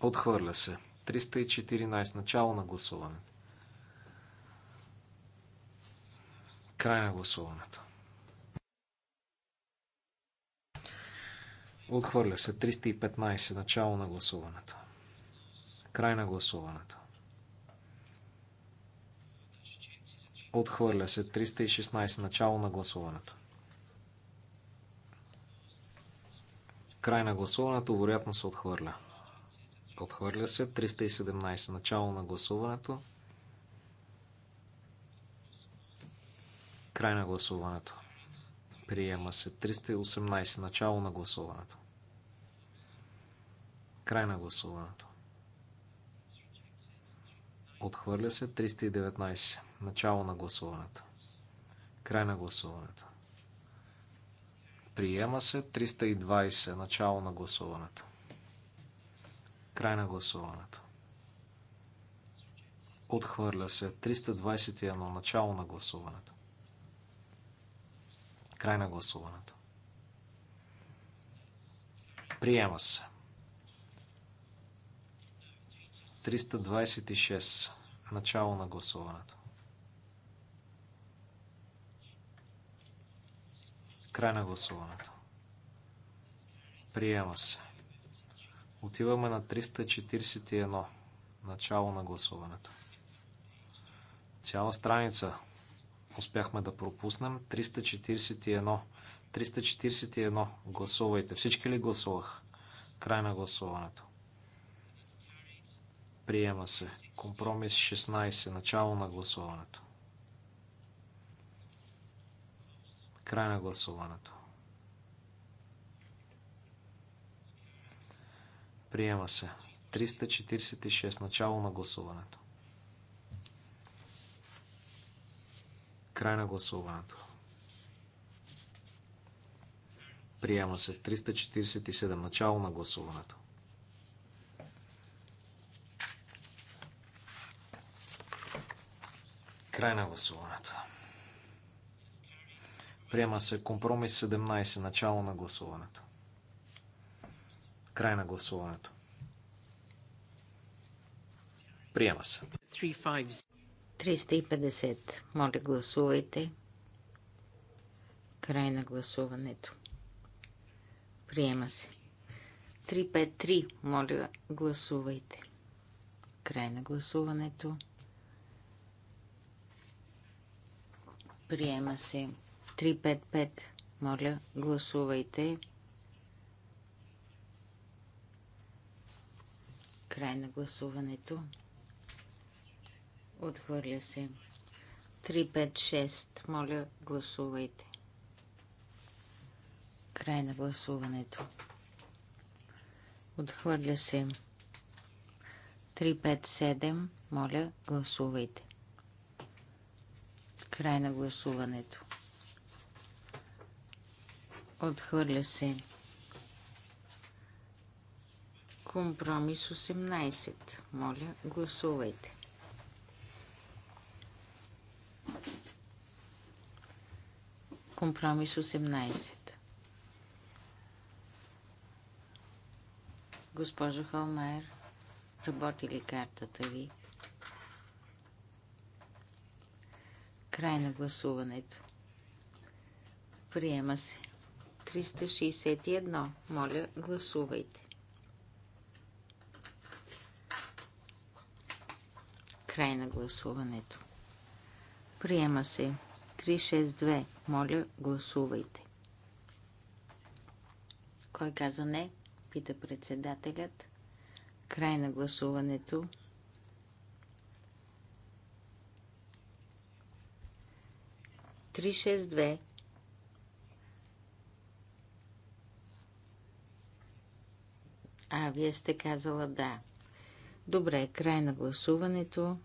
Отхвърля се. 314. Начало на гласуването. Край на гласуването. Отхвърля се. 315. Начало на гласуването. Край на гласуването. Отхвърля се 316. Начало на гласуването. Край на гласуването вероятно се отхвърля. Отхвърля се 317. Начало на гласуването. Край на гласуването. Приема се 318. Начало на гласуването. Край на гласуването. Отхвърля се 319. Начало на гласуването. Край на гласуването. Приема се 320. Начало на гласуването. Край на гласуването. Отхвърля се 321. Начало на гласуването. Край на гласуването. Приема се. 326. Начало на гласуването. Край на гласуването. Приема се. Отиваме на 341. Начало на гласуването. Цяла страница успяхме да пропуснем. 341. 341. Гласувайте. Всички ли гласувах? Край на гласуването. Приема се. Компромис 16. Начало на гласуването. Край на гласуването. Приема се. 346. Начало на гласуването. Край на гласуването. Приема се. 347. Начало на гласуването. Край на гласуването. Приема се компромис 17. Начало на гласуването. Край на гласуването. Приема се. 350. Моля, гласувайте. Край на гласуването. Приема се. 353. Моля, гласувайте. Край на гласуването. Приема се. 355. Моля, гласувайте. Край на гласуването. Отхвърля се. 356. Моля, гласувайте. Край на гласуването. Отхвърля се. 357. Моля, гласувайте. Край на гласуването. Отхвърля се. Компромис 18. Моля, гласувайте. Компромис 18. Госпожо Холмайер, работи ли картата ви? Край на гласуването. Приема се. 361. Моля, гласувайте. Край на гласуването. Приема се 362. Моля, гласувайте. Кой каза не? Пита председателят. Край на гласуването. Три шест две. А, вие сте казала да. Добре, край на гласуването.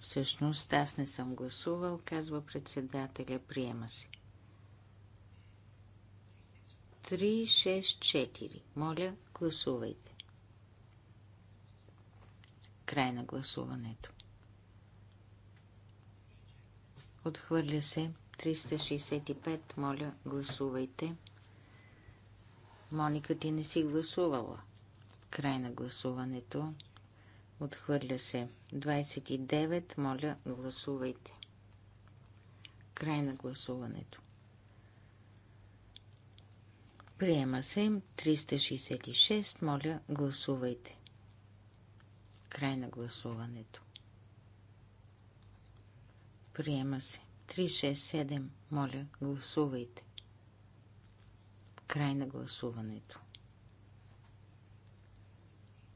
Всъщност аз не съм гласувал, казва председателя, приема се. 36-4. Моля, гласувайте. Край на гласуването. Отхвърля се. 365. Моля, гласувайте. Моника, ти не си гласувала. Край на гласуването. Отхвърля се. 29. Моля, гласувайте. Край на гласуването. Приема се 366. Моля, гласувайте. Край на гласуването. Приема се 367. Моля, гласувайте. Край на гласуването.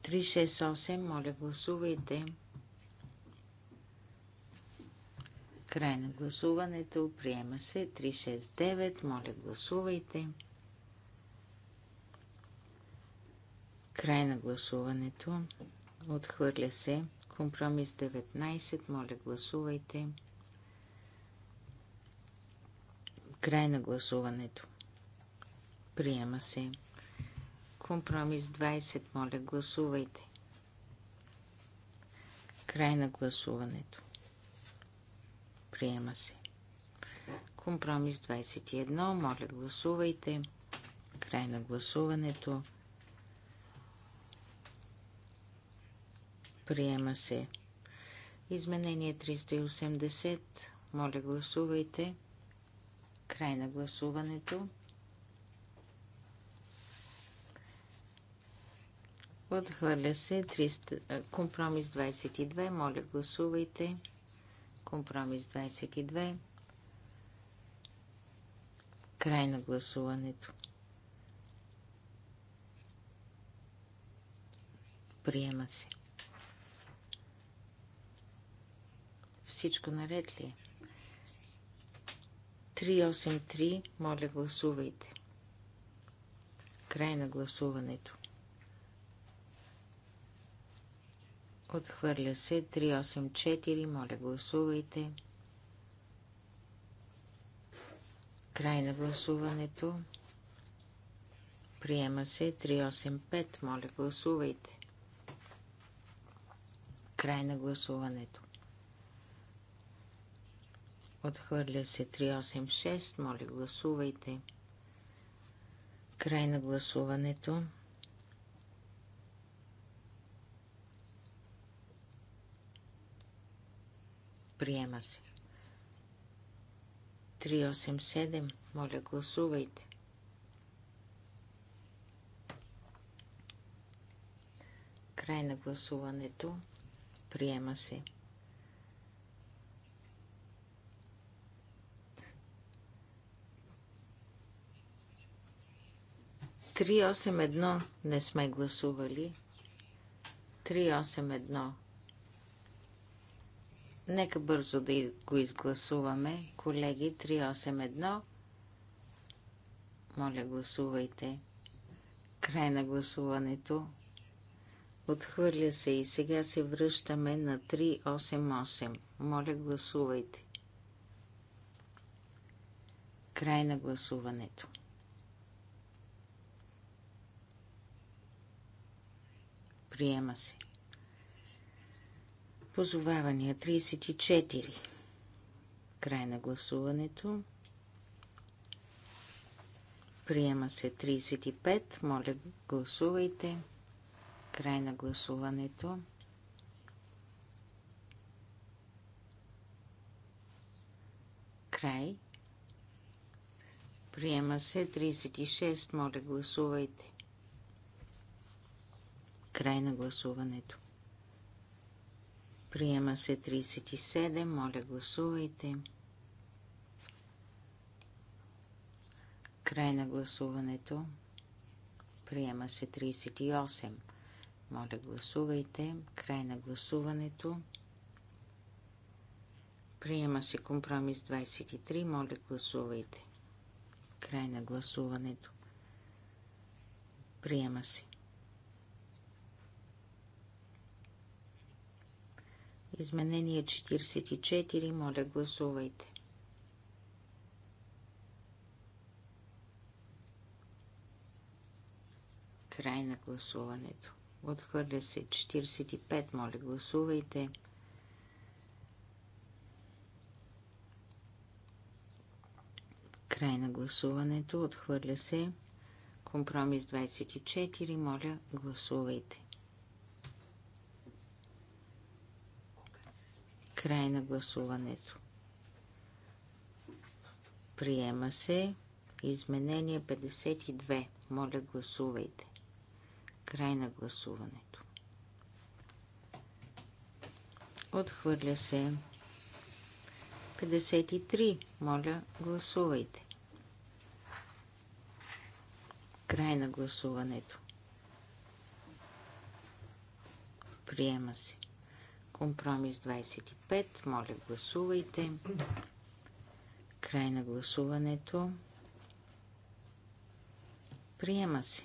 368, моля гласувайте. Край на гласуването. Приема се 369. Моля, гласувайте. Край на гласуването. Отхвърля се. Компромис 19. Моля, гласувайте. Край на гласуването. Приема се. Компромис 20. Моля, гласувайте. Край на гласуването. Приема се. Компромис 21. Моля, гласувайте. Край на гласуването. Приема се. Изменение 380. Моля, гласувайте. Край на гласуването. Отхвърля се 300, компромис 22. Моля, гласувайте. Компромис 22. Край на гласуването. Приема се. Всичко наред ли е? 383. Моля, гласувайте. Край на гласуването. Отхвърля се 384. Моля, гласувайте. Край на гласуването. Приема се 385. Моля, гласувайте. Край на гласуването. Отхвърля се 386. Моля, гласувайте. Край на гласуването. Приема се. 387. Моля, гласувайте. Край на гласуването. Приема се. Три осем едно не сме гласували. Три осем едно. Нека бързо да го изгласуваме. Колеги, 381. Моля, гласувайте. Край на гласуването. Отхвърля се и сега се връщаме на 388. Моля, гласувайте. Край на гласуването. Приема се. Позовавания 34. Край на гласуването. Приема се 35. Моля, гласувайте. Край на гласуването. Край. Приема се 36. Моля, гласувайте. Край на гласуването. Приема се 37. Моля, гласувайте. Край на гласуването. Приема се 38. Моля, гласувайте. Край на гласуването. Приема се компромис 23. Моля, гласувайте. Край на гласуването. Приема се. Изменение 44. Моля, гласувайте. Край на гласуването. Отхвърля се 45. Моля, гласувайте. Край на гласуването. Отхвърля се. Компромис 24. Моля, гласувайте. Край на гласуването. Приема се изменение 52. Моля, гласувайте. Край на гласуването. Отхвърля се 53. Моля, гласувайте. Край на гласуването. Приема се. Компромис 25. Моля, гласувайте. Край на гласуването. Приема се.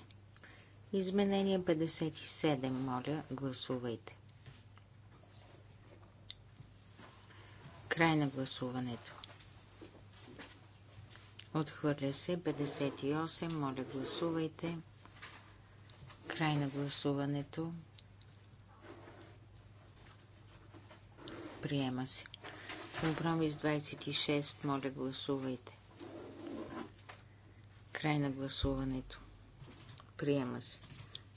Изменение 57. Моля, гласувайте. Край на гласуването. Отхвърля се 58. Моля, гласувайте. Край на гласуването. Приема се. Компромис 26. Моля, гласувайте. Край на гласуването. Приема се.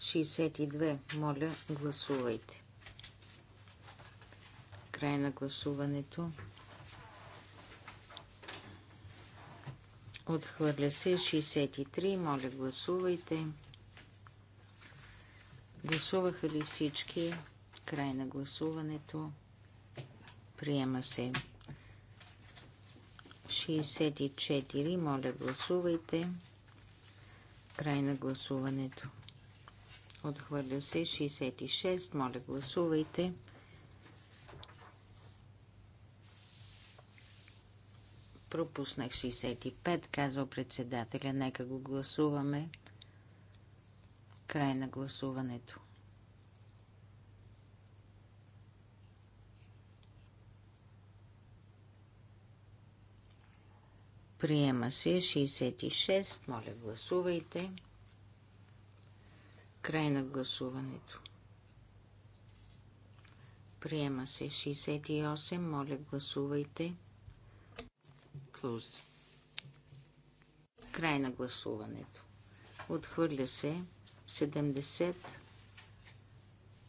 62. Моля, гласувайте. Край на гласуването. Отхвърля се 63. Моля, гласувайте. Гласуваха ли всички? Край на гласуването. Приема се. 64. Моля, гласувайте. Край на гласуването. Отхвърля се 66. Моля, гласувайте. Пропуснах 65, казва председателя. Нека го гласуваме. Край на гласуването. Приема се 66. Моля, гласувайте. Край на гласуването. Приема се 68. Моля, гласувайте. Closed. Край на гласуването. Отхвърля се 70.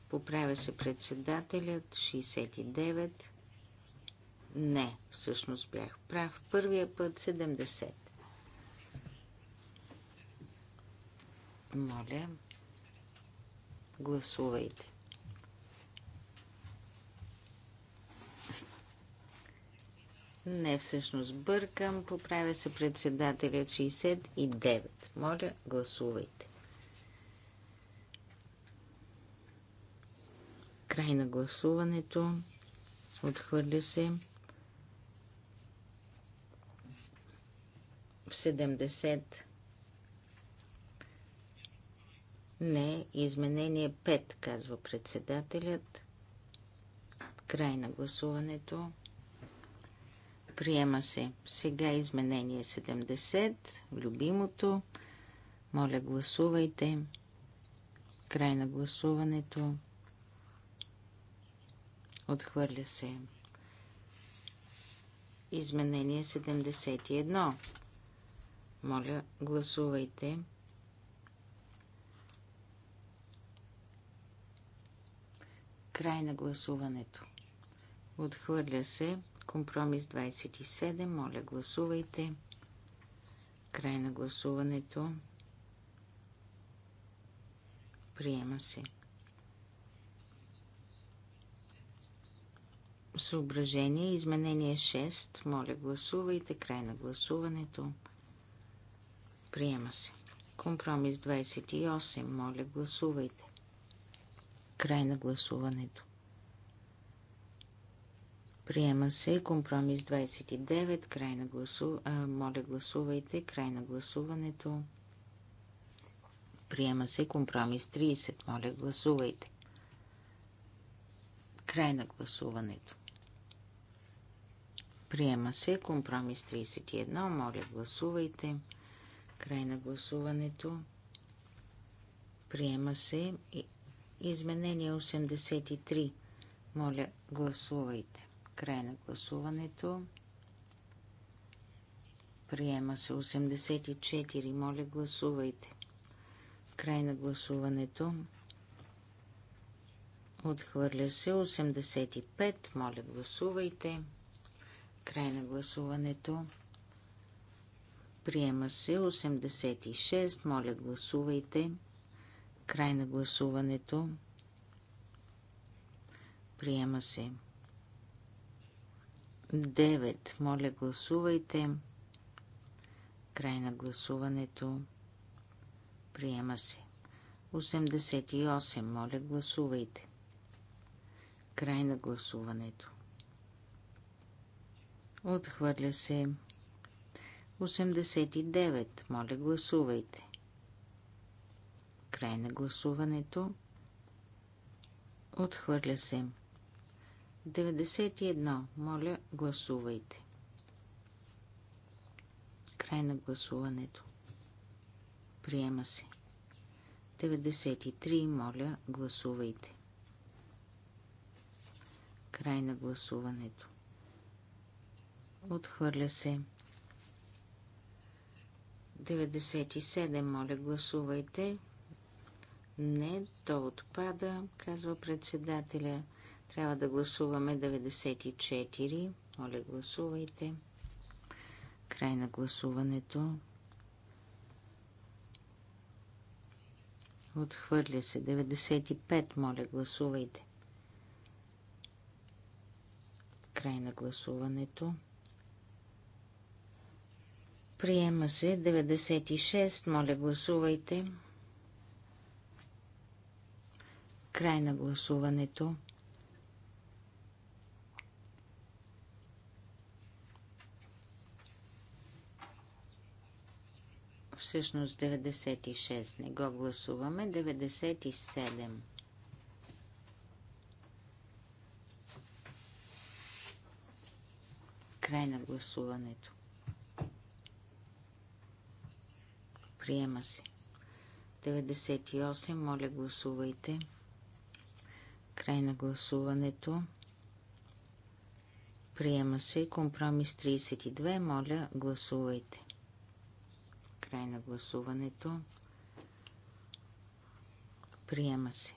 Поправя се председателят 69. Не, всъщност бях прав. Първия път 70. Моля, гласувайте. Не, всъщност бъркам. Поправя се председателя 69. Моля, гласувайте. Край на гласуването. Отхвърля се. 70. Не, изменение 5, казва председателят. Край на гласуването. Приема се. Сега изменение 70, любимото. Моля, гласувайте. Край на гласуването. Отхвърля се. Изменение 71. Моля, гласувайте. Край на гласуването. Отхвърля се. Компромис 27. Моля, гласувайте. Край на гласуването. Приема се. Съображение. Изменение 6. Моля, гласувайте. Край на гласуването. Приема се. Компромис 28. Моля, гласувайте. Край на гласуването. Приема се компромис 29. Край на гласу... а, моля, гласувайте. Край на гласуването. Приема се компромис 30. Моля, гласувайте. Край на гласуването. Приема се компромис 31. Моля, гласувайте. Край на гласуването. Приема се изменение 83. Моля, гласувайте. Край на гласуването. Приема се 84. Моля, гласувайте. Край на гласуването. Отхвърля се 85. Моля, гласувайте. Край на гласуването. Приема се 86. Моля, гласувайте. Край на гласуването. Приема се. 9. Моля, гласувайте. Край на гласуването. Приема се. 88. Моля, гласувайте. Край на гласуването. Отхвърля се. 89. Моля, гласувайте. Край на гласуването. Отхвърля се. 91. Моля, гласувайте. Край на гласуването. Приема се. 93. Моля, гласувайте. Край на гласуването. Отхвърля се. 97, моля, гласувайте. Не, то отпада, казва председателя. Трябва да гласуваме 94. Моля, гласувайте. Край на гласуването. Отхвърля се. 95. Моля, гласувайте. Край на гласуването. Приема се 96. Моля, гласувайте. Край на гласуването. Всъщност 96. Не го гласуваме. 97. Край на гласуването. Приема се. 98. Моля, гласувайте. Край на гласуването. Приема се. Компромис 32. Моля, гласувайте. Край на гласуването. Приема се.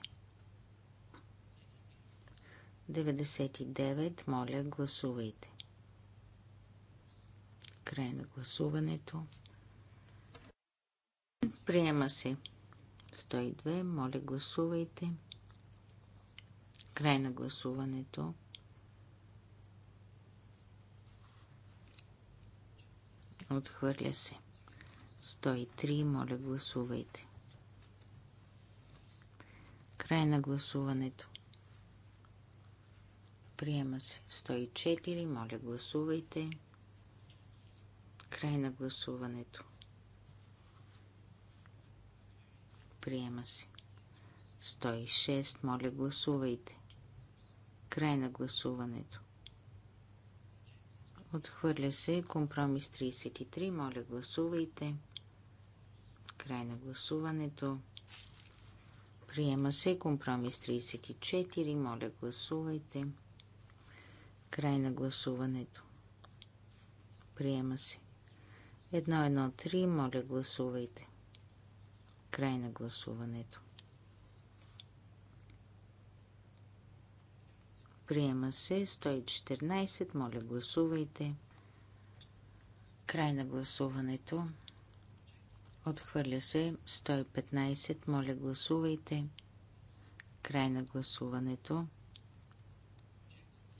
99. Моля, гласувайте. Край на гласуването. Приема се. 102. Моля, гласувайте. Край на гласуването. Отхвърля се. 103. Моля, гласувайте. Край на гласуването. Приема се. 104. Моля, гласувайте. Край на гласуването. Приема се. 106. Моля, гласувайте. Край на гласуването. Отхвърля се компромис 33. Моля, гласувайте. Край на гласуването. Приема се компромис 34. Моля, гласувайте. Край на гласуването. Приема се. 113. Моля, гласувайте. Край на гласуването. Приема се 114. Моля, гласувайте. Край на гласуването. Отхвърля се 115. Моля, гласувайте. Край на гласуването.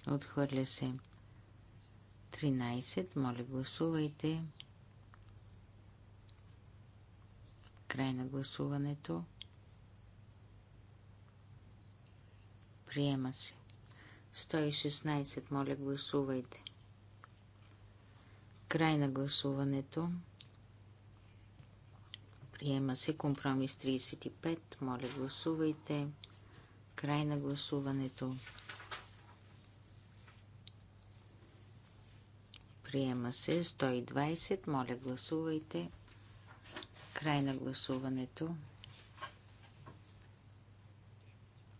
Отхвърля се 13. Моля, гласувайте. Край на гласуването. Приема се. 116. Моля, гласувайте. Край на гласуването. Приема се компромис 35. Моля, гласувайте. Край на гласуването. Приема се 120. Моля, гласувайте. Край на гласуването.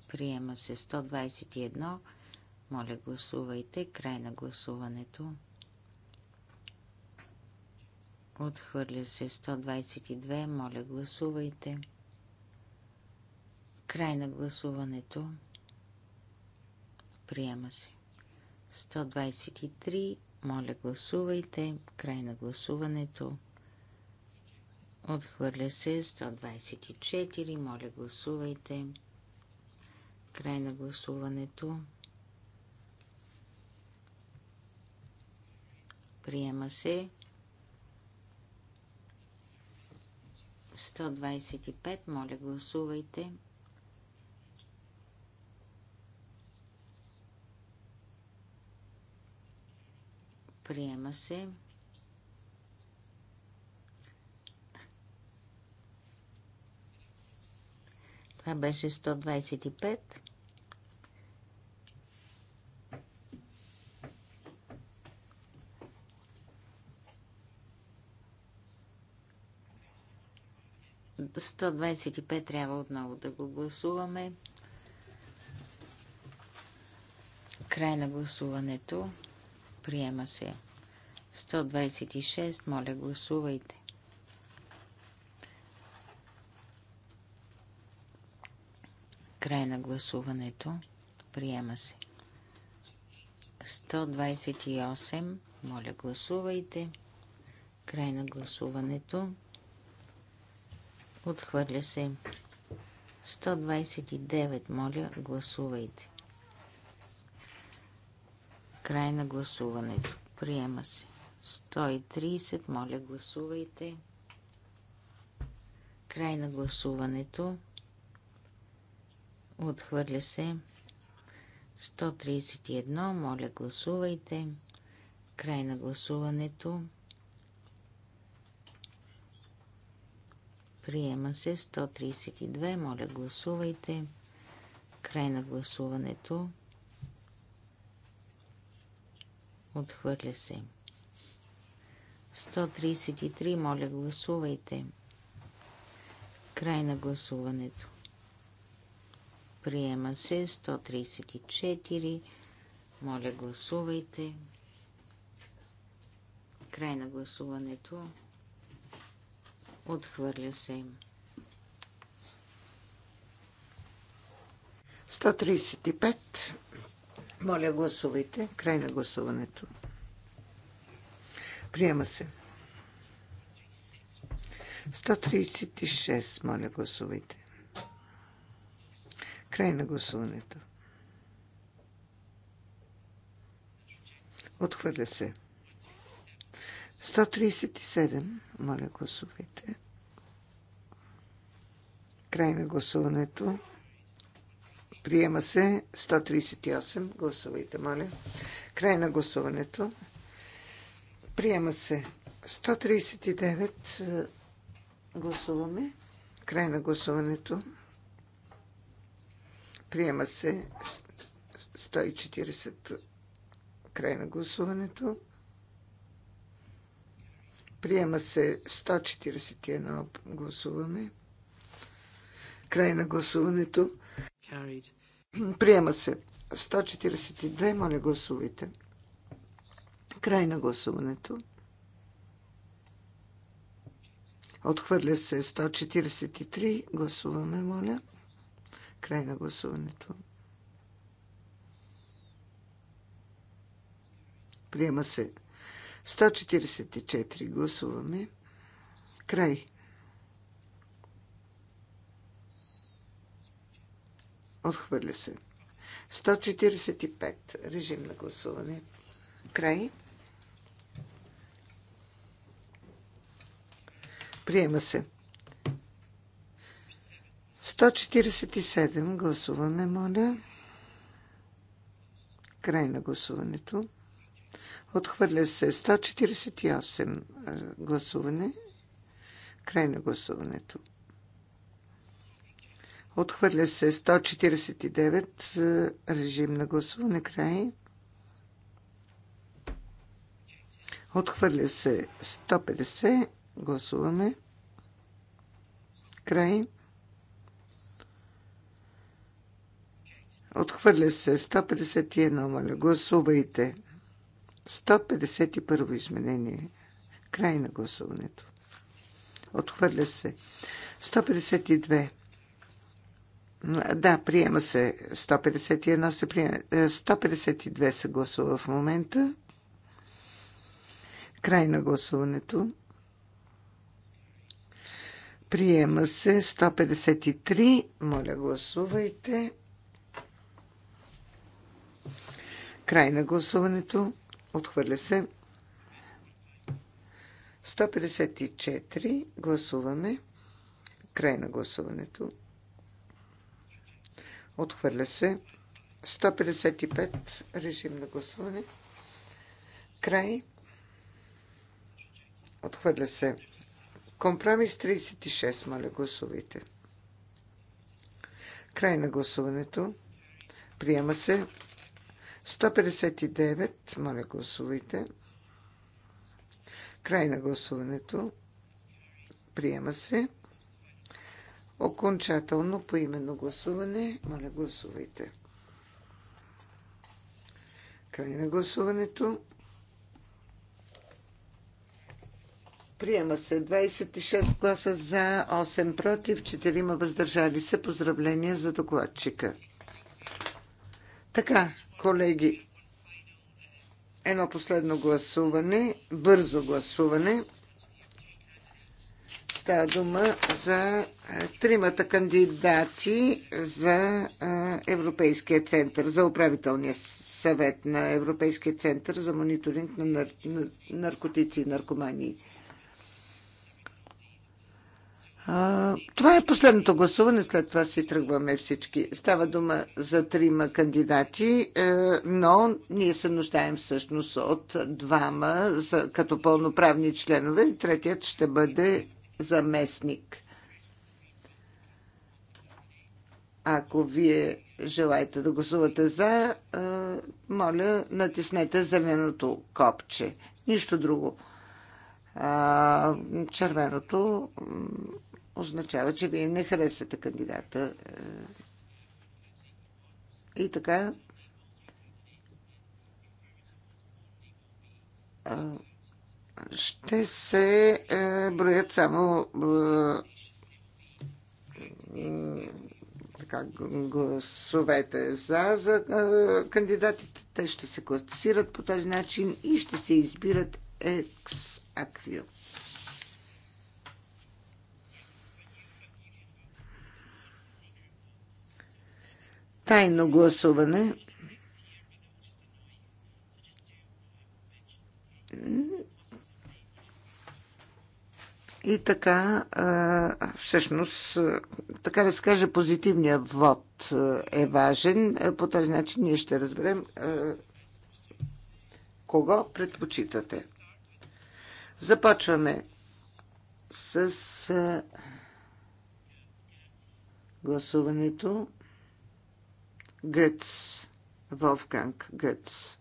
Приема се 121. Моля, гласувайте. Край на гласуването. Отхвърля се 122. Моля, гласувайте. Край на гласуването. Приема се. 123. Моля, гласувайте. Край на гласуването. Отхвърля се 124. Моля, гласувайте. Край на гласуването. Приема се 125. Моля, гласувайте. Приема се Това беше 125. Сто 125 трябва отново да го гласуваме. Край на гласуването. Приема се. 126. Моля, гласувайте. Край на гласуването. Приема се. 128. Моля, гласувайте. Край на гласуването. Отхвърля се. 129. Моля, гласувайте. Край на гласуването. Приема се. 130. Моля, гласувайте. Край на гласуването. Отхвърля се. 131. Моля, гласувайте. Край на гласуването. Приема се 132. Моля, гласувайте. Край на гласуването. Отхвърля се. 133. Моля, гласувайте. Край на гласуването. Приема се 134. Моля, гласувайте. Край на гласуването. Отхвърля се. 135. Моля, гласувайте. Край на гласуването. Приема се. 136. Моля, гласувайте. Край на гласуването. Отхвърля се. 137. Моля, гласувайте. Край на гласуването. Приема се 138. Гласувайте, моля. Край на гласуването. Приема се 139. Гласуваме. Край на гласуването. Приема се 140. Край на гласуването. Приема се 141. Гласуваме. Край на гласуването. Приема се 142. Моля, гласувайте. Край на гласуването. Отхвърля се 143. Гласуваме, моля. Край на гласуването. Приема се 144. Гласуваме. Край. Отхвърля се. 145. Режим на гласуване. Край. Приема се. 147 гласуваме, моля. Край на гласуването. Отхвърля се 148 гласуване. Край на гласуването. Отхвърля се 149 режим на гласуване. Край. Отхвърля се 150. Гласуваме. Край. Отхвърля се 151, моля. Гласувайте. 151 изменение. Край на гласуването. Отхвърля се. 152. Да, приема се. 151 се приема. 152 е, се гласува в момента. Край на гласуването. Приема се 153. Моля, гласувайте. Край на гласуването. Отхвърля се. 154. Гласуваме. Край на гласуването. Отхвърля се. 155. Режим на гласуване. Край. Отхвърля се. Компромис 36. Моля, гласувайте. Край на гласуването. Приема се. 159. Моля, гласувайте. Край на гласуването. Приема се. Окончателно по именно гласуване. Моля, гласувайте. Край на гласуването. Приема се 26 гласа за, 8 против, 4 въздържали се. Поздравления за докладчика. Така, Колеги, едно последно гласуване, бързо гласуване. Става дума за е, тримата кандидати за е, Европейския център, за управителния съвет на Европейския център за мониторинг на, на наркотици и наркомании това е последното гласуване, след това си тръгваме всички. Става дума за трима кандидати, е, но ние се нуждаем всъщност от двама за, като пълноправни членове и третият ще бъде заместник. Ако вие желаете да гласувате за, е, моля, натиснете зеленото копче. Нищо друго. червеното означава, че вие не харесвате кандидата. Е, и така. Ще се е, броят само е, така, гласовете за, за кандидатите. Те ще се класират по този начин и ще се избират екс аквио. Тайно гласуване. И така, всъщност, така да се каже, позитивният вод е важен. По този начин ние ще разберем кого предпочитате. Започваме с гласуването. Гъц, Волфганг Гъц.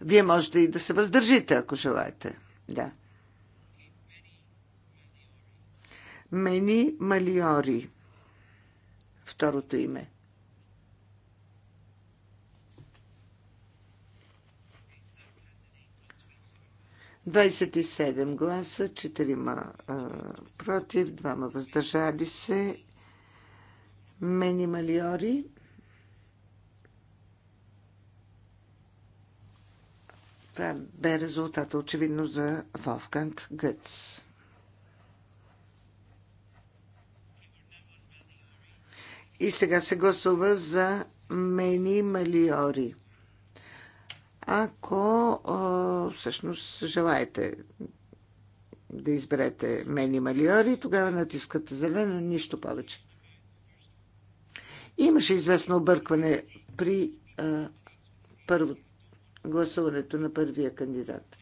Вие можете и да се въздържите, ако желаете. Да. Мени Малиори. Второто име. Двадесет и седем гласа, четирима против, двама въздържали се. Мени Малиори. Това бе резултата очевидно за Вовканг Гъц. И сега се гласува за Мени Малиори. Ако о, всъщност желаете да изберете Мени Малиори, тогава натискате зелено, нищо повече. Имаше известно объркване при а, първо, гласуването на първия кандидат.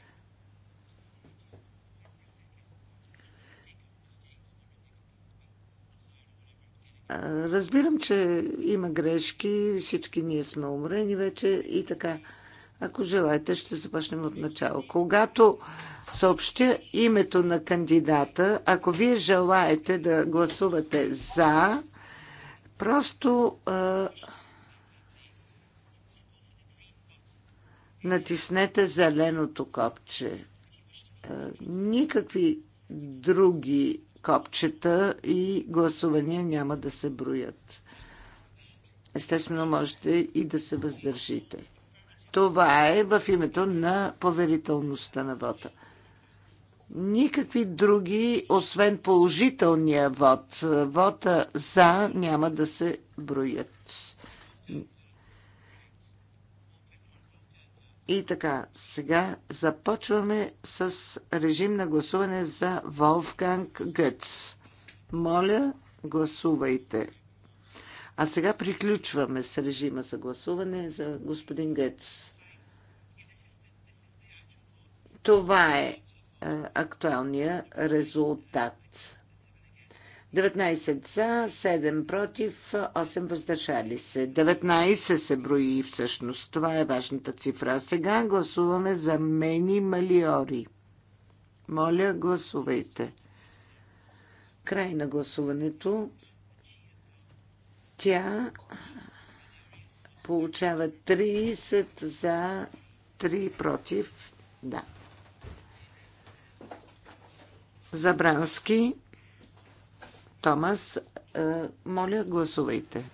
Разбирам, че има грешки, всички ние сме умрени вече и така. Ако желаете, ще започнем от начало. Когато съобщя името на кандидата, ако вие желаете да гласувате за, Просто а, натиснете зеленото копче. А, никакви други копчета и гласувания няма да се броят. Естествено, можете и да се въздържите. Това е в името на поверителността на вода никакви други, освен положителния вод. Вода за няма да се броят. И така, сега започваме с режим на гласуване за Волфганг Гъц. Моля, гласувайте. А сега приключваме с режима за гласуване за господин Гъц. Това е актуалния резултат. 19 за, 7 против, 8 въздържали се. 19 се брои всъщност. Това е важната цифра. Сега гласуваме за Мени Малиори. Моля, гласувайте. Край на гласуването. Тя получава 30 за, 3 против. Да. Забрански. Томас, е, моля, гласувайте.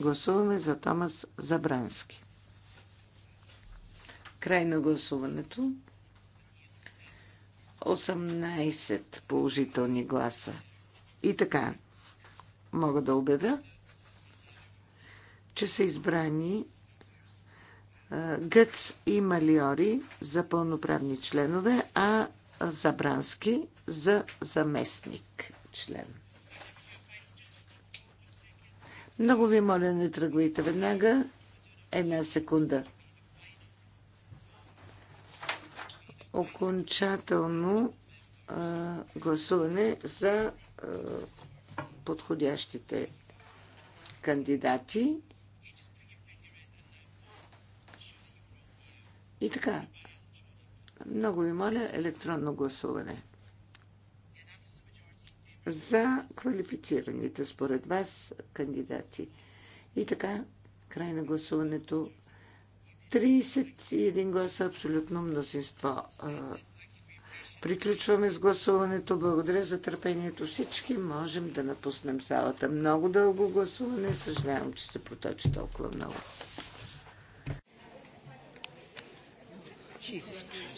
Гласуваме за Томас Забрански. Край на гласуването. 18 положителни гласа. И така, мога да обявя, че са избрани е, Гъц и Малиори за пълноправни членове, а Забрански за заместник член. Много ви моля, не тръгвайте веднага. Една секунда. Окончателно а, гласуване за а, подходящите кандидати. И така, много ви моля, електронно гласуване. За квалифицираните според вас кандидати. И така, край на гласуването. 31 гласа абсолютно мнозинство. Приключваме с гласуването. Благодаря за търпението. Всички можем да напуснем залата. Много дълго гласуване. Съжалявам, че се проточи толкова много. Jesus Christ.